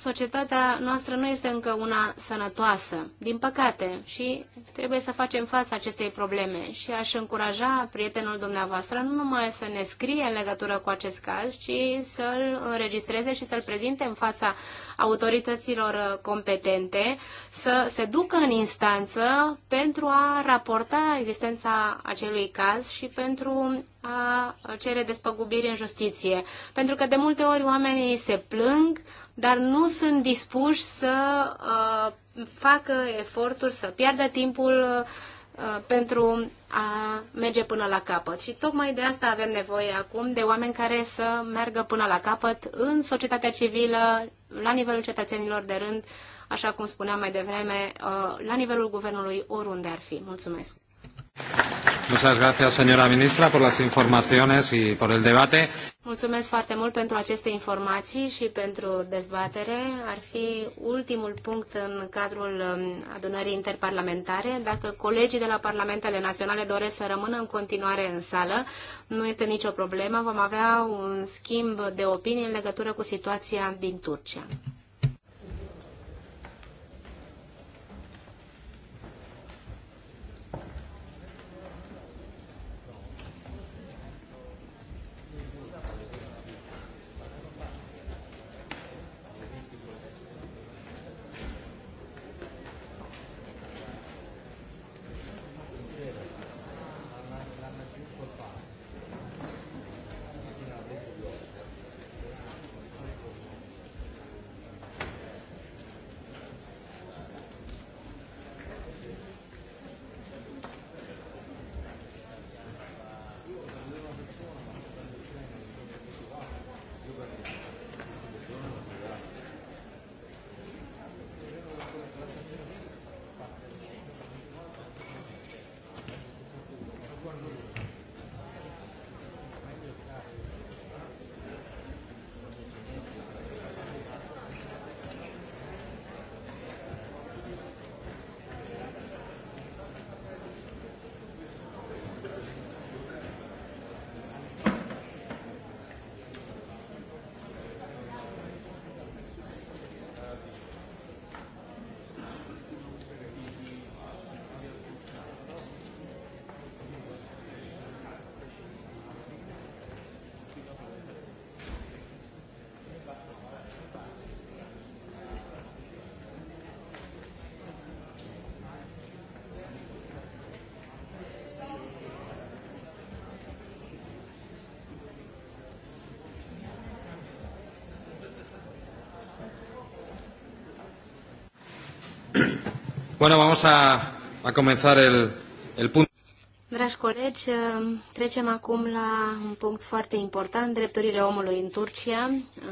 societatea noastră nu este încă una sănătoasă, din păcate, și trebuie să facem față acestei probleme. Și aș încuraja prietenul dumneavoastră nu numai să ne scrie în legătură cu acest caz, ci să-l înregistreze și să-l prezinte în fața autorităților competente, să se ducă în instanță pentru a raporta existența acelui caz și pentru a cere despăgubiri în justiție. Pentru că de multe ori oamenii se plâng, dar nu sunt dispuși să uh, facă eforturi, să piardă timpul uh, pentru a merge până la capăt. Și tocmai de asta avem nevoie acum de oameni care să meargă până la capăt în societatea civilă, la nivelul cetățenilor de rând, așa cum spuneam mai devreme, uh, la nivelul guvernului, oriunde ar fi. Mulțumesc! Muchas gracias, señora ministra, por las informaciones y por el debate. Mulțumesc foarte mult pentru aceste informații și pentru dezbatere. Ar fi ultimul punct în cadrul um, adunării interparlamentare. Dacă colegii de la Parlamentele Naționale doresc să rămână în continuare în sală, nu este nicio problemă. Vom avea un schimb de opinii în legătură cu situația din Turcia. Bueno, vamos a, a comenzar el, el punto. Dragi colegi, eh, trecem acum la un punct foarte important, drepturile omului în Turcia.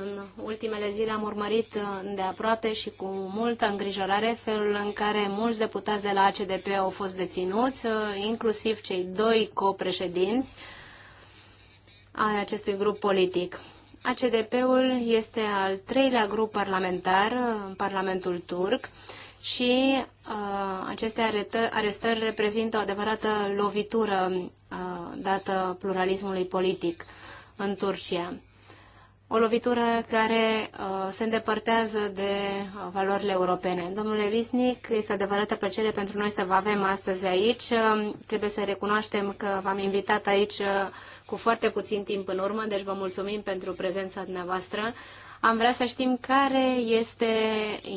În ultimele zile am urmărit eh, de aproape și cu multă îngrijorare felul în care mulți deputați de la ACDP au fost deținuți, eh, inclusiv cei doi copreședinți ai acestui grup politic. ACDP-ul este al treilea grup parlamentar în Parlamentul turc și Uh, aceste arestări reprezintă o adevărată lovitură uh, dată pluralismului politic în Turcia. O lovitură care uh, se îndepărtează de valorile europene. Domnule Visnic, este adevărată plăcere pentru noi să vă avem astăzi aici. Um, trebuie să recunoaștem că v-am invitat aici cu foarte puțin timp în urmă, deci vă mulțumim pentru prezența dumneavoastră. Am vrea să știm care este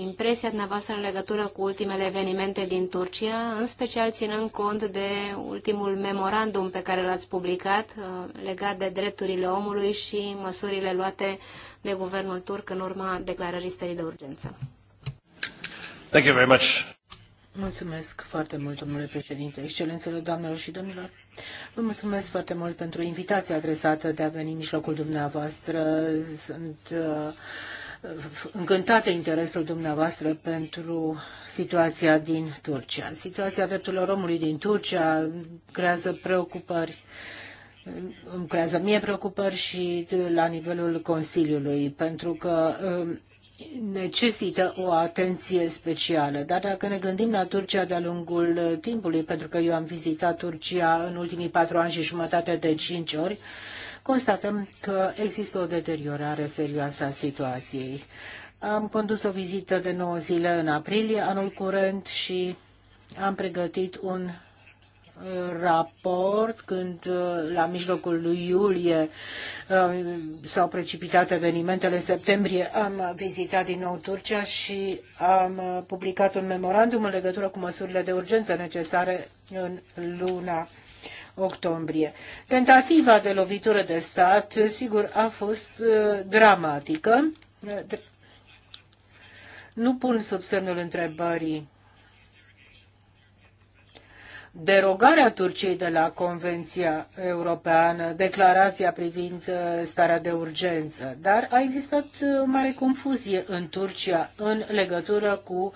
impresia dumneavoastră în legătură cu ultimele evenimente din Turcia, în special ținând cont de ultimul memorandum pe care l-ați publicat uh, legat de drepturile omului și măsurile luate de guvernul turc în urma declarării stării de urgență. Thank you very much. Mulțumesc foarte mult, domnule președinte, excelențele doamnelor și domnilor. Vă mulțumesc foarte mult pentru invitația adresată de a veni în mijlocul dumneavoastră. Sunt uh, încântată interesul dumneavoastră pentru situația din Turcia. Situația drepturilor omului din Turcia creează preocupări îmi creează mie preocupări și la nivelul Consiliului, pentru că um, necesită o atenție specială. Dar dacă ne gândim la Turcia de-a lungul timpului, pentru că eu am vizitat Turcia în ultimii patru ani și jumătate de cinci ori, constatăm că există o deteriorare serioasă a situației. Am condus o vizită de 9 zile în aprilie anul curent și am pregătit un raport când uh, la mijlocul lui iulie uh, s-au precipitat evenimentele în septembrie. Am vizitat din nou Turcia și am uh, publicat un memorandum în legătură cu măsurile de urgență necesare în luna octombrie. Tentativa de lovitură de stat, sigur, a fost dramatică. Nu pun sub semnul întrebării derogarea Turciei de la Convenția Europeană, declarația privind uh, starea de urgență. Dar a existat uh, mare confuzie în Turcia în legătură cu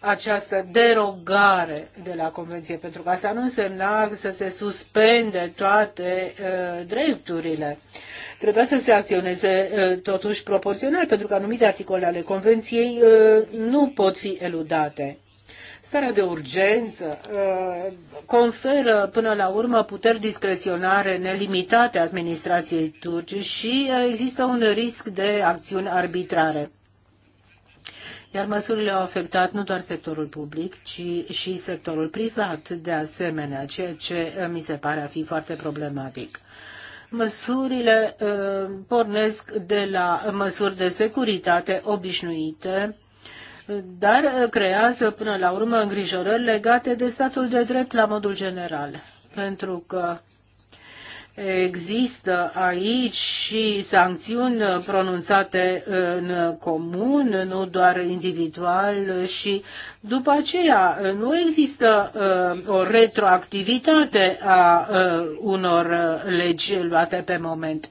această derogare de la Convenție, pentru că asta nu însemna să se suspende toate uh, drepturile. Trebuia să se acționeze uh, totuși proporțional, pentru că anumite articole ale Convenției uh, nu pot fi eludate starea de urgență uh, conferă până la urmă puteri discreționare nelimitate administrației turci și uh, există un risc de acțiuni arbitrare. Iar măsurile au afectat nu doar sectorul public, ci și sectorul privat, de asemenea, ceea ce uh, mi se pare a fi foarte problematic. Măsurile pornesc de la măsuri de securitate obișnuite, dar uh, creează până la urmă îngrijorări legate de statul de drept la modul general. Pentru că Există aici și sancțiuni uh, pronunțate în comun, nu doar individual uh, și după aceea nu există o retroactivitate a unor legi luate pe moment.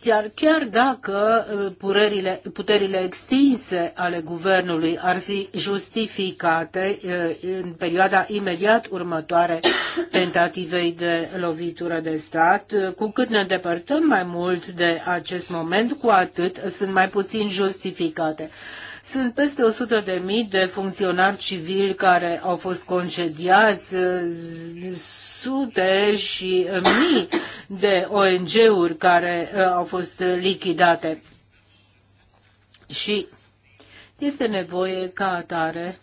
Chiar, chiar dacă uh, puterile, puterile extinse ale guvernului ar fi justificate uh, în perioada imediat următoare tentativei de lovitură de stat, uh, cu cât ne îndepărtăm mai mult de acest moment, cu atât sunt mai puțin justificate. Sunt peste 100 de mii de funcționari civili care au fost concediați, sute și mii de ONG-uri care uh, au fost lichidate. Și este nevoie ca atare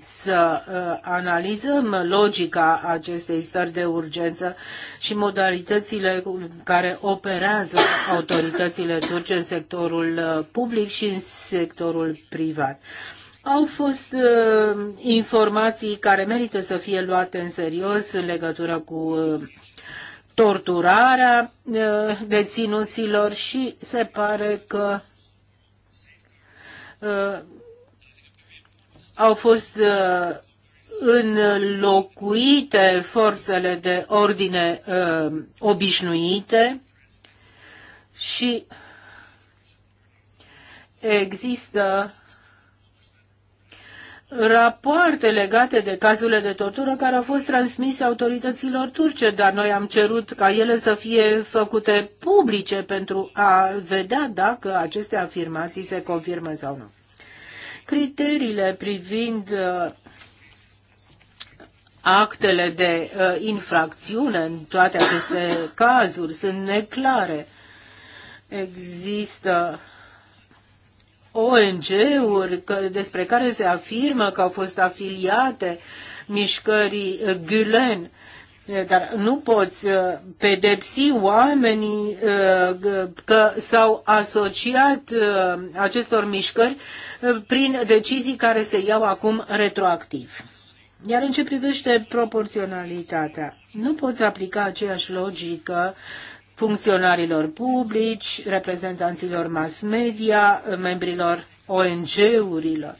să uh, analizăm logica acestei stări de urgență și modalitățile care operează autoritățile turce în sectorul uh, public și în sectorul privat. Au fost uh, informații care merită să fie luate în serios în legătură cu uh, torturarea uh, deținuților și se pare că uh, au fost uh, înlocuite forțele de ordine uh, obișnuite și există rapoarte legate de cazurile de tortură care au fost transmise autorităților turce, dar noi am cerut ca ele să fie făcute publice pentru a vedea dacă aceste afirmații se confirmă sau nu criteriile privind uh, actele de uh, infracțiune în toate aceste cazuri sunt neclare. Există ONG-uri despre care se afirmă că au fost afiliate mișcării Gülen dar nu poți uh, pedepsi oamenii uh, că s-au asociat uh, acestor mișcări prin decizii care se iau acum retroactiv. Iar în ce privește proporționalitatea, nu poți aplica aceeași logică funcționarilor publici, reprezentanților mass media, membrilor ONG-urilor.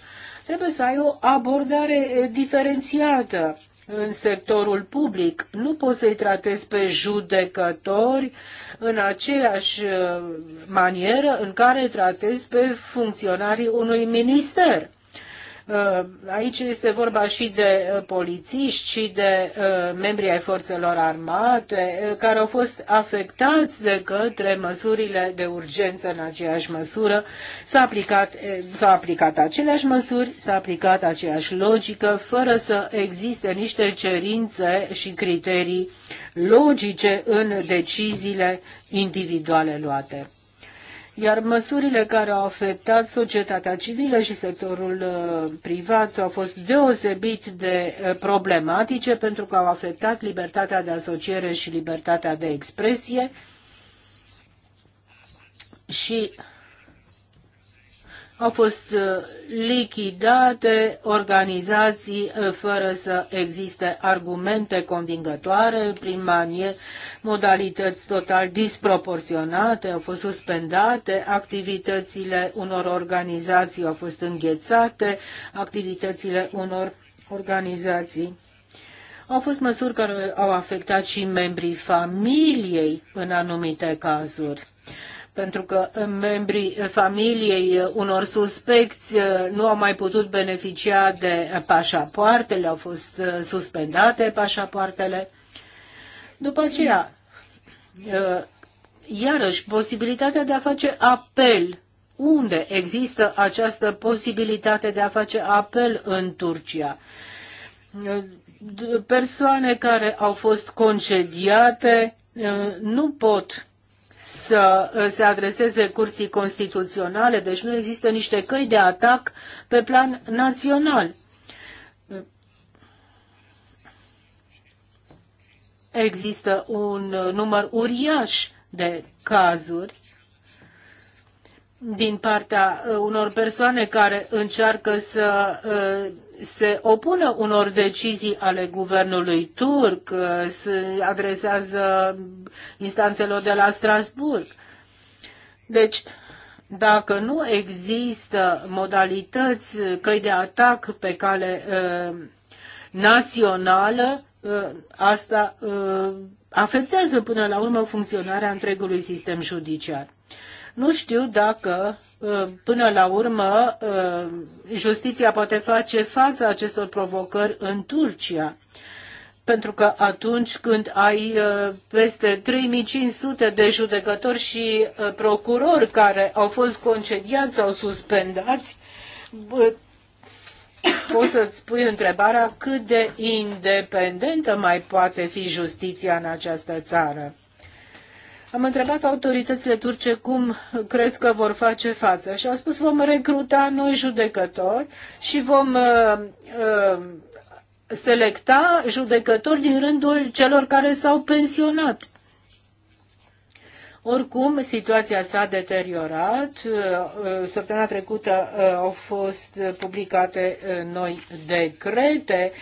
Trebuie să ai o abordare diferențiată în sectorul public. Nu poți să-i tratezi pe judecători în aceeași uh, manieră în care tratezi pe funcționarii unui minister. Uh, aici este vorba și de uh, polițiști și de uh, membri ai forțelor armate care au fost afectați de către măsurile de urgență în aceeași măsură. S-a aplicat, s-a aplicat aceleași măsuri, s-a aplicat aceeași logică, fără să existe niște cerințe și criterii logice în deciziile individuale luate iar măsurile care au afectat societatea civilă și sectorul uh, privat au fost deosebit de uh, problematice pentru că au afectat libertatea de asociere și libertatea de expresie și au fost uh, lichidate organizații uh, fără să existe argumente convingătoare, prin manie, modalități total disproporționate, au fost suspendate activitățile unor organizații, au fost înghețate activitățile unor organizații. Au fost măsuri care au afectat și membrii familiei în anumite cazuri pentru că membrii familiei uh, unor suspecți uh, nu au mai putut beneficia de pașapoarte, le-au fost uh, suspendate pașapoartele. După aceea, iarăși, posibilitatea de a face apel. Unde există această posibilitate de a face apel în Turcia? Persoane care au fost concediate nu pot să uh, se adreseze curții constituționale, deci nu există niște căi de atac pe plan național. Există un uh, număr uriaș de cazuri din partea uh, unor persoane care încearcă să se opună unor decizii ale guvernului turc, uh, se adresează instanțelor de la Strasburg. Deci, dacă nu există modalități, căi de atac pe cale uh, națională, uh, asta uh, afectează până la urmă funcționarea întregului sistem judiciar. Uh, nu știu dacă uh, până la urmă uh, justiția poate face față acestor provocări în Turcia. Pentru că atunci când ai uh, peste 3500 de judecători și procurori care au fost concediați sau suspendați, poți să-ți pui întrebarea cât de independentă mai poate fi justiția în această țară. Am întrebat autoritățile turce cum cred că vor face față și au spus vom recruta noi judecători și vom uh, uh, selecta judecători din rândul celor care s-au pensionat. Oricum, situația s-a deteriorat. Uh, uh, săptămâna trecută uh, au fost publicate noi decrete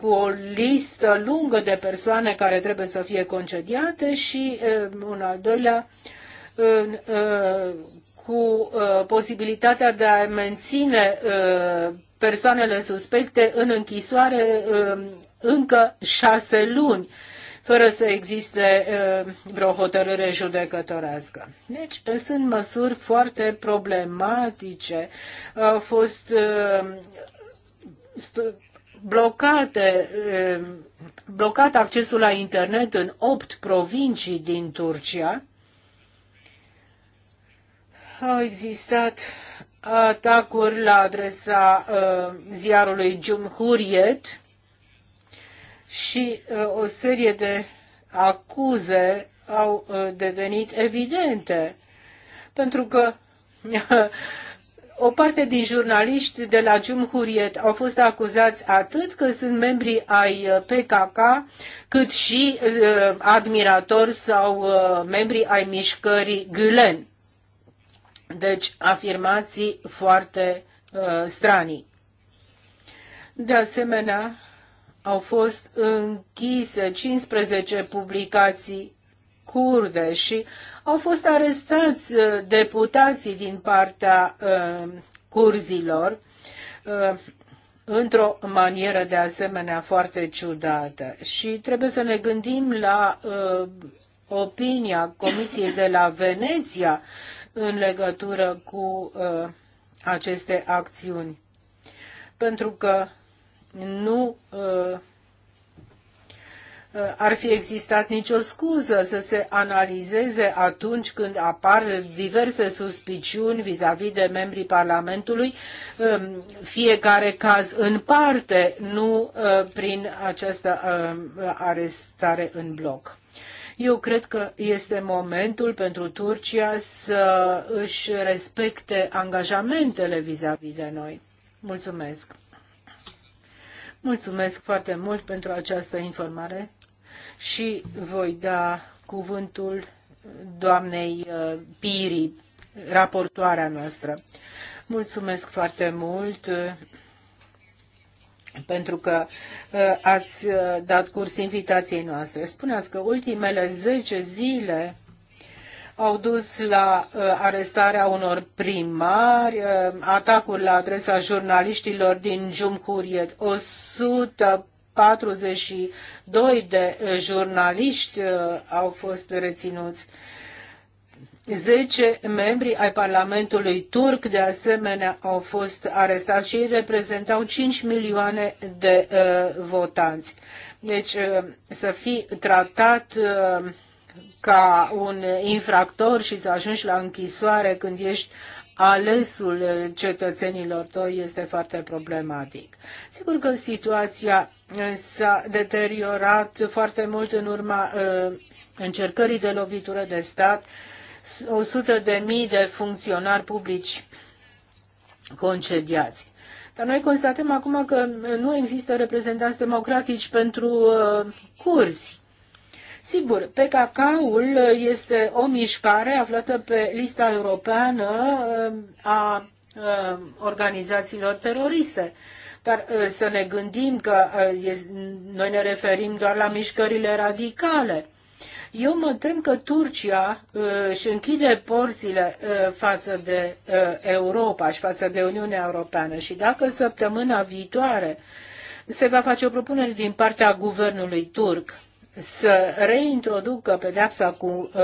cu o listă lungă de persoane care trebuie să fie concediate și un al doilea cu posibilitatea de a menține persoanele suspecte în închisoare încă șase luni fără să existe vreo hotărâre judecătorească. Deci sunt măsuri foarte problematice. Au fost blocate, blocat accesul la internet în opt provincii din Turcia. Au existat atacuri la adresa uh, ziarului uh, și uh, o serie de acuze au uh, devenit evidente. Pentru că o parte din jurnaliști de la Jumhuriet au fost acuzați atât că sunt membri ai uh, PKK, cât și uh, admiratori sau uh, membri ai mișcării Gülen. Deci afirmații foarte uh, stranii. De asemenea, au fost închise 15 publicații curde și au fost arestați uh, deputații din partea uh, curzilor uh, într-o manieră de asemenea foarte ciudată. Și trebuie să ne gândim la opinia Comisiei de la Veneția în legătură cu aceste acțiuni. Pentru că nu uh, uh, ar fi existat nicio scuză să se analizeze atunci când apar diverse suspiciuni vis-a-vis -vis de membrii Parlamentului, um, fiecare caz în parte, nu uh, prin această arestare în bloc. Eu cred că este momentul pentru Turcia să își respecte angajamentele vis-a-vis -vis de noi. Mulțumesc! Mulțumesc foarte mult pentru această informare și voi da cuvântul doamnei uh, Piri, raportoarea noastră. Mulțumesc foarte mult uh, pentru că uh, ați dat curs invitației noastre. Spuneați că ultimele 10 zile au dus la uh, arestarea unor primari, uh, atacuri la adresa jurnaliștilor din Jumhuriet, 142 de uh, jurnaliști uh, au fost reținuți. 10 membri ai Parlamentului turc de asemenea au fost arestați și ei reprezentau 5 milioane de uh, votanți. Deci uh, să fi tratat uh, ca un infractor și să ajungi la închisoare când ești alesul cetățenilor tăi este foarte problematic. Sigur că situația s-a deteriorat foarte mult în urma uh, încercării de lovitură de stat. 100 de mii de funcționari publici concediați. Dar noi constatăm acum că nu există reprezentanți democratici pentru uh, curzi Sigur, PKK-ul este o mișcare aflată pe lista europeană a organizațiilor teroriste. Dar să ne gândim că noi ne referim doar la mișcările radicale. Eu mă tem că Turcia își închide porțile față de Europa și față de Uniunea Europeană și dacă săptămâna viitoare se va face o propunere din partea guvernului turc să reintroducă pedepsa cu uh,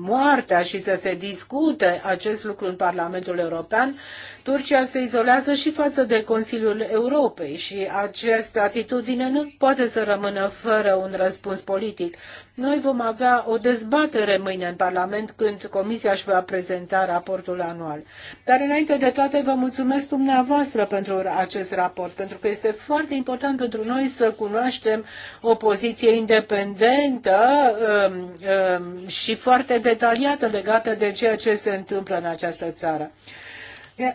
moartea și să se discute acest lucru în Parlamentul European, Turcia se izolează și față de Consiliul Europei și această atitudine nu poate să rămână fără un răspuns politic. Noi vom avea o dezbatere mâine în Parlament când Comisia își va prezenta raportul anual. Dar înainte de toate vă mulțumesc dumneavoastră pentru acest raport, pentru că este foarte important pentru noi să cunoaștem o poziție independentă um, um, și foarte detaliată legată de ceea ce se întâmplă în această țară.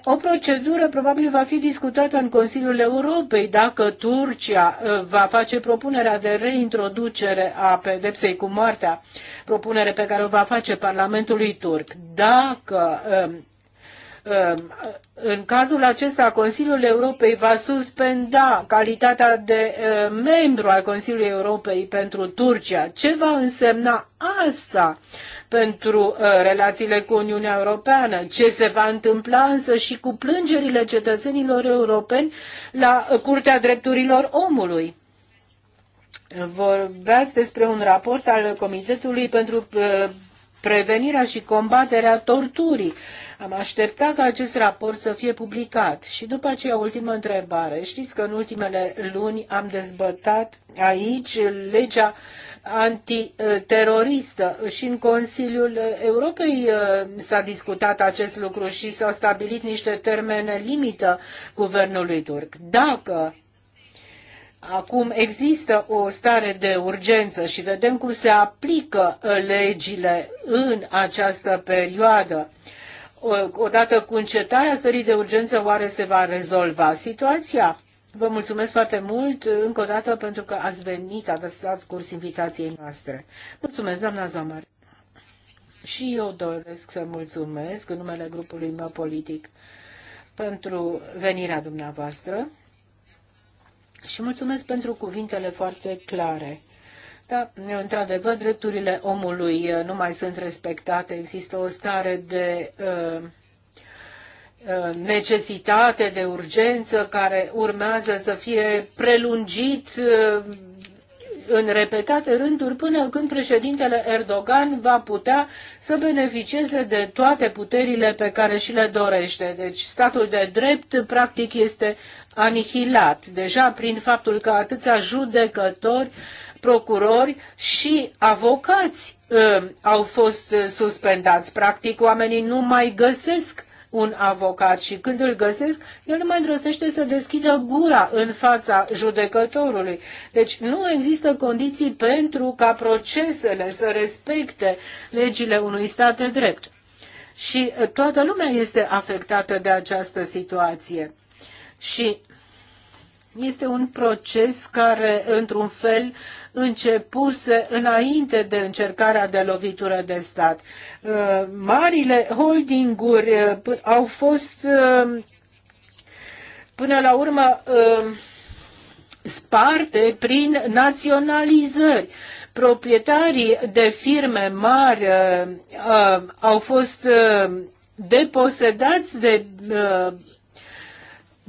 O procedură probabil va fi discutată în Consiliul Europei dacă Turcia uh, va face propunerea de reintroducere a pedepsei cu moartea, propunere pe care o va face Parlamentului turc. Dacă um, Um, în cazul acesta, Consiliul Europei va suspenda calitatea de uh, membru al Consiliului Europei pentru Turcia. Ce va însemna asta pentru uh, relațiile cu Uniunea Europeană? Ce se va întâmpla însă și cu plângerile cetățenilor europeni la uh, Curtea Drepturilor Omului? Vorbeați despre un raport al Comitetului pentru prevenirea și combaterea torturii. Am așteptat ca acest raport să fie publicat. Și după aceea, ultimă întrebare. Știți că în ultimele luni am dezbătat aici legea antiteroristă și în Consiliul Europei uh, s-a discutat acest lucru și s-au stabilit niște termene limită guvernului turc. Dacă Acum există o stare de urgență și vedem cum se aplică uh, legile în această perioadă. Odată cu încetarea stării de urgență, oare se va rezolva situația? Vă mulțumesc foarte mult uh, încă o dată pentru că ați venit, ați dat curs invitației noastre. Mulțumesc, doamna Zomăr. Și eu doresc să mulțumesc în numele grupului meu politic pentru venirea dumneavoastră. Și mulțumesc pentru cuvintele foarte clare. Da, într-adevăr, drepturile omului uh, nu mai sunt respectate. Există o stare de uh, uh necesitate, de urgență, care urmează să fie prelungit uh, în repetate rânduri până când președintele Erdogan va putea să beneficieze de toate puterile pe care și le dorește. Deci statul de drept practic este anihilat deja prin faptul că atâția judecători, procurori și avocați uh, au fost ă, suspendați. Practic oamenii nu mai găsesc un avocat și când îl găsesc, el nu mai îndrăsește să deschidă gura în fața judecătorului. Deci nu există condiții pentru ca procesele să respecte legile unui stat de drept. Și toată lumea este afectată de această situație. Și este un proces care, într-un fel, începuse înainte de încercarea de lovitură de stat. Uh, marile holdinguri uh, au fost, uh, până la urmă, sparte prin naționalizări. Proprietarii de firme mari au fost deposedați de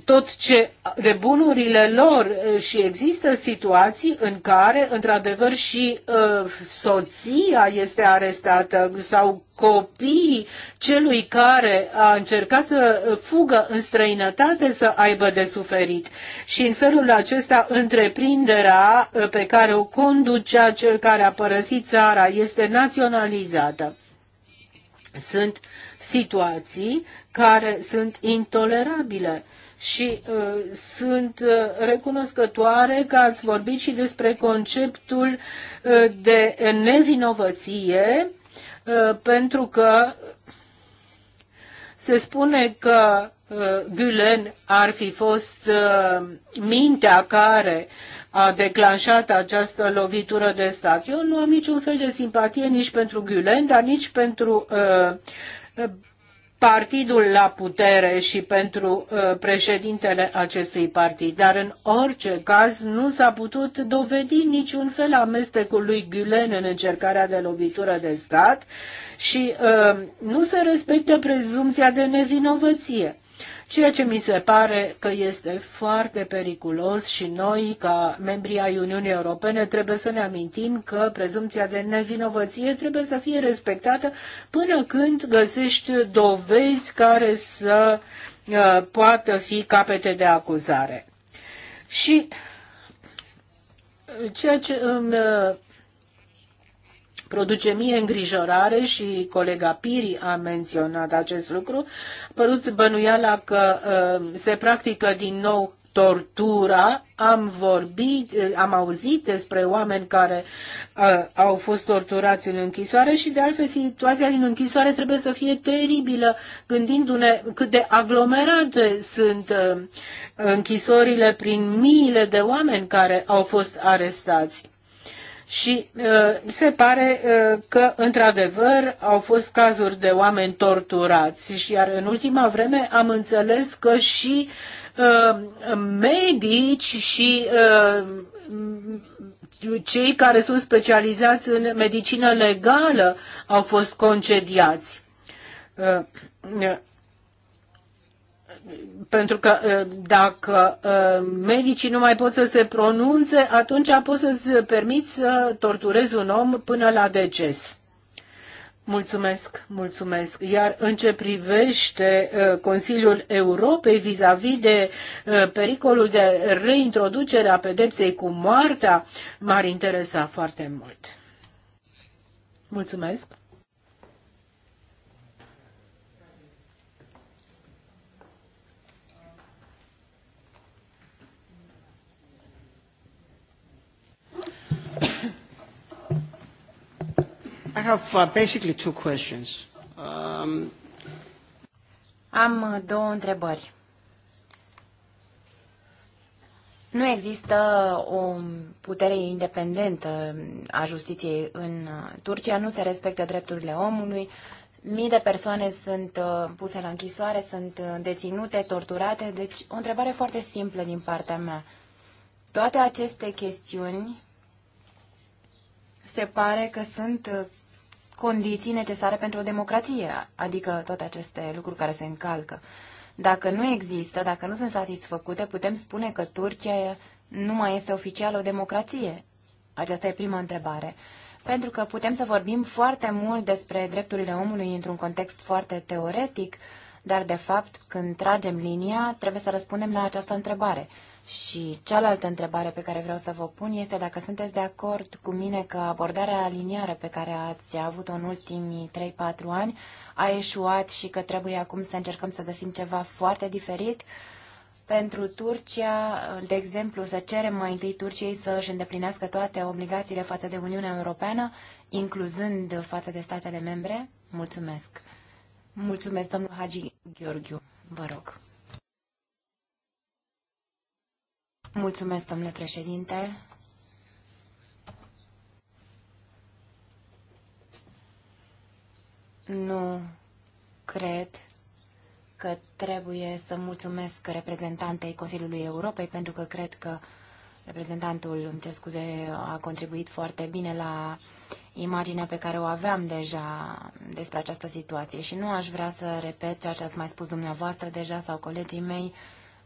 tot ce de bunurile lor și există situații în care, într-adevăr, și uh, soția este arestată sau copiii celui care a încercat să fugă în străinătate să aibă de suferit. Și în felul acesta, întreprinderea pe care o conducea cel care a părăsit țara este naționalizată. Sunt situații care sunt intolerabile și uh, sunt uh, recunoscătoare că ați vorbit și despre conceptul uh, de nevinovăție, uh, pentru că se spune că uh, Gülen ar fi fost uh, mintea care a declanșat această lovitură de stat. Eu nu am niciun fel de simpatie nici pentru Gülen, dar nici pentru uh, partidul la putere și pentru uh, președintele acestui partid, dar în orice caz nu s-a putut dovedi niciun fel amestecul lui Gülen în încercarea de lovitură de stat și uh, nu se respectă prezumția de nevinovăție ceea ce mi se pare că este foarte periculos și noi, ca membri ai Uniunii Europene, trebuie să ne amintim că prezumția de nevinovăție trebuie să fie respectată până când găsești dovezi care să uh, poată fi capete de acuzare. Și ceea ce îmi uh, produce mie îngrijorare și colega Piri a menționat acest lucru, a părut bănuiala că uh, se practică din nou tortura, am vorbit, uh, am auzit despre oameni care uh, au fost torturați în închisoare și de altfel situația din închisoare trebuie să fie teribilă, gândindu-ne cât de aglomerate sunt uh, închisorile prin miile de oameni care au fost arestați și uh, se pare uh, că, într-adevăr, au fost cazuri de oameni torturați și iar în ultima vreme am înțeles că și uh, medici și cei care sunt specializați în medicină legală au fost concediați pentru că uh, dacă uh, medicii nu mai pot să se pronunțe, atunci poți să-ți permiți să torturezi un om până la deces. Mulțumesc, mulțumesc. Iar în ce privește uh, Consiliul Europei vis-a-vis -vis de pericolul de reintroducere a pedepsei cu moartea, m-ar interesa foarte mult. Mulțumesc. I have uh, basically two questions. Um... Am uh, două întrebări. Nu există o putere independentă a justiției în uh, Turcia, nu se respectă drepturile omului, mii de persoane sunt uh, puse la închisoare, sunt deținute, torturate. Deci, o întrebare foarte simplă din partea mea. Toate aceste chestiuni se pare că sunt uh, condiții necesare pentru o democrație, adică toate aceste lucruri care se încalcă. Dacă nu există, dacă nu sunt satisfăcute, putem spune că Turcia nu mai este oficial o democrație? Aceasta e prima întrebare. Pentru că putem să vorbim foarte mult despre drepturile omului într-un context foarte teoretic, dar de fapt, când tragem linia, trebuie să răspundem la această întrebare. Și cealaltă întrebare pe care vreau să vă pun este dacă sunteți de acord cu mine că abordarea liniară pe care ați avut-o în ultimii 3-4 ani a eșuat și că trebuie acum să încercăm să găsim ceva foarte diferit pentru Turcia, de exemplu, să cerem mai întâi Turciei să își îndeplinească toate obligațiile față de Uniunea Europeană, incluzând față de statele membre? Mulțumesc. Mulțumesc, domnul Hagi Gheorghiu. Vă rog. Mulțumesc, domnule președinte. Nu cred că trebuie să mulțumesc reprezentantei Consiliului Europei, pentru că cred că reprezentantul, îmi cer scuze, a contribuit foarte bine la imaginea pe care o aveam deja despre această situație și nu aș vrea să repet ceea ce ați mai spus dumneavoastră deja sau colegii mei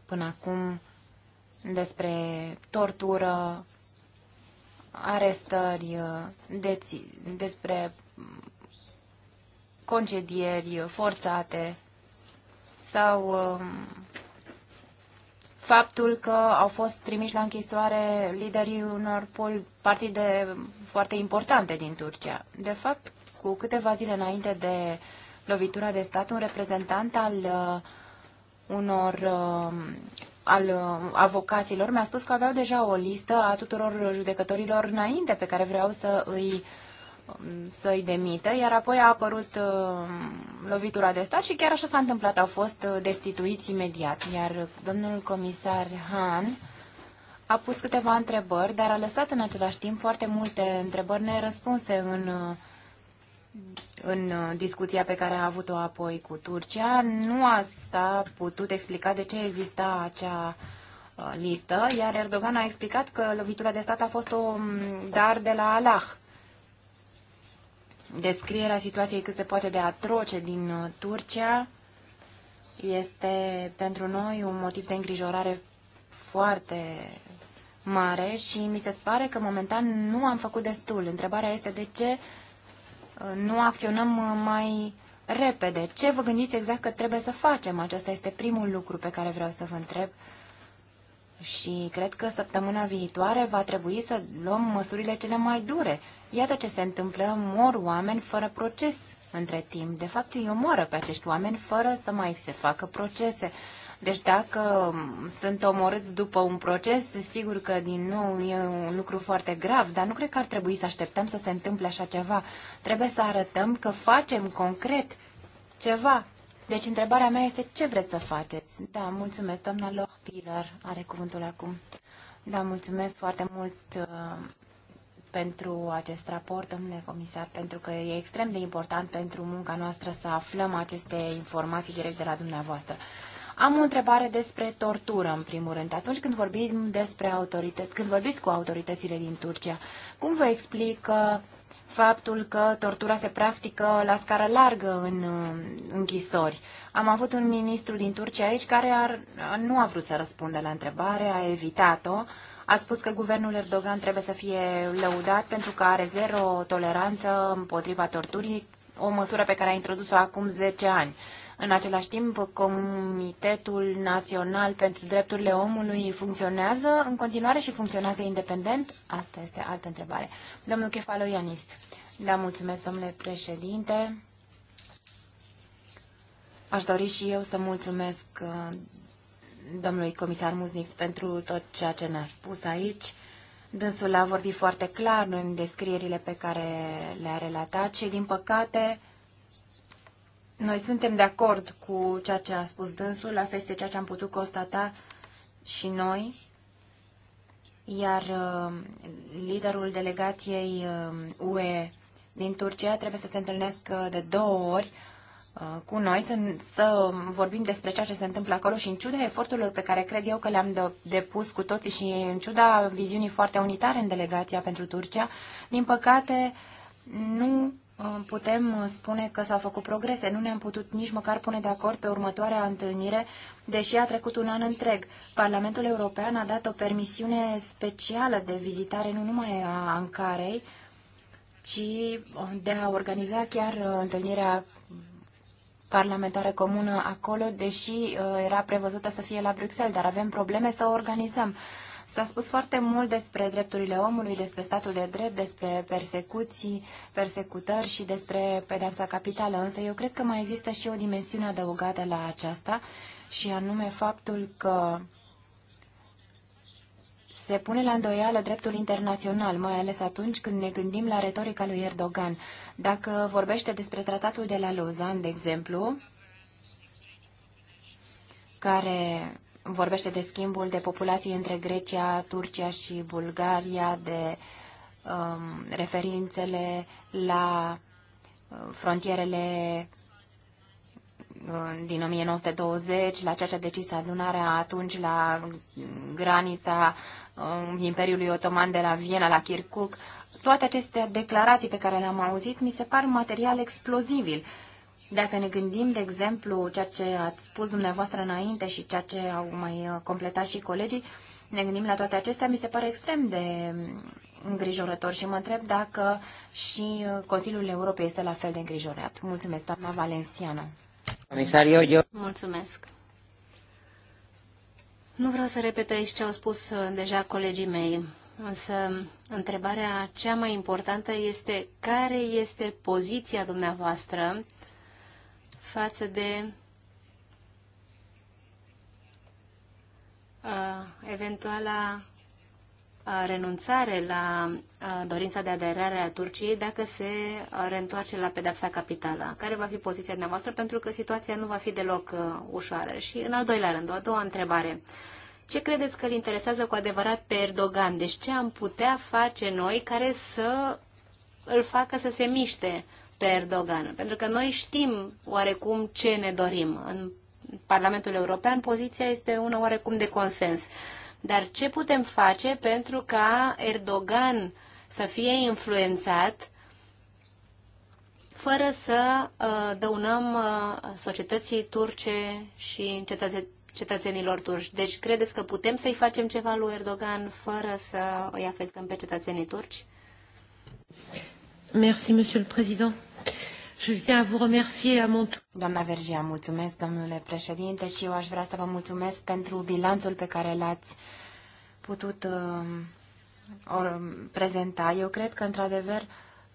până acum despre tortură, arestări, deți, despre concedieri forțate sau um, faptul că au fost trimiși la închisoare liderii unor partide foarte importante din Turcia. De fapt, cu câteva zile înainte de lovitura de stat, un reprezentant al uh, unor uh, al uh, avocaților mi-a spus că aveau deja o listă a tuturor judecătorilor înainte pe care vreau să îi um, să-i demită, iar apoi a apărut uh, lovitura de stat și chiar așa s-a întâmplat, au fost uh, destituiți imediat. Iar domnul comisar Han a pus câteva întrebări, dar a lăsat în același timp foarte multe întrebări nerăspunse în uh, în uh, discuția pe care a avut-o apoi cu Turcia, nu a s-a putut explica de ce exista acea uh, listă, iar Erdogan a explicat că lovitura de stat a fost o mm, dar de la Allah. Descrierea situației cât se poate de atroce din uh, Turcia este pentru noi un motiv de îngrijorare foarte mare și mi se pare că momentan nu am făcut destul. Întrebarea este de ce uh, Uh, nu acționăm uh, mai repede. Ce vă gândiți exact că trebuie să facem? Acesta este primul lucru pe care vreau să vă întreb. Și cred că săptămâna viitoare va trebui să luăm măsurile cele mai dure. Iată ce se întâmplă, mor oameni fără proces între timp. De fapt, îi omoră pe acești oameni fără să mai se facă procese. Deci dacă sunt omorâți după un proces, sigur că din nou e un lucru foarte grav, dar nu cred că ar trebui să așteptăm să se întâmple așa ceva. Trebuie să arătăm că facem concret ceva. Deci întrebarea mea este ce vreți să faceți? Da, mulțumesc, doamna Lohpilar are cuvântul acum. Da, mulțumesc foarte mult uh, pentru acest raport, domnule comisar, pentru că e extrem de important pentru munca noastră să aflăm aceste informații direct de la dumneavoastră. Am o întrebare despre tortură, în primul rând. Atunci când vorbim despre autorități, când vorbiți cu autoritățile din Turcia, cum vă explică faptul că tortura se practică la scară largă în uh, închisori? Am avut un ministru din Turcia aici care ar, nu a vrut să răspundă la întrebare, a evitat-o. A spus că guvernul Erdogan trebuie să fie lăudat pentru că are zero toleranță împotriva torturii, o măsură pe care a introdus-o acum 10 ani. În același timp, Comitetul Național pentru Drepturile Omului funcționează în continuare și funcționează independent? Asta este altă întrebare. Domnul Chefalo Ionis, Da, mulțumesc, domnule președinte. Aș dori și eu să mulțumesc uh, domnului comisar Muznic pentru tot ceea ce ne-a spus aici. Dânsul a vorbit foarte clar în descrierile pe care le-a relatat și, din păcate, noi suntem de acord cu ceea ce a spus dânsul, asta este ceea ce am putut constata și noi, iar um, liderul delegației UE um, din Turcia trebuie să se întâlnească de două ori uh, cu noi, să, să vorbim despre ceea ce se întâmplă acolo și în ciuda eforturilor pe care cred eu că le-am depus cu toții și în ciuda viziunii foarte unitare în delegația pentru Turcia, din păcate nu putem uh, spune că s-au făcut progrese. Nu ne-am putut nici măcar pune de acord pe următoarea întâlnire, deși a trecut un an întreg. Parlamentul European a dat o permisiune specială de vizitare nu numai a Ankarei, ci uh, de a organiza chiar uh, întâlnirea parlamentară comună acolo, deși era prevăzută să fie la Bruxelles, dar avem probleme să o organizăm. S-a spus foarte mult despre drepturile omului, despre statul de drept, despre persecuții, persecutări și despre pedeapsa capitală, însă eu cred că mai există și o dimensiune adăugată la aceasta și anume faptul că se pune la îndoială dreptul internațional, mai ales atunci când ne gândim la retorica lui Erdogan. Dacă vorbește despre tratatul de la Lausanne, de exemplu, care vorbește de schimbul de populații între Grecia, Turcia și Bulgaria, de um, referințele la um, frontierele um, din 1920, la ceea ce a decis adunarea atunci la granița um, Imperiului Otoman de la Viena la Kirkuk. Toate aceste declarații pe care le-am auzit mi se par material explozibil dacă ne gândim, de exemplu, ceea ce ați spus dumneavoastră înainte și ceea ce au mai uh, completat și colegii, ne gândim la toate acestea, mi se pare extrem de mm, îngrijorător și mă întreb dacă și uh, Consiliul Europei este la fel de îngrijorat. Mulțumesc, doamna Valenciana. eu, eu... Mulțumesc. Nu vreau să repet aici ce au spus uh, deja colegii mei, însă mm, întrebarea cea mai importantă este care este poziția dumneavoastră față de uh, eventuala uh, renunțare la uh, dorința de aderare a Turciei dacă se uh, reîntoarce la pedepsa capitală. Care va fi poziția dumneavoastră? Pentru că situația nu va fi deloc ușoară. Și în al doilea rând, o a doua întrebare. Ce credeți că îl interesează cu adevărat pe Erdogan? Deci ce am putea face noi care să îl facă să se miște? pe Erdogan. Pentru că noi știm oarecum ce ne dorim. În Parlamentul European poziția este una oarecum de consens. Dar ce putem face pentru ca Erdogan să fie influențat fără să uh, dăunăm uh, societății turce și cetățenilor turci. Deci credeți că putem să-i facem ceva lui Erdogan fără să îi afectăm pe cetățenii turci? Monsieur le Président. Je viens à vous remercier à mon tour. Doamna Vergia, mulțumesc, domnule președinte, și eu aș vrea să vă mulțumesc pentru bilanțul pe care l-ați putut uh, prezenta. Eu cred că, într-adevăr,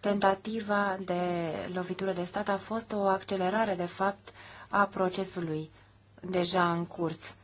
tentativa de lovitură de stat a fost o accelerare, de fapt, a procesului deja în curs.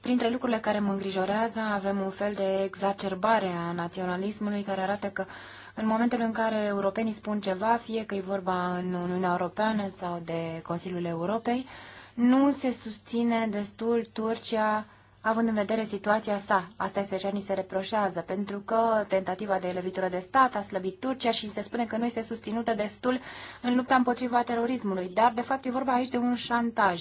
Printre lucrurile care mă îngrijorează avem un fel de exacerbare a naționalismului care arată că uh, în momentul în care europenii spun ceva, fie că e vorba în Uniunea Europeană sau de Consiliul Europei, nu se susține destul Turcia având în vedere situația sa. Asta este ce ni se reproșează, pentru că tentativa de elevitură de stat a slăbit Turcia și se spune că nu este susținută destul în lupta împotriva terorismului. Dar, de fapt, e vorba aici de un șantaj.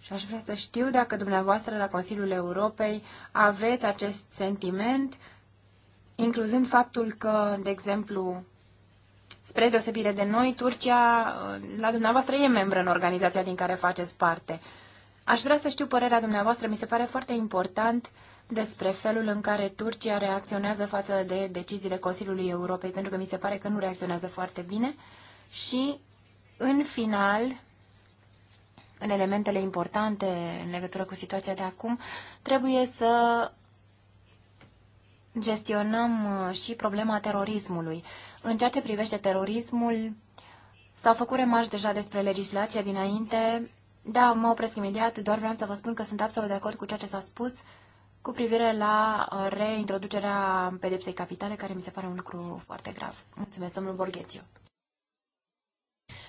Și aș vrea să știu dacă dumneavoastră la Consiliul Europei aveți acest sentiment incluzând faptul că, de exemplu, spre deosebire de noi, Turcia, uh, la dumneavoastră, e membră în organizația din care faceți parte. Aș vrea să știu părerea dumneavoastră, mi se pare foarte important despre felul în care Turcia reacționează față de deciziile Consiliului Europei, pentru că mi se pare că nu reacționează foarte bine. Și, în final, în elementele importante în legătură cu situația de acum, trebuie să gestionăm uh, și problema terorismului. În ceea ce privește terorismul, s-au făcut remarci deja despre legislația dinainte. Da, mă opresc imediat, doar vreau să vă spun că sunt absolut de acord cu ceea ce s-a spus cu privire la uh, reintroducerea pedepsei capitale, care mi se pare un lucru foarte grav. Mulțumesc, domnul Borghetiu.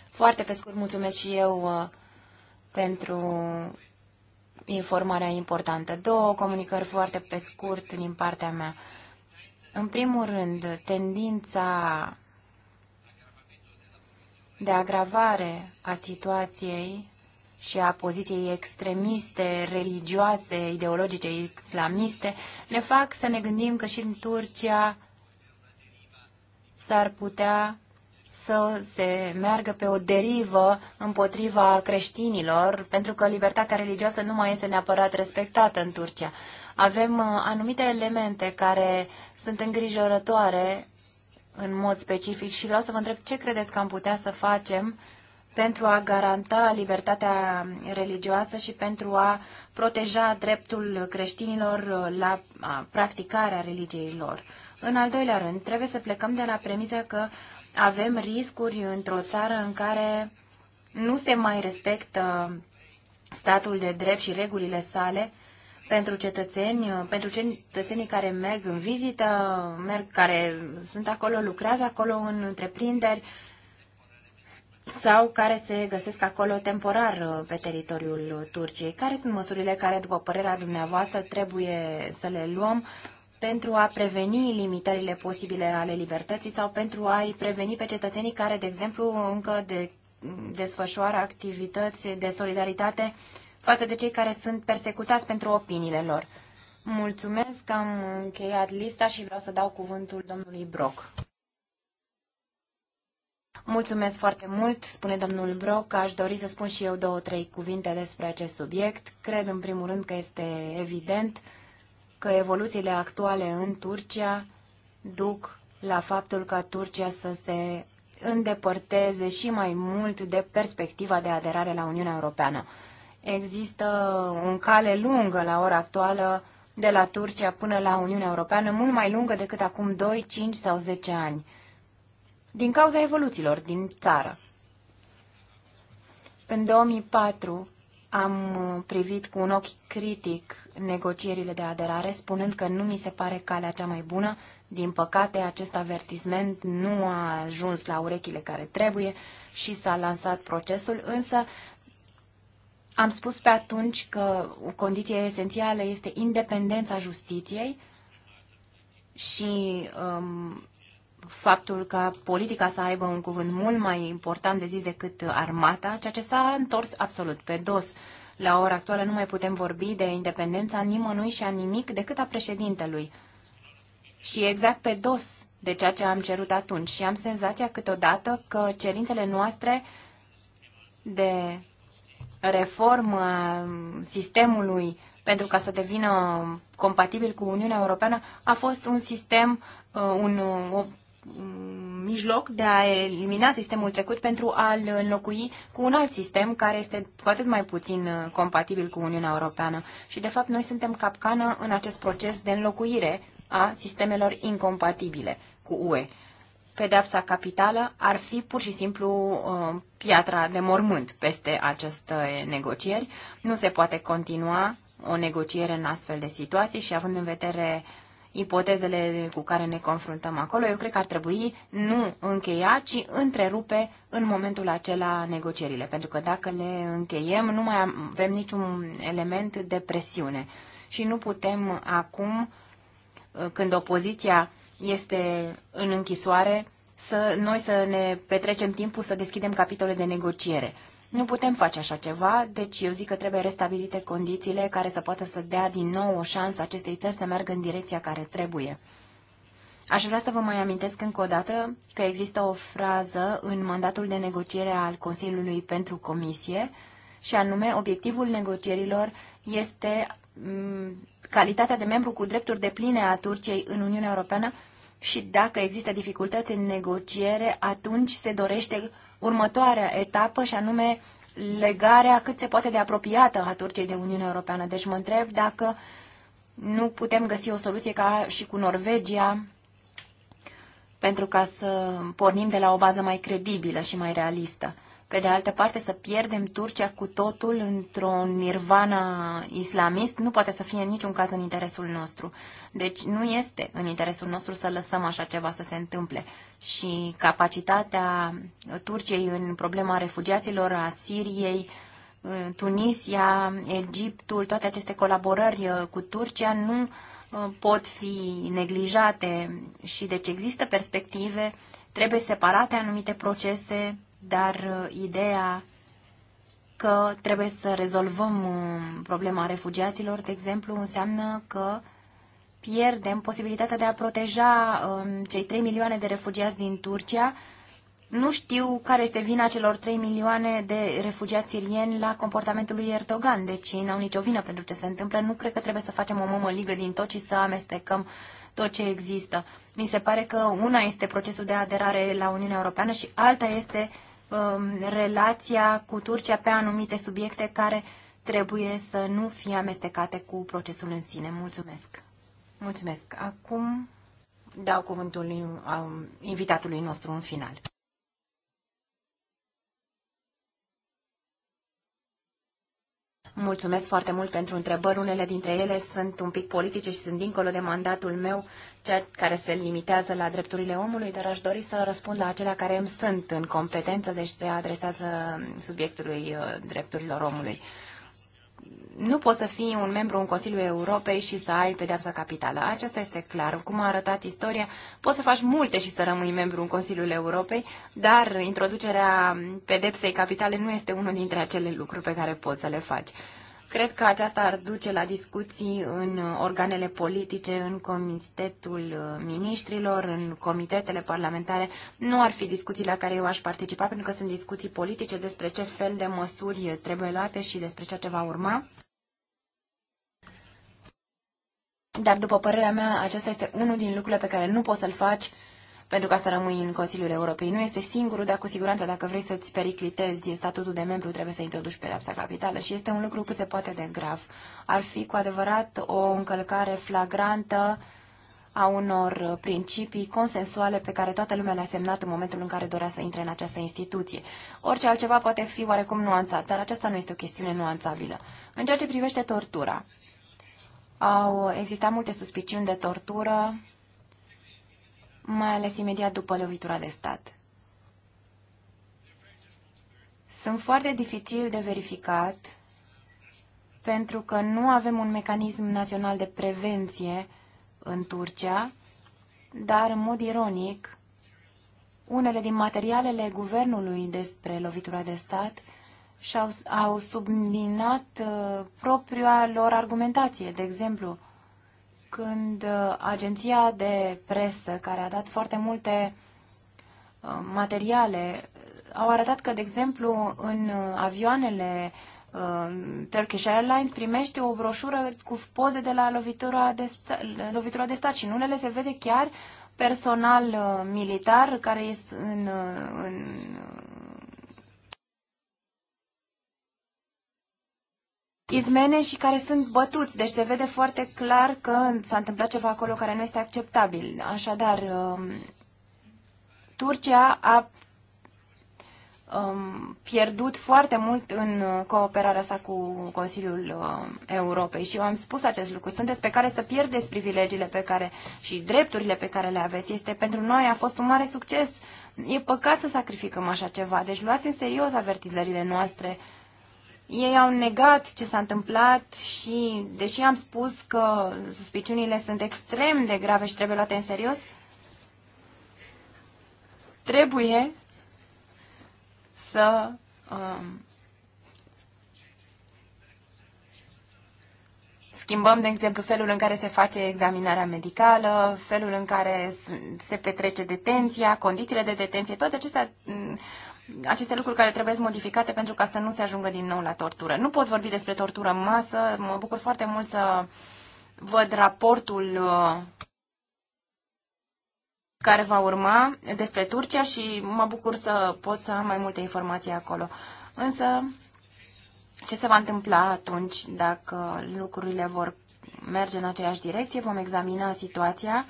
Foarte pe scurt, mulțumesc și eu uh, pentru informarea importantă. Două comunicări foarte pe scurt din partea mea. În primul rând, tendința de agravare a situației și a poziției extremiste, religioase, ideologice, islamiste, ne fac să ne gândim că și în Turcia s-ar putea să se meargă pe o derivă împotriva creștinilor, pentru că libertatea religioasă nu mai este neapărat respectată în Turcia. Avem uh, anumite elemente care sunt îngrijorătoare în mod specific și vreau să vă întreb ce credeți că am putea să facem uh, pentru a garanta libertatea religioasă și pentru a proteja dreptul creștinilor la practicarea religiei lor. În al doilea rând, trebuie să plecăm de la premisa că avem riscuri într-o țară în care nu se mai respectă statul de drept și regulile sale pentru cetățeni, pentru cetățenii care merg în vizită, merg, care sunt acolo, lucrează acolo în întreprinderi, sau care se găsesc acolo temporar uh, pe teritoriul Turciei. Care sunt măsurile care, după părerea dumneavoastră, trebuie să le luăm pentru a preveni limitările posibile ale libertății sau pentru a-i preveni pe cetățenii care, de exemplu, încă de, desfășoară activități de solidaritate față de cei care sunt persecutați pentru opiniile lor. Mulțumesc, că am încheiat lista și vreau să dau cuvântul domnului Brock. Mulțumesc foarte mult, spune domnul Broc, aș dori să spun și eu două, trei cuvinte despre acest subiect. Cred, în primul rând, că este evident că evoluțiile actuale în Turcia duc la faptul ca Turcia să se îndepărteze și mai mult de perspectiva de aderare la Uniunea Europeană. Există un cale lungă la ora actuală de la Turcia până la Uniunea Europeană, mult mai lungă decât acum 2, 5 sau 10 ani din cauza evoluțiilor din țară. În 2004 am privit cu un ochi critic negocierile de aderare, spunând că nu mi se pare calea cea mai bună. Din păcate, acest avertisment nu a ajuns la urechile care trebuie și s-a lansat procesul, însă am spus pe atunci că o condiție esențială este independența justiției și um, faptul ca politica să aibă un cuvânt mult mai important de zis decât armata, ceea ce s-a întors absolut pe dos. La ora actuală nu mai putem vorbi de independența nimănui și a nimic decât a președintelui. Și exact pe dos de ceea ce am cerut atunci. Și am senzația câteodată că cerințele noastre de reformă sistemului pentru ca să devină compatibil cu Uniunea Europeană a fost un sistem, uh, un, o Mm, mijloc de a elimina sistemul trecut pentru a-l înlocui cu un alt sistem care este cu atât mai puțin uh, compatibil cu Uniunea Europeană. Și, de fapt, noi suntem capcană în acest proces de înlocuire a sistemelor incompatibile cu UE. Pedeapsa capitală ar fi pur și simplu uh, piatra de mormânt peste aceste negocieri. Nu se poate continua o negociere în astfel de situații și având în vedere uh, ipotezele cu care ne confruntăm acolo, eu cred că ar trebui nu încheia, ci întrerupe în momentul acela negocierile, pentru că dacă le încheiem, nu mai avem niciun element de presiune și nu putem acum, când opoziția este în închisoare, să noi să ne petrecem timpul să deschidem capitole de negociere. Nu putem face așa ceva, deci eu zic că trebuie restabilite condițiile care să poată să dea din nou o șansă acestei țări să meargă în direcția care trebuie. Aș vrea să vă mai amintesc încă o dată că există o frază în mandatul de negociere al Consiliului pentru Comisie, și anume obiectivul negocierilor este mm, calitatea de membru cu drepturi de pline a Turciei în Uniunea Europeană și dacă există dificultăți în negociere, atunci se dorește următoarea etapă și anume legarea cât se poate de apropiată a Turciei de Uniunea Europeană. Deci mă întreb dacă nu putem găsi o soluție ca și cu Norvegia pentru ca să pornim de la o bază mai credibilă și mai realistă. Pe de altă parte, să pierdem Turcia cu totul într-o nirvana islamist nu poate să fie în niciun caz în interesul nostru. Deci nu este în interesul nostru să lăsăm așa ceva să se întâmple și capacitatea Turciei în problema refugiaților, a Siriei, uh, Tunisia, Egiptul, toate aceste colaborări uh, cu Turcia nu uh, pot fi neglijate și deci există perspective, trebuie separate anumite procese, dar ideea că trebuie să rezolvăm problema refugiaților, de exemplu, înseamnă că pierdem posibilitatea de a proteja um, cei 3 milioane de refugiați din Turcia. Nu știu care este vina celor 3 milioane de refugiați sirieni la comportamentul lui Erdogan, deci n-au nicio vină pentru ce se întâmplă. Nu cred că trebuie să facem o mămăligă din tot și să amestecăm tot ce există. Mi se pare că una este procesul de aderare la Uniunea Europeană și alta este um, relația cu Turcia pe anumite subiecte care trebuie să nu fie amestecate cu procesul în sine. Mulțumesc! Mulțumesc. Acum dau cuvântul um, invitatului nostru în final. Mulțumesc foarte mult pentru întrebări. Unele dintre ele sunt un pic politice și sunt dincolo de mandatul meu, ceea care se limitează la drepturile omului, dar aș dori să răspund la acelea care îmi sunt în competență, deci se adresează subiectului uh, drepturilor omului nu poți să fii un membru în Consiliul Europei și să ai pedeapsa capitală. Acesta este clar. Cum a arătat istoria, poți să faci multe și să rămâi membru în Consiliul Europei, dar introducerea pedepsei capitale nu este unul dintre acele lucruri pe care poți să le faci. Cred că aceasta ar duce la discuții în organele politice, în comitetul uh, ministrilor, în comitetele parlamentare. Nu ar fi discuții la care eu aș participa, pentru că sunt discuții politice despre ce fel de măsuri trebuie luate și despre ceea ce va urma. Dar, după părerea mea, acesta este unul din lucrurile pe care nu poți să-l faci pentru ca să rămâi în Consiliul Europei. Nu este singurul, dar cu siguranță dacă vrei să-ți periclitezi statutul de membru, trebuie să introduci pedapsa capitală și este un lucru cât se poate de grav. Ar fi cu adevărat o încălcare flagrantă a unor principii consensuale pe care toată lumea le-a semnat în momentul în care dorea să intre în această instituție. Orice altceva poate fi oarecum nuanțat, dar aceasta nu este o chestiune nuanțabilă. În ceea ce privește tortura, au existat multe suspiciuni de tortură mai ales imediat după lovitura de stat. Sunt foarte dificil de verificat pentru că nu avem un mecanism național de prevenție în Turcia, dar, în mod ironic, unele din materialele guvernului despre lovitura de stat și-au au subminat uh, propria lor argumentație. De exemplu, când uh, agenția de presă, care a dat foarte multe uh, materiale, uh, au arătat că, de exemplu, în avioanele Turkish Airlines primește o broșură cu poze de la lovitura de, sta- lovitura de stat și în unele se vede chiar personal militar care este în, în Exact. izmene și care sunt bătuți. Deci se vede foarte clar că s-a întâmplat ceva acolo care nu este acceptabil. Așadar, um, Turcia a um, pierdut foarte mult în cooperarea sa cu Consiliul um, Europei și eu am spus acest lucru. Sunteți pe care să pierdeți privilegiile pe care și drepturile pe care le aveți. Este pentru noi a fost un mare succes. E păcat să sacrificăm așa ceva. Deci luați în serios avertizările noastre uh, ei au negat ce s-a întâmplat și, deși am spus că suspiciunile sunt extrem de grave și trebuie luate în serios, trebuie să um, schimbăm, de exemplu, felul în care se face examinarea medicală, felul în care se petrece detenția, condițiile de detenție, toate acestea mm, aceste lucruri care trebuie modificate pentru ca să nu se ajungă din nou la tortură. Nu pot vorbi despre tortură în masă, mă bucur foarte mult să văd raportul uh, care va urma despre Turcia și mă bucur să pot să am mai multe informații acolo. Însă, ce se va întâmpla atunci dacă lucrurile vor merge în aceeași direcție? Vom examina situația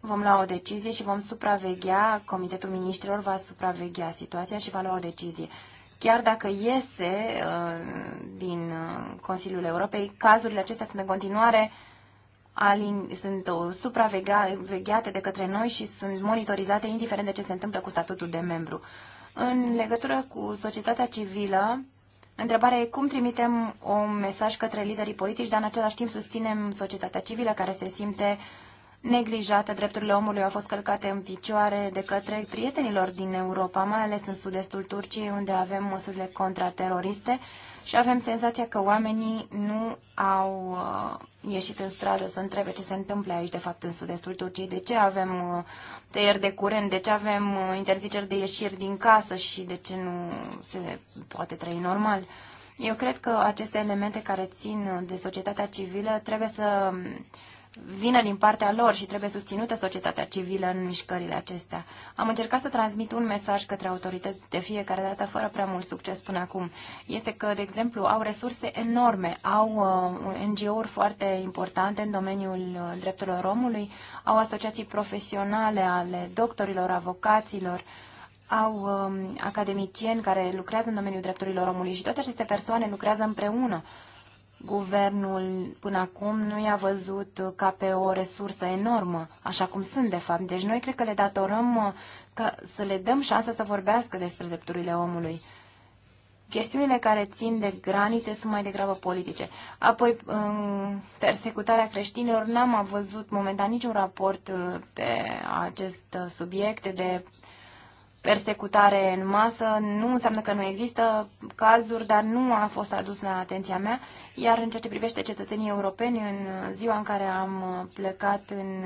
vom lua o decizie și vom supraveghea, Comitetul Ministrilor va supraveghea situația și va lua o decizie. Chiar dacă iese uh, din uh, Consiliul Europei, cazurile acestea sunt în continuare alin, sunt uh, supravegheate de către noi și sunt monitorizate indiferent de ce se întâmplă cu statutul de membru. În legătură cu societatea civilă, Întrebarea e cum trimitem un mesaj către liderii politici, dar în același timp susținem societatea civilă care se simte neglijate, drepturile omului au fost călcate în picioare de către prietenilor din Europa, mai ales în sud-estul Turciei, unde avem măsurile contrateroriste și avem senzația că oamenii nu au uh, ieșit în stradă să întrebe ce se întâmplă aici, de fapt, în sud-estul Turciei, de ce avem uh, tăieri de curent, de ce avem uh, interziceri de ieșiri din casă și de ce nu se poate trăi normal. Eu cred că aceste elemente care țin de societatea civilă trebuie să uh, vină din partea lor și trebuie susținută societatea civilă în mișcările acestea. Am încercat să transmit un mesaj către autorități de fiecare dată fără prea mult succes până acum. Este că, de exemplu, au resurse enorme, au uh, NGO-uri foarte importante în domeniul uh, drepturilor omului, au asociații profesionale ale doctorilor, avocaților, au um, academicieni care lucrează în domeniul drepturilor omului și toate aceste persoane lucrează împreună. Uh, guvernul până acum nu i-a văzut ca pe o resursă enormă, așa cum sunt de fapt. Deci noi cred că le datorăm uh, că să le dăm șansa să vorbească despre drepturile omului. Chestiunile care țin de granițe sunt mai degrabă politice. Apoi, în persecutarea creștinilor, n-am văzut momentan niciun raport uh, pe acest uh, subiect de persecutare în masă, nu înseamnă că nu există cazuri, dar nu a fost adus la atenția mea. Iar în ceea ce privește cetățenii europeni, în ziua în care am plecat în,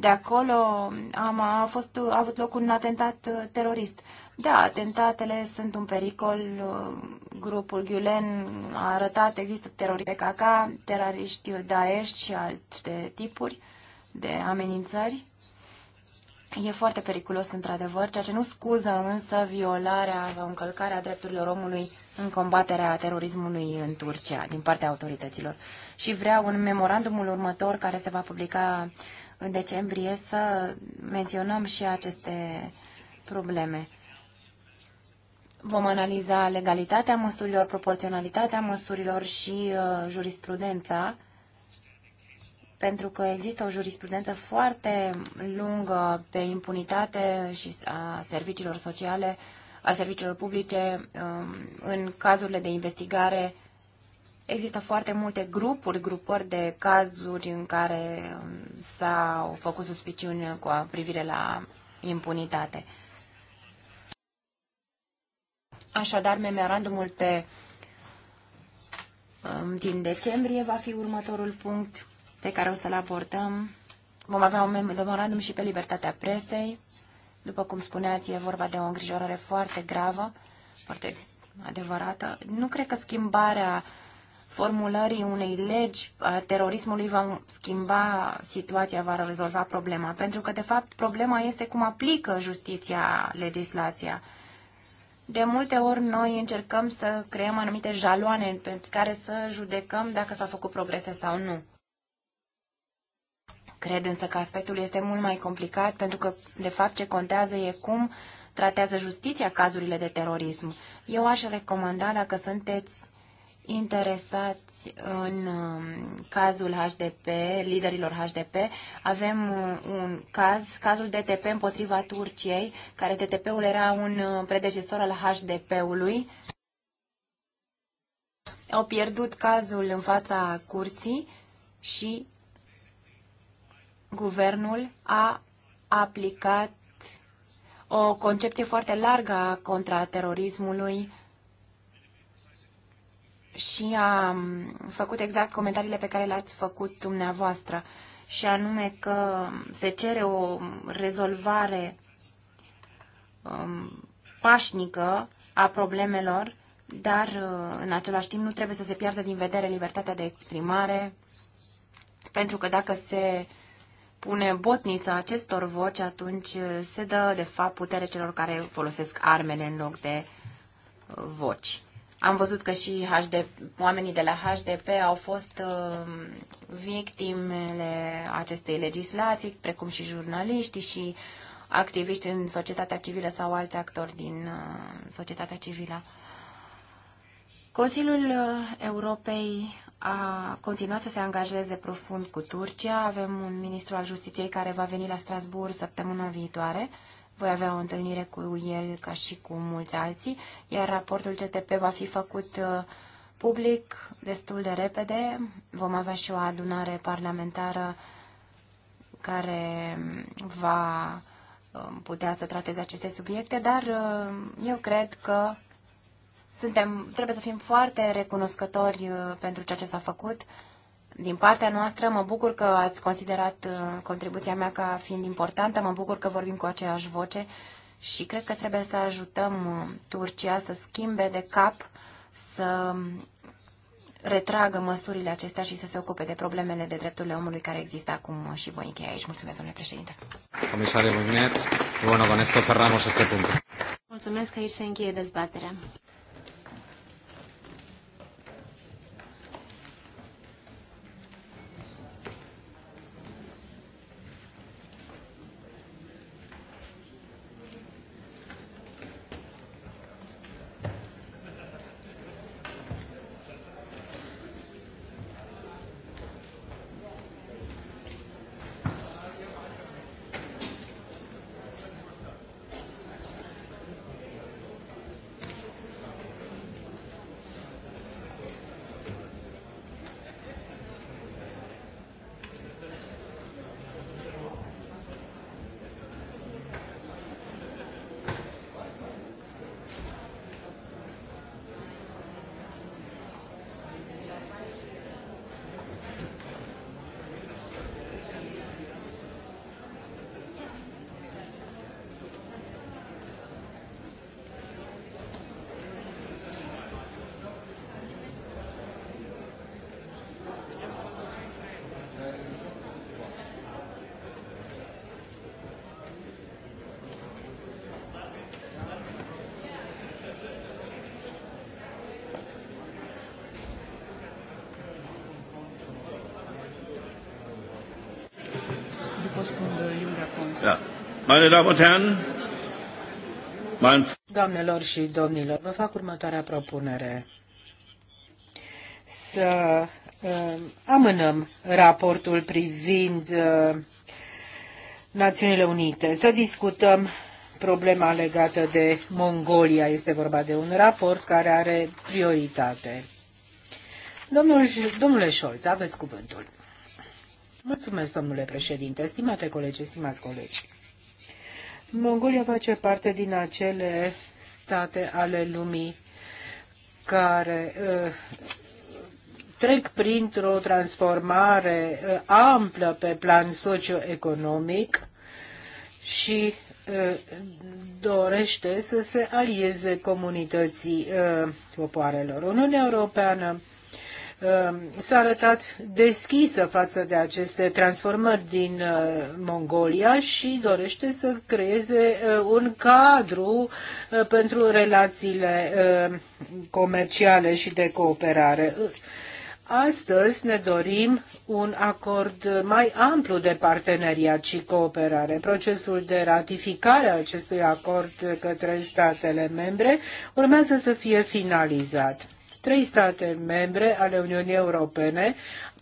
de acolo, am, a, fost, a avut loc un atentat terorist. Da, atentatele sunt un pericol. Grupul Gulen a arătat, există terorii PKK, teroriști Daesh și alte tipuri de amenințări. E foarte periculos, într-adevăr, ceea ce nu scuză însă violarea sau încălcarea drepturilor omului în combaterea terorismului în Turcia din partea autorităților. Și vreau în memorandumul următor, care se va publica în decembrie, să menționăm și aceste probleme. Vom analiza legalitatea măsurilor, proporționalitatea măsurilor și uh, jurisprudența pentru că există o jurisprudență foarte lungă pe impunitate și a serviciilor sociale, a serviciilor publice, um, în cazurile de investigare Există foarte multe grupuri, grupări de cazuri în care um, s-au făcut suspiciuni cu privire la impunitate. Așadar, memorandumul pe um, din decembrie va fi următorul punct pe care o să-l abordăm. Vom avea un memorandum și pe libertatea presei. După cum spuneați, e vorba de o îngrijorare foarte gravă, foarte adevărată. Nu cred că schimbarea formulării unei legi a terorismului va schimba situația, va rezolva problema. Pentru că, de fapt, problema este cum aplică justiția legislația. De multe ori noi încercăm să creăm anumite jaloane pentru care să judecăm dacă s-au făcut progrese sau nu. Cred însă că aspectul este mult mai complicat pentru că, de fapt, ce contează e cum tratează justiția cazurile de terorism. Eu aș recomanda, dacă sunteți interesați în um, cazul HDP, liderilor HDP, avem uh, un caz, cazul DTP împotriva Turciei, care DTP-ul era un uh, predecesor al HDP-ului. Au pierdut cazul în fața curții și guvernul a aplicat o concepție foarte largă a contraterorismului și a făcut exact comentariile pe care le-ați făcut dumneavoastră și anume că se cere o rezolvare um, pașnică a problemelor, dar uh, în același timp nu trebuie să se piardă din vedere libertatea de exprimare, pentru că dacă se pune botnița acestor voci, atunci uh, se dă, de fapt, putere celor care folosesc armele în loc de uh, voci. Am văzut că și HD, oamenii de la HDP au fost um, victimele acestei legislații, precum și jurnaliștii și activiști în societatea civilă sau alți actori din uh, societatea civilă. Consiliul Europei a continuat să se angajeze profund cu Turcia. Avem un ministru al justiției care va veni la Strasbourg săptămâna viitoare. Voi avea o întâlnire cu el ca și cu mulți alții, iar raportul CTP va fi făcut uh, public destul de repede. Vom avea și o adunare parlamentară care um, va um, putea să trateze aceste subiecte, dar uh, eu cred că suntem, trebuie să fim foarte recunoscători uh, pentru ceea ce s-a făcut. Din partea noastră, mă bucur că ați considerat uh, contribuția mea ca fiind importantă, mă bucur că vorbim cu aceeași voce și cred că trebuie să ajutăm uh, Turcia să schimbe de cap, să retragă măsurile acestea și să se ocupe de problemele de drepturile omului care există acum și voi încheia aici. Mulțumesc, domnule președinte. Comisarul Mugner, bueno, con cerramos este punct. Mulțumesc că aici se încheie dezbaterea. Doamnelor și domnilor, vă fac următoarea propunere. Să uh, amânăm raportul privind uh, Națiunile Unite, să discutăm problema legată de Mongolia. Este vorba de un raport care are prioritate. Domnul, domnule Scholz, aveți cuvântul. Mulțumesc, domnule președinte, stimate colegi, stimați colegi. Mongolia face parte din acele state ale lumii care uh, trec printr-o transformare uh, amplă pe plan socioeconomic și uh, dorește să se alieze comunității popoarelor. Uniunea Europeană Ehm, s-a arătat deschisă față de aceste transformări din eh, Mongolia și dorește să creeze eh, un cadru eh, pentru relațiile ehm, comerciale și de cooperare. Astăzi ne dorim un acord mai amplu de parteneriat și cooperare. Procesul de ratificare a acestui acord către statele membre urmează să fie finalizat trei state membre ale Uniunii Europene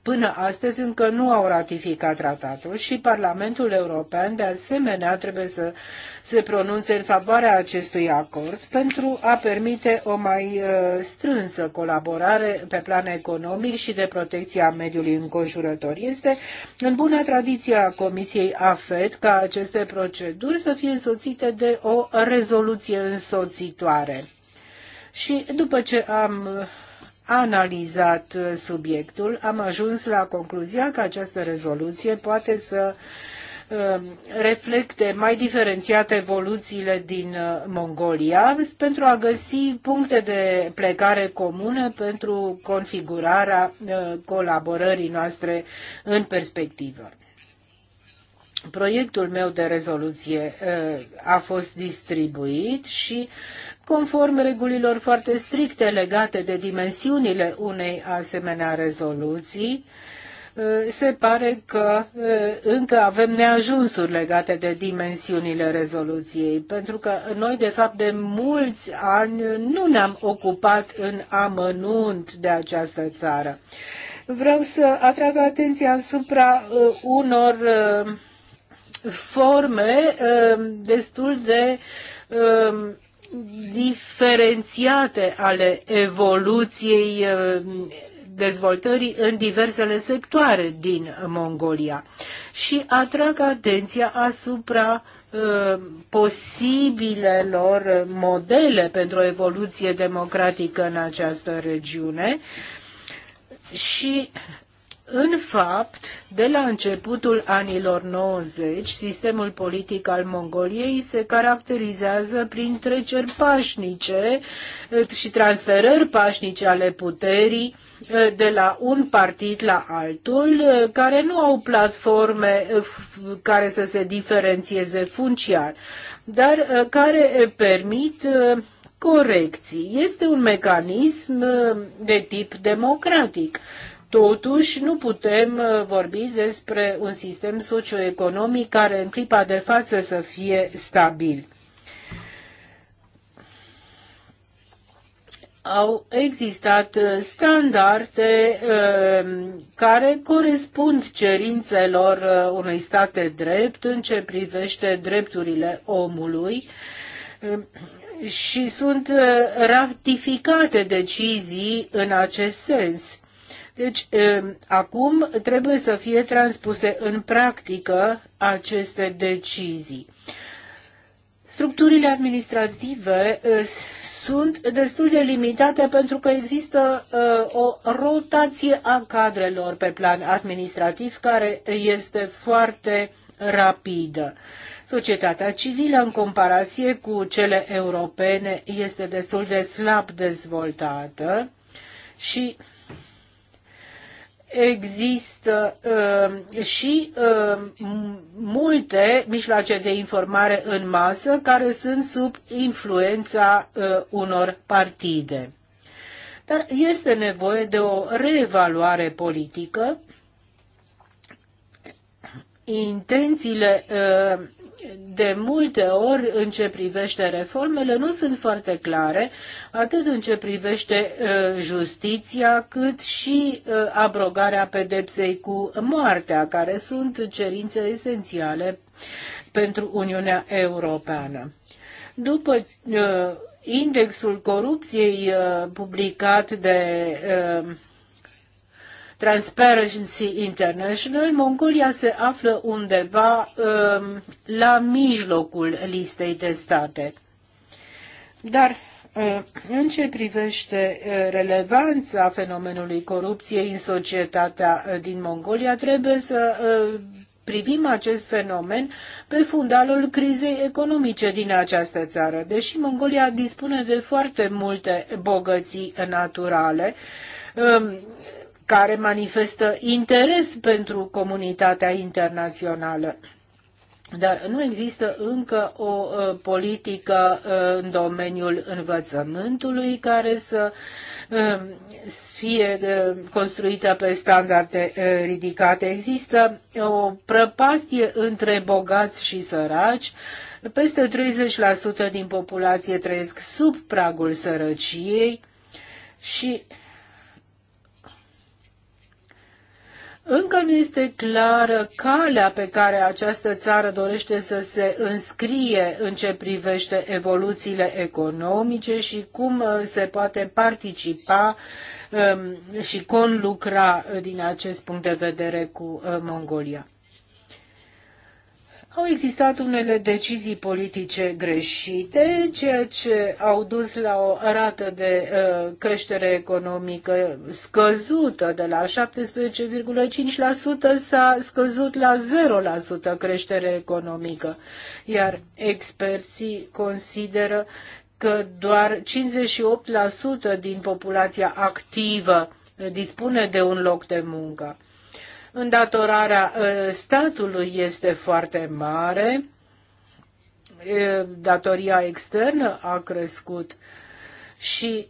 până astăzi încă nu au ratificat tratatul și Parlamentul European de asemenea trebuie să se pronunțe în favoarea acestui acord pentru a permite o mai uh, strânsă colaborare pe plan economic și de a mediului înconjurător. Este în bună tradiție a Comisiei AFET ca aceste proceduri să fie însoțite de o rezoluție însoțitoare. Și după ce am uh, analizat uh, subiectul, am ajuns la concluzia că această rezoluție poate să uh, reflecte mai diferențiate evoluțiile din Mongolia pentru a găsi puncte de plecare comune pentru configurarea colaborării noastre în perspectivă. Proiectul meu de rezoluție uh, a fost distribuit și conform regulilor foarte stricte legate de dimensiunile unei asemenea rezoluții, uh, se pare că uh, încă avem neajunsuri legate de dimensiunile rezoluției, pentru că noi, de fapt, de mulți ani nu ne-am ocupat în amănunt de această țară. Vreau să atrag atenția asupra unor forme um, destul de um, diferențiate ale evoluției um, dezvoltării în diversele sectoare din Mongolia și atrag atenția asupra posibilelor modele pentru o evoluție democratică în această regiune și în fapt, de la începutul anilor 90, sistemul politic al Mongoliei se caracterizează prin treceri pașnice eh, și transferări pașnice ale puterii eh, de la un partid la altul, eh, care nu au platforme care să se diferențieze funciar, dar care permit corecții. Este un mecanism de tip democratic Totuși, nu putem uh, vorbi despre un sistem socioeconomic care în clipa de față să fie stabil. Au existat uh, standarde uh, care corespund cerințelor unui stat de drept în ce privește drepturile omului și sunt ratificate decizii în acest sens deci, eh, acum trebuie să fie transpuse în practică aceste decizii. Structurile administrative eh, sunt destul de limitate pentru că există eh, o rotație a cadrelor pe plan administrativ care este foarte rapidă. Societatea civilă, în comparație cu cele europene, este destul de slab dezvoltată și există uh, și uh, multe mijloace de informare în masă care sunt sub influența uh, unor partide. Dar este nevoie de o reevaluare politică. Intențiile uh, de multe ori în ce privește reformele nu sunt foarte clare, atât în ce privește uh, justiția, cât și uh, abrogarea pedepsei cu moartea, care sunt cerințe esențiale pentru Uniunea Europeană. După uh, indexul corupției publicat de Transparency International, Mongolia se află undeva um, la mijlocul listei de state. Dar uh, în ce privește uh, relevanța fenomenului corupției în societatea uh, din Mongolia, trebuie să privim acest fenomen pe fundalul crizei economice din această țară. Deși Mongolia dispune de foarte multe bogății naturale, um, care manifestă interes pentru comunitatea internațională. Dar nu există încă o uh, politică uh, în domeniul învățământului care să uh, fie construită pe standarde ridicate. Există o prăpastie între bogați și săraci. Peste 30% din populație trăiesc sub pragul sărăciei și Încă nu este clară calea pe care această țară dorește să se înscrie în ce privește evoluțiile economice și cum uh, se poate participa um, și conlucra uh, din acest punct de vedere cu uh, Mongolia. Au existat unele decizii politice greșite, ceea ce au dus la o rată de uh, creștere economică scăzută de la 17,5% s-a scăzut la 0% creștere economică, iar experții consideră că doar 58% din populația activă dispune de un loc de muncă. Îndatorarea ă, statului este foarte mare, datoria externă a crescut și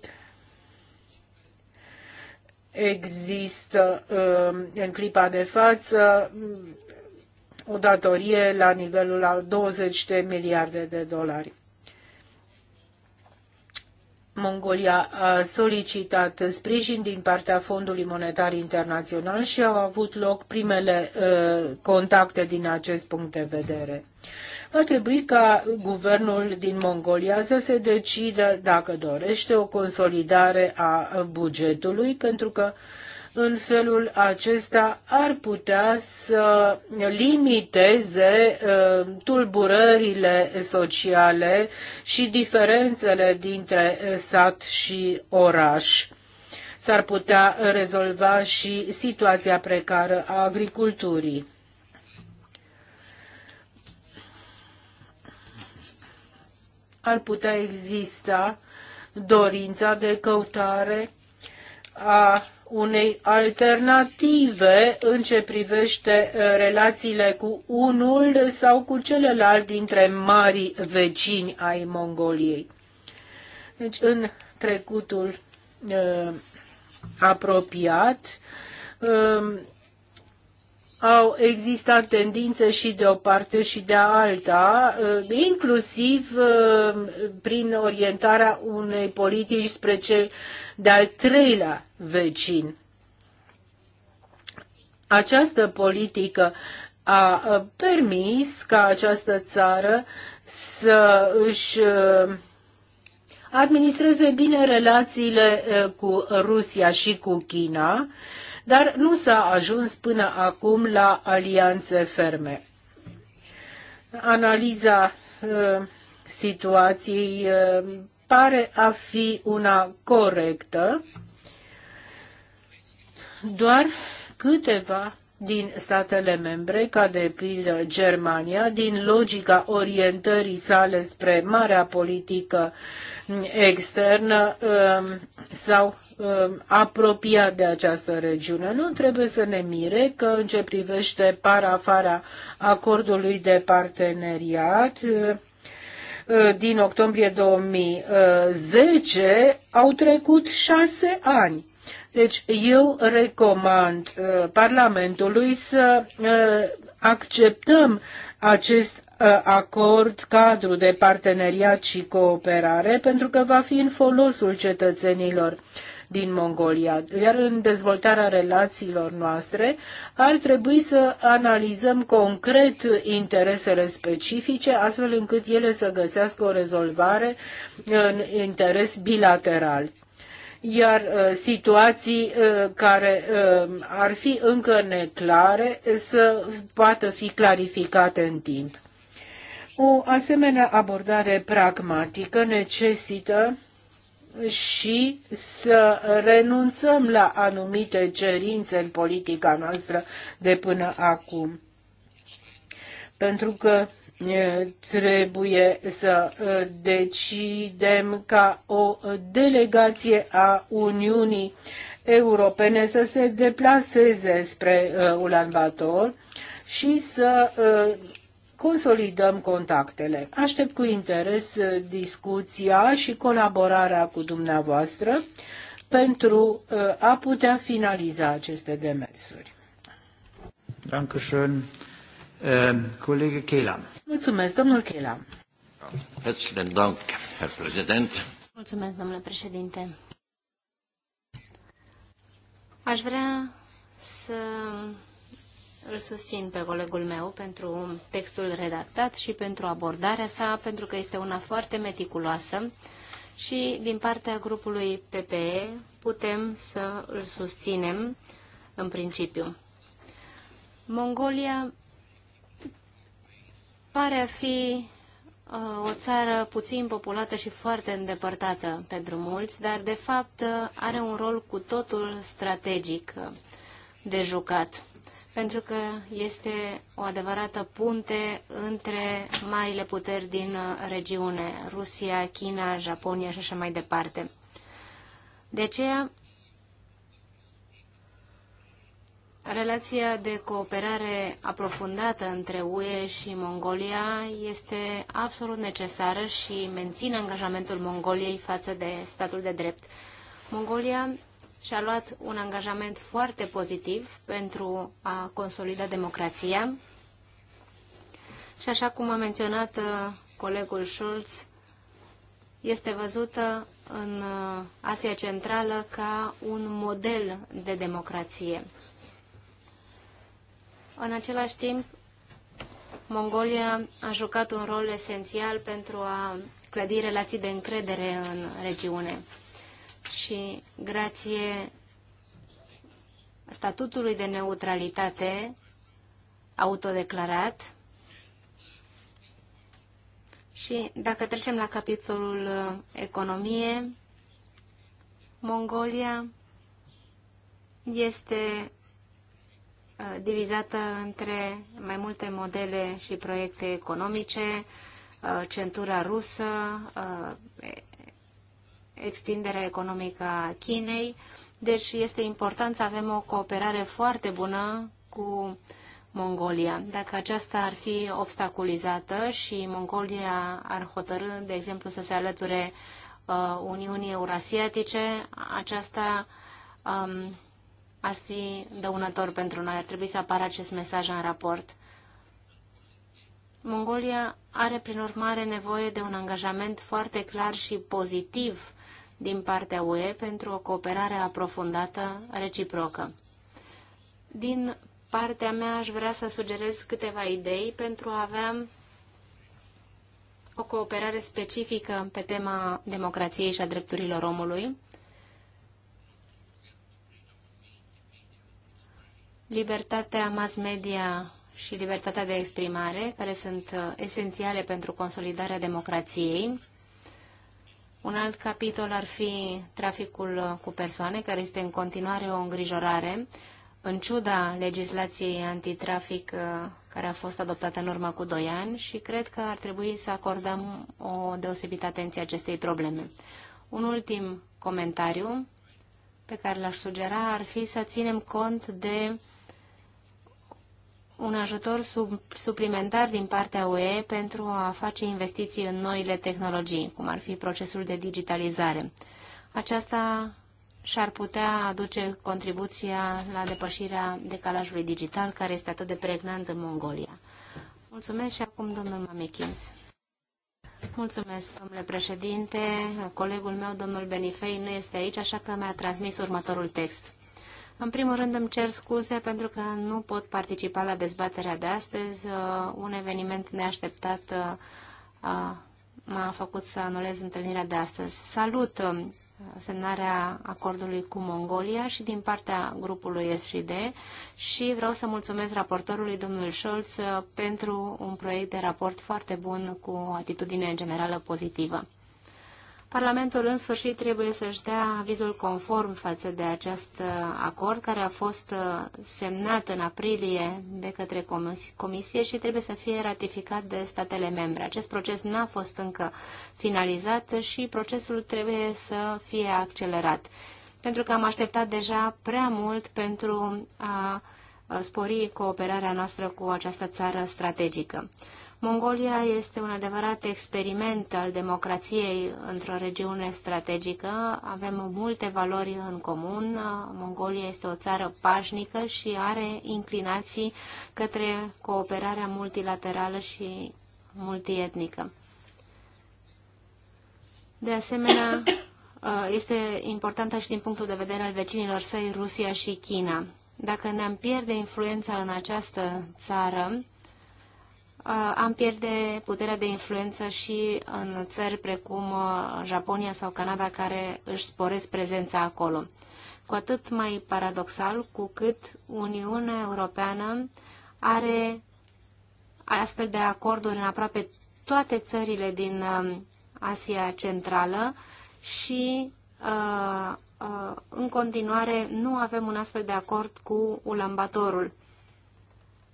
există ă, în clipa de față o datorie la nivelul a 20 de miliarde de dolari. Mongolia a solicitat sprijin din partea Fondului Monetar Internațional și au avut loc primele uh, contacte din acest punct de vedere. Va trebui ca guvernul din Mongolia să se decidă dacă dorește o consolidare a bugetului, pentru că uh, în felul acesta ar putea să limiteze uh, tulburările sociale și diferențele dintre uh, sat și oraș s-ar putea rezolva și situația precară a agriculturii. Ar putea exista dorința de căutare a unei alternative în ce privește uh, relațiile cu unul sau cu celălalt dintre marii vecini ai Mongoliei. Deci, în trecutul uh, apropiat, uh, au existat tendințe și de o parte și de alta, uh, inclusiv uh, prin orientarea unei politici spre cel de-al treilea vecin. Această politică a uh, permis ca această țară să își administreze bine relațiile cu Rusia și cu China, dar nu s-a ajuns până acum la alianțe ferme. Analiza situației pare a fi una corectă, doar câteva din statele membre, ca de pildă Germania, din logica orientării sale spre marea politică externă, um, s-au um, apropiat de această regiune. Nu trebuie să ne mire că în ce privește parafara acordului de parteneriat, uh, din octombrie 2010 uh, au trecut șase ani deci eu recomand uh, Parlamentului să uh, acceptăm acest uh, acord cadru de parteneriat și cooperare pentru că va fi în folosul cetățenilor din Mongolia. Iar în dezvoltarea relațiilor noastre ar trebui să analizăm concret interesele specifice, astfel încât ele să găsească o rezolvare în interes bilateral iar uh, situații uh, care uh, ar fi încă neclare să poată fi clarificate în timp. O asemenea abordare pragmatică necesită și să renunțăm la anumite cerințe în politica noastră de până acum. Pentru că trebuie să decidem ca o delegație a Uniunii Europene să se deplaseze spre Ulan Bator și să consolidăm contactele. Aștept cu interes discuția și colaborarea cu dumneavoastră pentru a putea finaliza aceste demersuri. schön, ehm, Kollege Kelam. Mulțumesc, domnul Chela. Mulțumesc, domnule președinte. Aș vrea să îl susțin pe colegul meu pentru textul redactat și pentru abordarea sa, pentru că este una foarte meticuloasă și din partea grupului PPE putem să îl susținem în principiu. Mongolia pare a fi uh, o țară puțin populată și foarte îndepărtată pentru mulți, dar de fapt uh, are un rol cu totul strategic uh, de jucat, pentru că este o adevărată punte între marile puteri din regiune, Rusia, China, Japonia și așa mai departe. De aceea, Relația de cooperare aprofundată între UE și Mongolia este absolut necesară și menține angajamentul Mongoliei față de statul de drept. Mongolia și-a luat un angajament foarte pozitiv pentru a consolida democrația și așa cum a menționat uh, colegul Schulz, este văzută în uh, Asia Centrală ca un model de democrație. În același timp, Mongolia a jucat un rol esențial pentru a clădi relații de încredere în regiune. Și grație statutului de neutralitate autodeclarat, și dacă trecem la capitolul economie, Mongolia este Uh, divizată între mai multe modele și proiecte economice, uh, centura rusă, uh, extinderea economică a Chinei. Deci este important să avem o cooperare foarte bună cu Mongolia. Dacă aceasta ar fi obstaculizată și Mongolia ar hotărâ, de exemplu, să se alăture Uniunii Eurasiatice, aceasta um, ar fi dăunător pentru noi. Ar trebui să apară acest mesaj în raport. Mongolia are, prin urmare, nevoie de un angajament foarte clar și pozitiv din partea UE pentru o cooperare aprofundată reciprocă. Din partea mea aș vrea să sugerez câteva idei pentru a avea o cooperare specifică pe tema democrației și a drepturilor omului libertatea mass media și libertatea de exprimare, care sunt uh, esențiale pentru consolidarea democrației. Un alt capitol ar fi traficul uh, cu persoane, care este în continuare o îngrijorare, în ciuda legislației antitrafic uh, care a fost adoptată în urmă cu 2 ani și cred că ar trebui să acordăm o deosebită atenție acestei probleme. Un ultim comentariu pe care l-aș sugera ar fi să ținem cont de un ajutor sub, suplimentar din partea UE pentru a face investiții în noile tehnologii, cum ar fi procesul de digitalizare. Aceasta și-ar putea aduce contribuția la depășirea decalajului digital, care este atât de pregnant în Mongolia. Mulțumesc și acum domnul Mamechins. Mulțumesc, domnule președinte. Colegul meu, domnul Benifei, nu este aici, așa că mi-a transmis următorul text. În primul rând îmi cer scuze pentru că nu pot participa la dezbaterea de astăzi. Uh, un eveniment neașteptat uh, m-a făcut să anulez întâlnirea de astăzi. Salut uh, semnarea acordului cu Mongolia și din partea grupului SD și vreau să mulțumesc raportorului domnul Scholz pentru un proiect de raport foarte bun cu o atitudine generală pozitivă. Parlamentul în sfârșit trebuie să-și dea avizul conform față de acest uh, acord care a fost uh, semnat în aprilie de către Comisie și trebuie să fie ratificat de statele membre. Acest proces n-a fost încă finalizat și procesul trebuie să fie accelerat. Pentru că am așteptat deja prea mult pentru a spori cooperarea noastră cu această țară strategică. Mongolia este un adevărat experiment al democrației într-o regiune strategică. Avem multe valori în comun. Mongolia este o țară pașnică și are inclinații către cooperarea multilaterală și multietnică. De asemenea, este importantă și din punctul de vedere al vecinilor săi, Rusia și China. Dacă ne-am pierde influența în această țară, Uh, am pierde puterea de influență și în țări precum uh, Japonia sau Canada care își sporesc prezența acolo. Cu atât mai paradoxal cu cât Uniunea Europeană are astfel de acorduri în aproape toate țările din uh, Asia Centrală și în continuare nu avem un astfel de acord cu Ulambatorul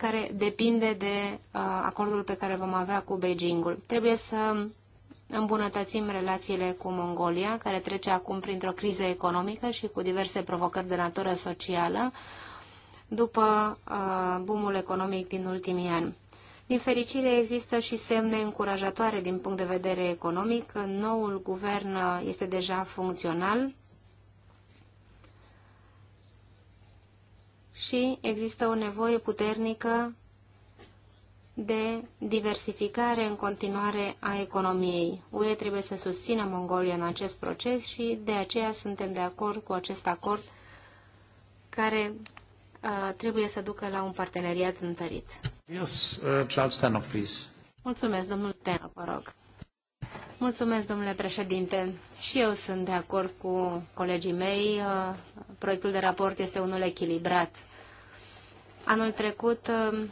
care depinde de uh, acordul pe care vom avea cu Beijingul. Trebuie să îmbunătățim relațiile cu Mongolia, care trece acum printr-o criză economică și cu diverse provocări de natură socială, după uh, boomul economic din ultimii ani. Din fericire, există și semne încurajatoare din punct de vedere economic. Noul guvern uh, este deja funcțional, și există o nevoie puternică de diversificare în continuare a economiei. UE trebuie să susțină Mongolia în acest proces și de aceea suntem de acord cu acest acord care uh, trebuie să ducă la un parteneriat întărit. Yes, uh, Charles Tannock, please. Mulțumesc, domnul Tannock, vă rog. Mulțumesc, domnule președinte. Și eu sunt de acord cu colegii mei. Uh, proiectul de raport este unul echilibrat. Anul trecut, um,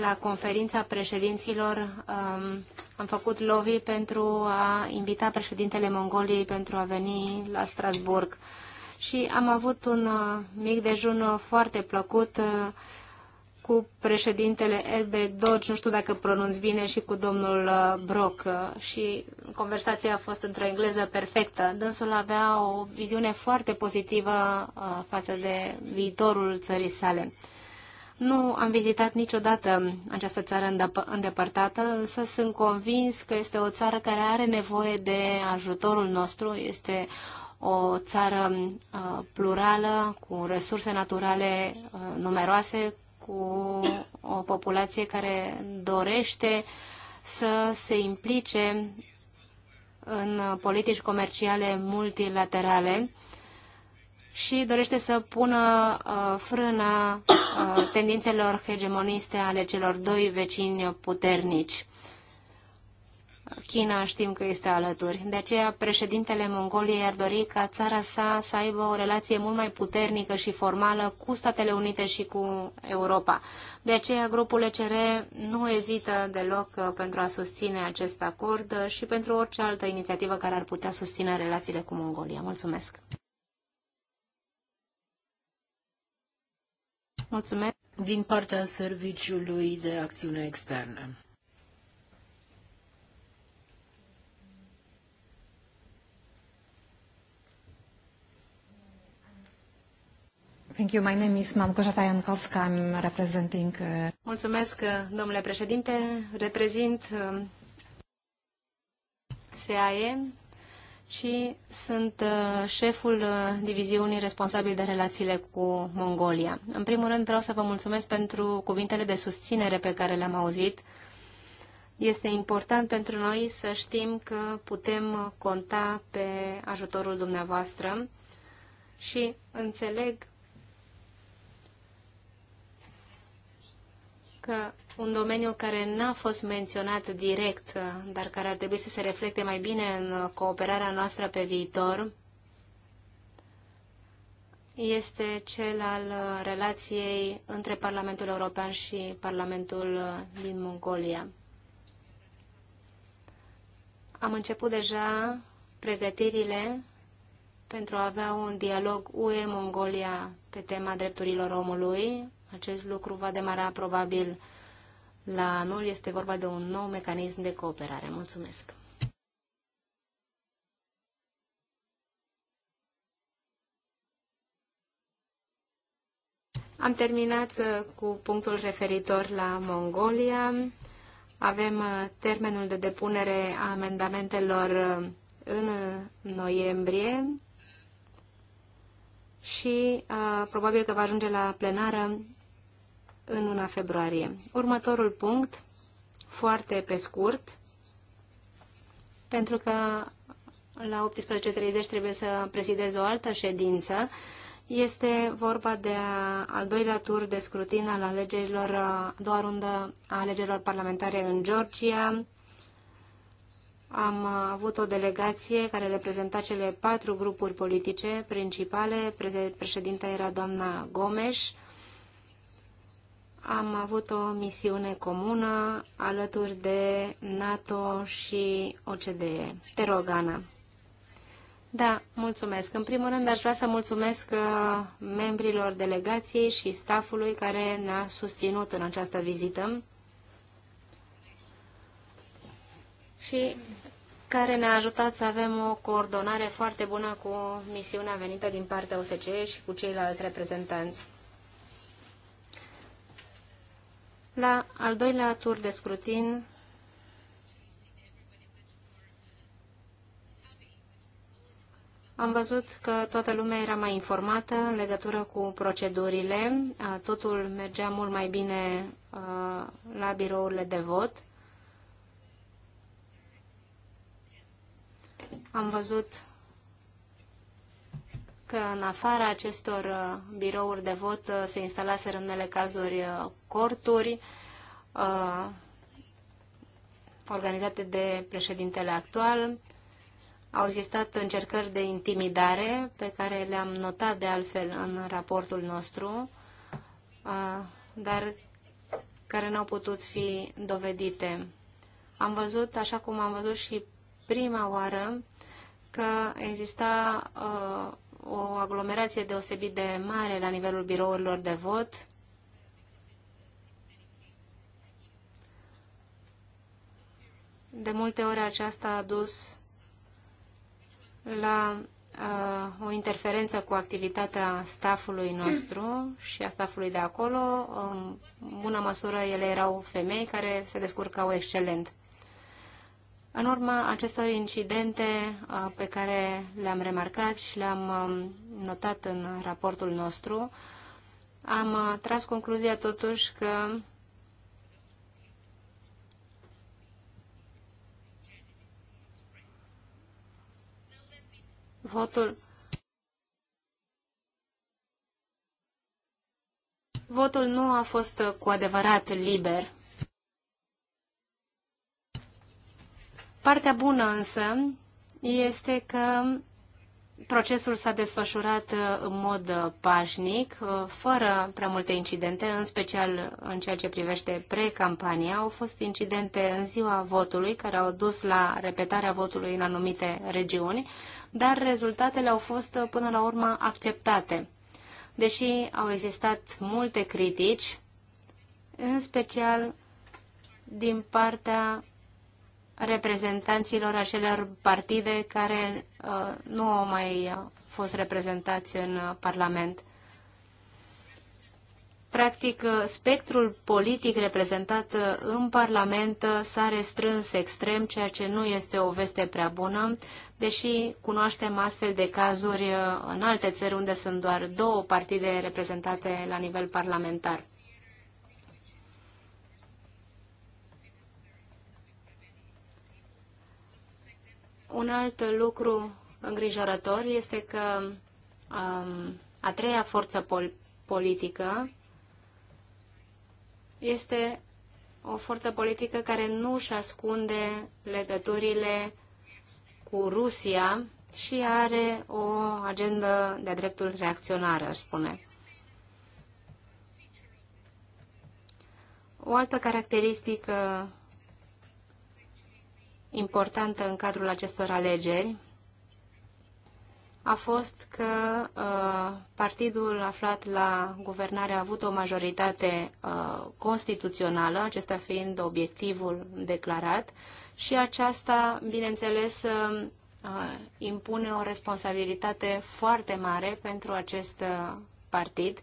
la conferința președinților, um, am făcut lovi pentru a invita președintele Mongoliei pentru a veni la Strasburg. Și am avut un uh, mic dejun foarte plăcut uh, cu președintele Elbert Dodge, nu știu dacă pronunț bine, și cu domnul uh, Brock. Și conversația a fost într-o engleză perfectă. Dânsul avea o viziune foarte pozitivă față de viitorul țării sale. Nu am vizitat niciodată această țară îndepărtată, însă sunt convins că este o țară care are nevoie de ajutorul nostru. Este o țară uh, plurală, cu resurse naturale uh, numeroase, cu o populație care dorește să se implice în politici comerciale multilaterale și dorește să pună uh, frâna uh, tendințelor hegemoniste ale celor doi vecini puternici. China știm că este alături. De aceea, președintele Mongoliei ar dori ca țara sa să aibă o relație mult mai puternică și formală cu Statele Unite și cu Europa. De aceea, grupul ECR nu ezită deloc uh, pentru a susține acest acord uh, și pentru orice altă inițiativă care ar putea susține relațiile cu Mongolia. Mulțumesc! Mulțumesc din partea Serviciului de Acțiune Externă. Thank you. My name is Małgorzata Jankowska. I'm representing... Uh, Mulțumesc, domnule președinte. Reprezint uh, SAE, și sunt uh, șeful uh, diviziunii responsabil de relațiile cu Mongolia. În primul rând vreau să vă mulțumesc pentru cuvintele de susținere pe care le-am auzit. Este important pentru noi să știm că putem conta pe ajutorul dumneavoastră și înțeleg că un domeniu care n-a fost menționat direct, dar care ar trebui să se reflecte mai bine în cooperarea noastră pe viitor, este cel al relației între Parlamentul European și Parlamentul din Mongolia. Am început deja pregătirile pentru a avea un dialog UE-Mongolia pe tema drepturilor omului. Acest lucru va demara probabil la anul este vorba de un nou mecanism de cooperare. Mulțumesc! Am terminat uh, cu punctul referitor la Mongolia. Avem uh, termenul de depunere a amendamentelor uh, în noiembrie și probabil că va ajunge la plenară în luna februarie. Următorul punct, foarte pe scurt, pentru că la 18.30 trebuie să prezidez o altă ședință, este vorba de al doilea tur de scrutin al alegerilor, doua rundă a alegerilor parlamentare în Georgia. Am avut o delegație care reprezenta cele patru grupuri politice principale. Președinta era doamna Gomes am avut o misiune comună alături de NATO și OCDE. Te rog, Ana. Da, mulțumesc. În primul rând aș vrea să mulțumesc uh, membrilor delegației și stafului care ne-a susținut în această vizită și care ne-a ajutat să avem o coordonare foarte bună cu misiunea venită din partea OSCE și cu ceilalți reprezentanți. La al doilea tur de scrutin, Am văzut că toată lumea era mai informată în legătură cu procedurile. Totul mergea mult mai bine la birourile de vot. Am văzut că în afara acestor uh, birouri de vot uh, se instalaseră în unele cazuri uh, corturi organizate de președintele actual. Au existat încercări de intimidare pe care le-am notat de altfel în raportul nostru, dar care n-au putut fi dovedite. Am văzut, așa cum am văzut și prima oară, că exista uh, o aglomerație deosebit de mare la nivelul birourilor de vot. De multe ori aceasta a dus la uh, o interferență cu activitatea stafului nostru și a stafului de acolo. În bună măsură ele erau femei care se descurcau excelent. În urma acestor incidente uh, pe care le-am remarcat și le-am um, notat în raportul nostru, am uh, tras concluzia totuși că votul votul nu a fost uh, cu adevărat liber Partea bună însă este că procesul s-a desfășurat uh, în mod uh, pașnic, uh, fără prea multe incidente, în special în ceea ce privește pre-campania. Au fost incidente în ziua votului, care au dus la repetarea votului în anumite regiuni, dar rezultatele au fost până la urmă acceptate. Deși au existat multe critici, în special din partea reprezentanților acelor partide care uh, nu au mai fost reprezentați în uh, Parlament. Practic, uh, spectrul politic reprezentat uh, în Parlament s-a restrâns extrem, ceea ce nu este o veste prea bună, deși cunoaștem astfel de cazuri în alte țări unde sunt doar două partide reprezentate la nivel parlamentar. Un alt lucru îngrijorător este că um, a treia forță pol- politică este o forță politică care nu își ascunde legăturile cu Rusia și are o agendă de dreptul reacționară, aș spune. O altă caracteristică importantă în cadrul acestor alegeri a fost că uh, partidul aflat la guvernare a avut o majoritate uh, constituțională, acesta fiind obiectivul declarat, și aceasta, bineînțeles, uh, impune o responsabilitate foarte mare pentru acest uh, partid,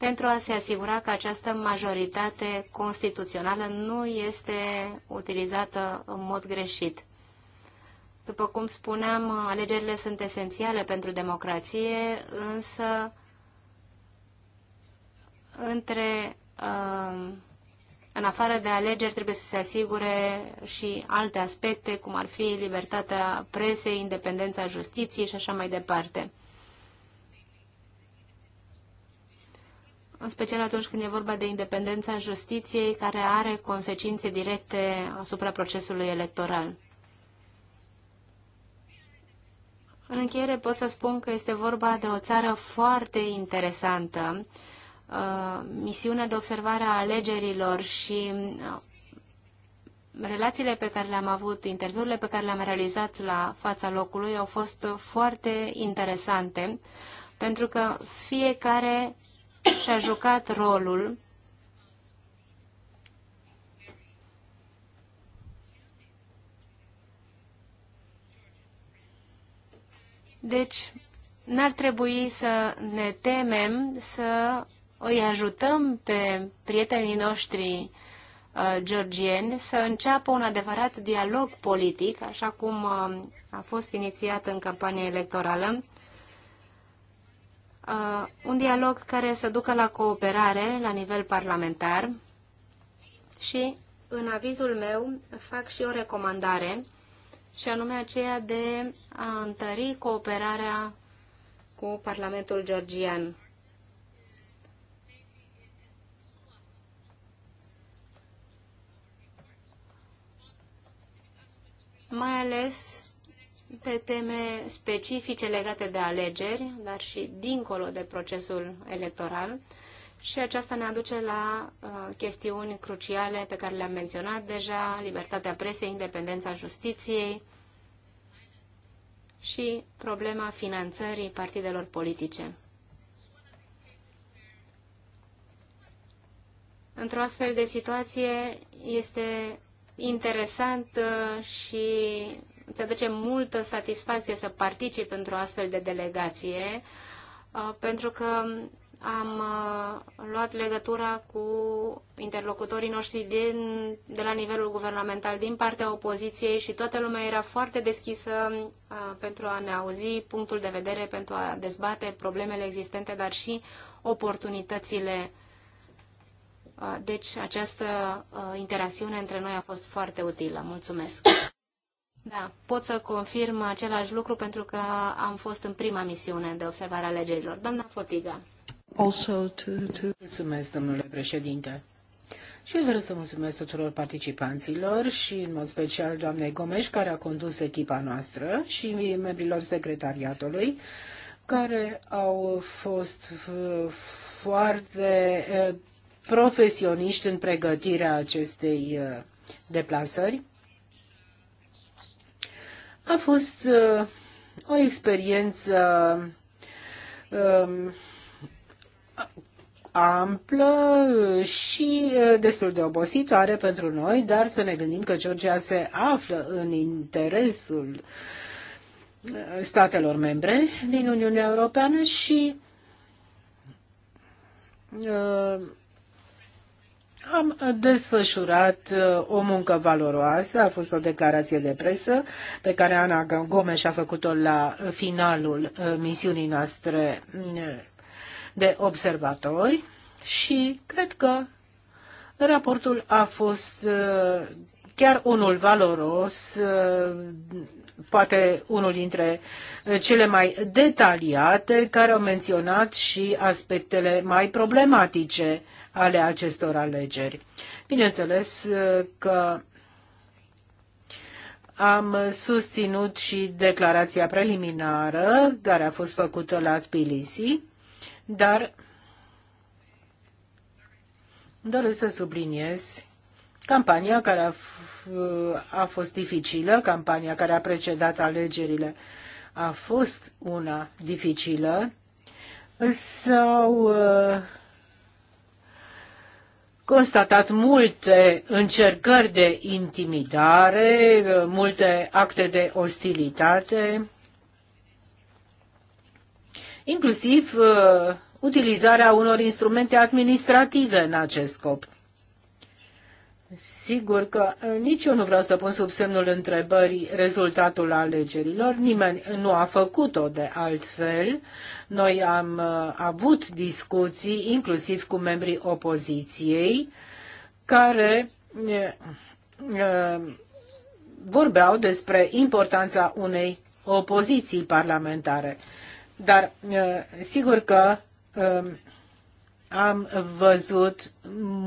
pentru a se asigura că această majoritate constituțională nu este utilizată în mod greșit. După cum spuneam, alegerile sunt esențiale pentru democrație, însă între, um, în afară de alegeri trebuie să se asigure și alte aspecte, cum ar fi libertatea presei, independența justiției și așa mai departe. în special atunci când e vorba de independența justiției, care are consecințe directe asupra procesului electoral. În încheiere pot să spun că este vorba de o țară foarte interesantă. Uh, misiunea de observare a alegerilor și uh, relațiile pe care le-am avut, interviurile pe care le-am realizat la fața locului au fost foarte interesante, pentru că fiecare și-a jucat rolul Deci, n-ar trebui să ne temem să îi ajutăm pe prietenii noștri uh, georgieni să înceapă un adevărat dialog politic, așa cum uh, a fost inițiat în campania electorală, Uh, un dialog care să ducă la cooperare la nivel parlamentar și în avizul meu fac și o recomandare și anume aceea de a întări cooperarea cu Parlamentul Georgian. Mai ales pe teme specifice legate de alegeri, dar și dincolo de procesul electoral. Și aceasta ne aduce la uh, chestiuni cruciale pe care le-am menționat deja, libertatea presei, independența justiției și problema finanțării partidelor politice. Într-o astfel de situație este interesant uh, și îți aduce multă satisfacție să participi pentru o astfel de delegație, uh, pentru că am uh, luat legătura cu interlocutorii noștri din, de la nivelul guvernamental, din partea opoziției și toată lumea era foarte deschisă uh, pentru a ne auzi punctul de vedere, pentru a dezbate problemele existente, dar și oportunitățile. Deci această interacțiune între noi a fost foarte utilă. Mulțumesc! Da, pot să confirm același lucru pentru că am fost în prima misiune de observare a alegerilor. Doamna Fotiga. Also to, to... Mulțumesc, domnule președinte. Și eu doresc să mulțumesc tuturor participanților și în mod special doamnei Gomes, care a condus echipa noastră și membrilor secretariatului, care au fost foarte eh, profesioniști în pregătirea acestei eh, deplasări. A fost uh, o experiență uh, amplă și uh, destul de obositoare pentru noi, dar să ne gândim că Georgia se află în interesul uh, statelor membre din Uniunea Europeană și uh, am desfășurat uh, o muncă valoroasă, a fost o declarație de presă pe care Ana Gomes a făcut-o la finalul uh, misiunii noastre uh, de observatori și cred că raportul a fost chiar unul valoros, poate unul dintre cele mai detaliate, care au menționat și aspectele mai problematice ale acestor alegeri. Bineînțeles uh, că am susținut și declarația preliminară care a fost făcută la Tbilisi, dar doresc să subliniez campania care a, a fost dificilă, campania care a precedat alegerile a fost una dificilă. sau uh, constatat multe încercări de intimidare, multe acte de ostilitate, inclusiv uh, utilizarea unor instrumente administrative în acest scop. Sigur că uh, nici eu nu vreau să pun sub semnul întrebării rezultatul alegerilor. Nimeni nu a făcut-o de altfel. Noi am uh, avut discuții, inclusiv cu membrii opoziției, care uh, vorbeau despre importanța unei opoziții parlamentare. Dar sigur că am văzut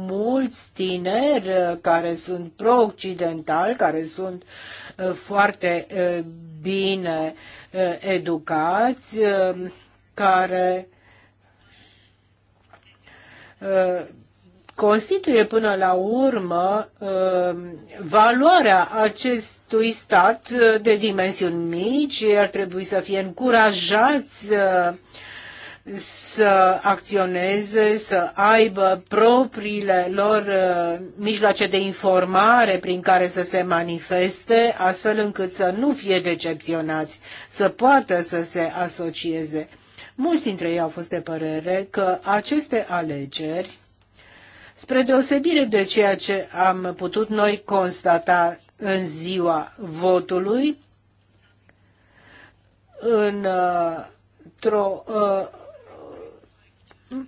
mulți tineri uh, care sunt pro-occidentali, care sunt uh, foarte uh, bine educați, care constituie până la urmă valoarea acestui stat de dimensiuni mici, ar trebui să fie încurajați să acționeze, să aibă propriile lor uh, mijloace de informare prin care să se manifeste, astfel încât să nu fie decepționați, să poată să se asocieze. Mulți dintre ei au fost de părere că aceste alegeri, spre deosebire de ceea ce am putut noi constata în ziua votului, în tro uh,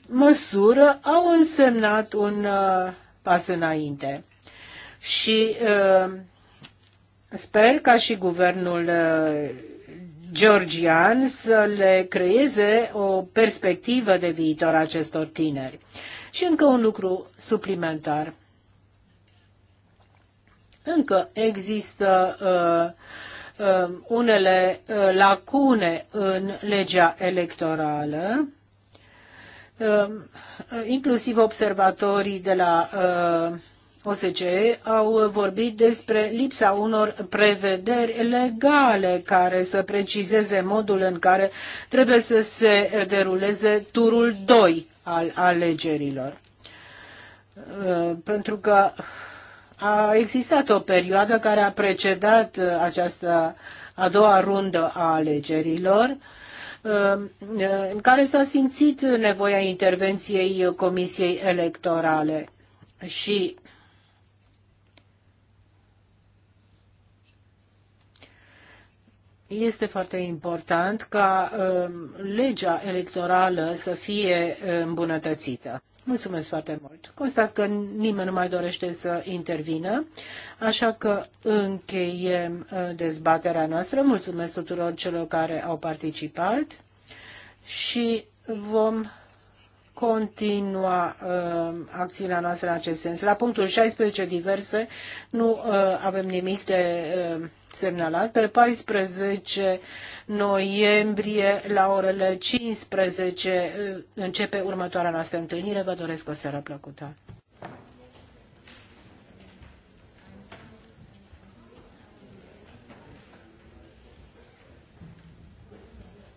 măsură au însemnat un uh, pas înainte. Și uh, sper ca și guvernul uh, georgian să le creeze o perspectivă de viitor acestor tineri. Și încă un lucru suplimentar. Încă există uh, uh, unele uh, lacune în legea electorală Um, inclusiv observatorii de la uh, OSCE au vorbit despre lipsa unor prevederi legale care să precizeze modul în care trebuie să se deruleze turul 2 al alegerilor. Uh, pentru că a existat o perioadă care a precedat uh, această a doua rundă a alegerilor Uh, uh, în care s-a simțit nevoia intervenției Comisiei Electorale. Și Este foarte important ca uh, legea electorală să fie îmbunătățită. Mulțumesc foarte mult. Constat că nimeni nu mai dorește să intervină, așa că încheiem uh, dezbaterea noastră. Mulțumesc tuturor celor care au participat și vom continua uh, acțiunea noastră în acest sens. La punctul 16 diverse nu uh, avem nimic de uh, semnalat pe 14 noiembrie la orele 15 uh, începe următoarea noastră întâlnire. Vă doresc o seară plăcută.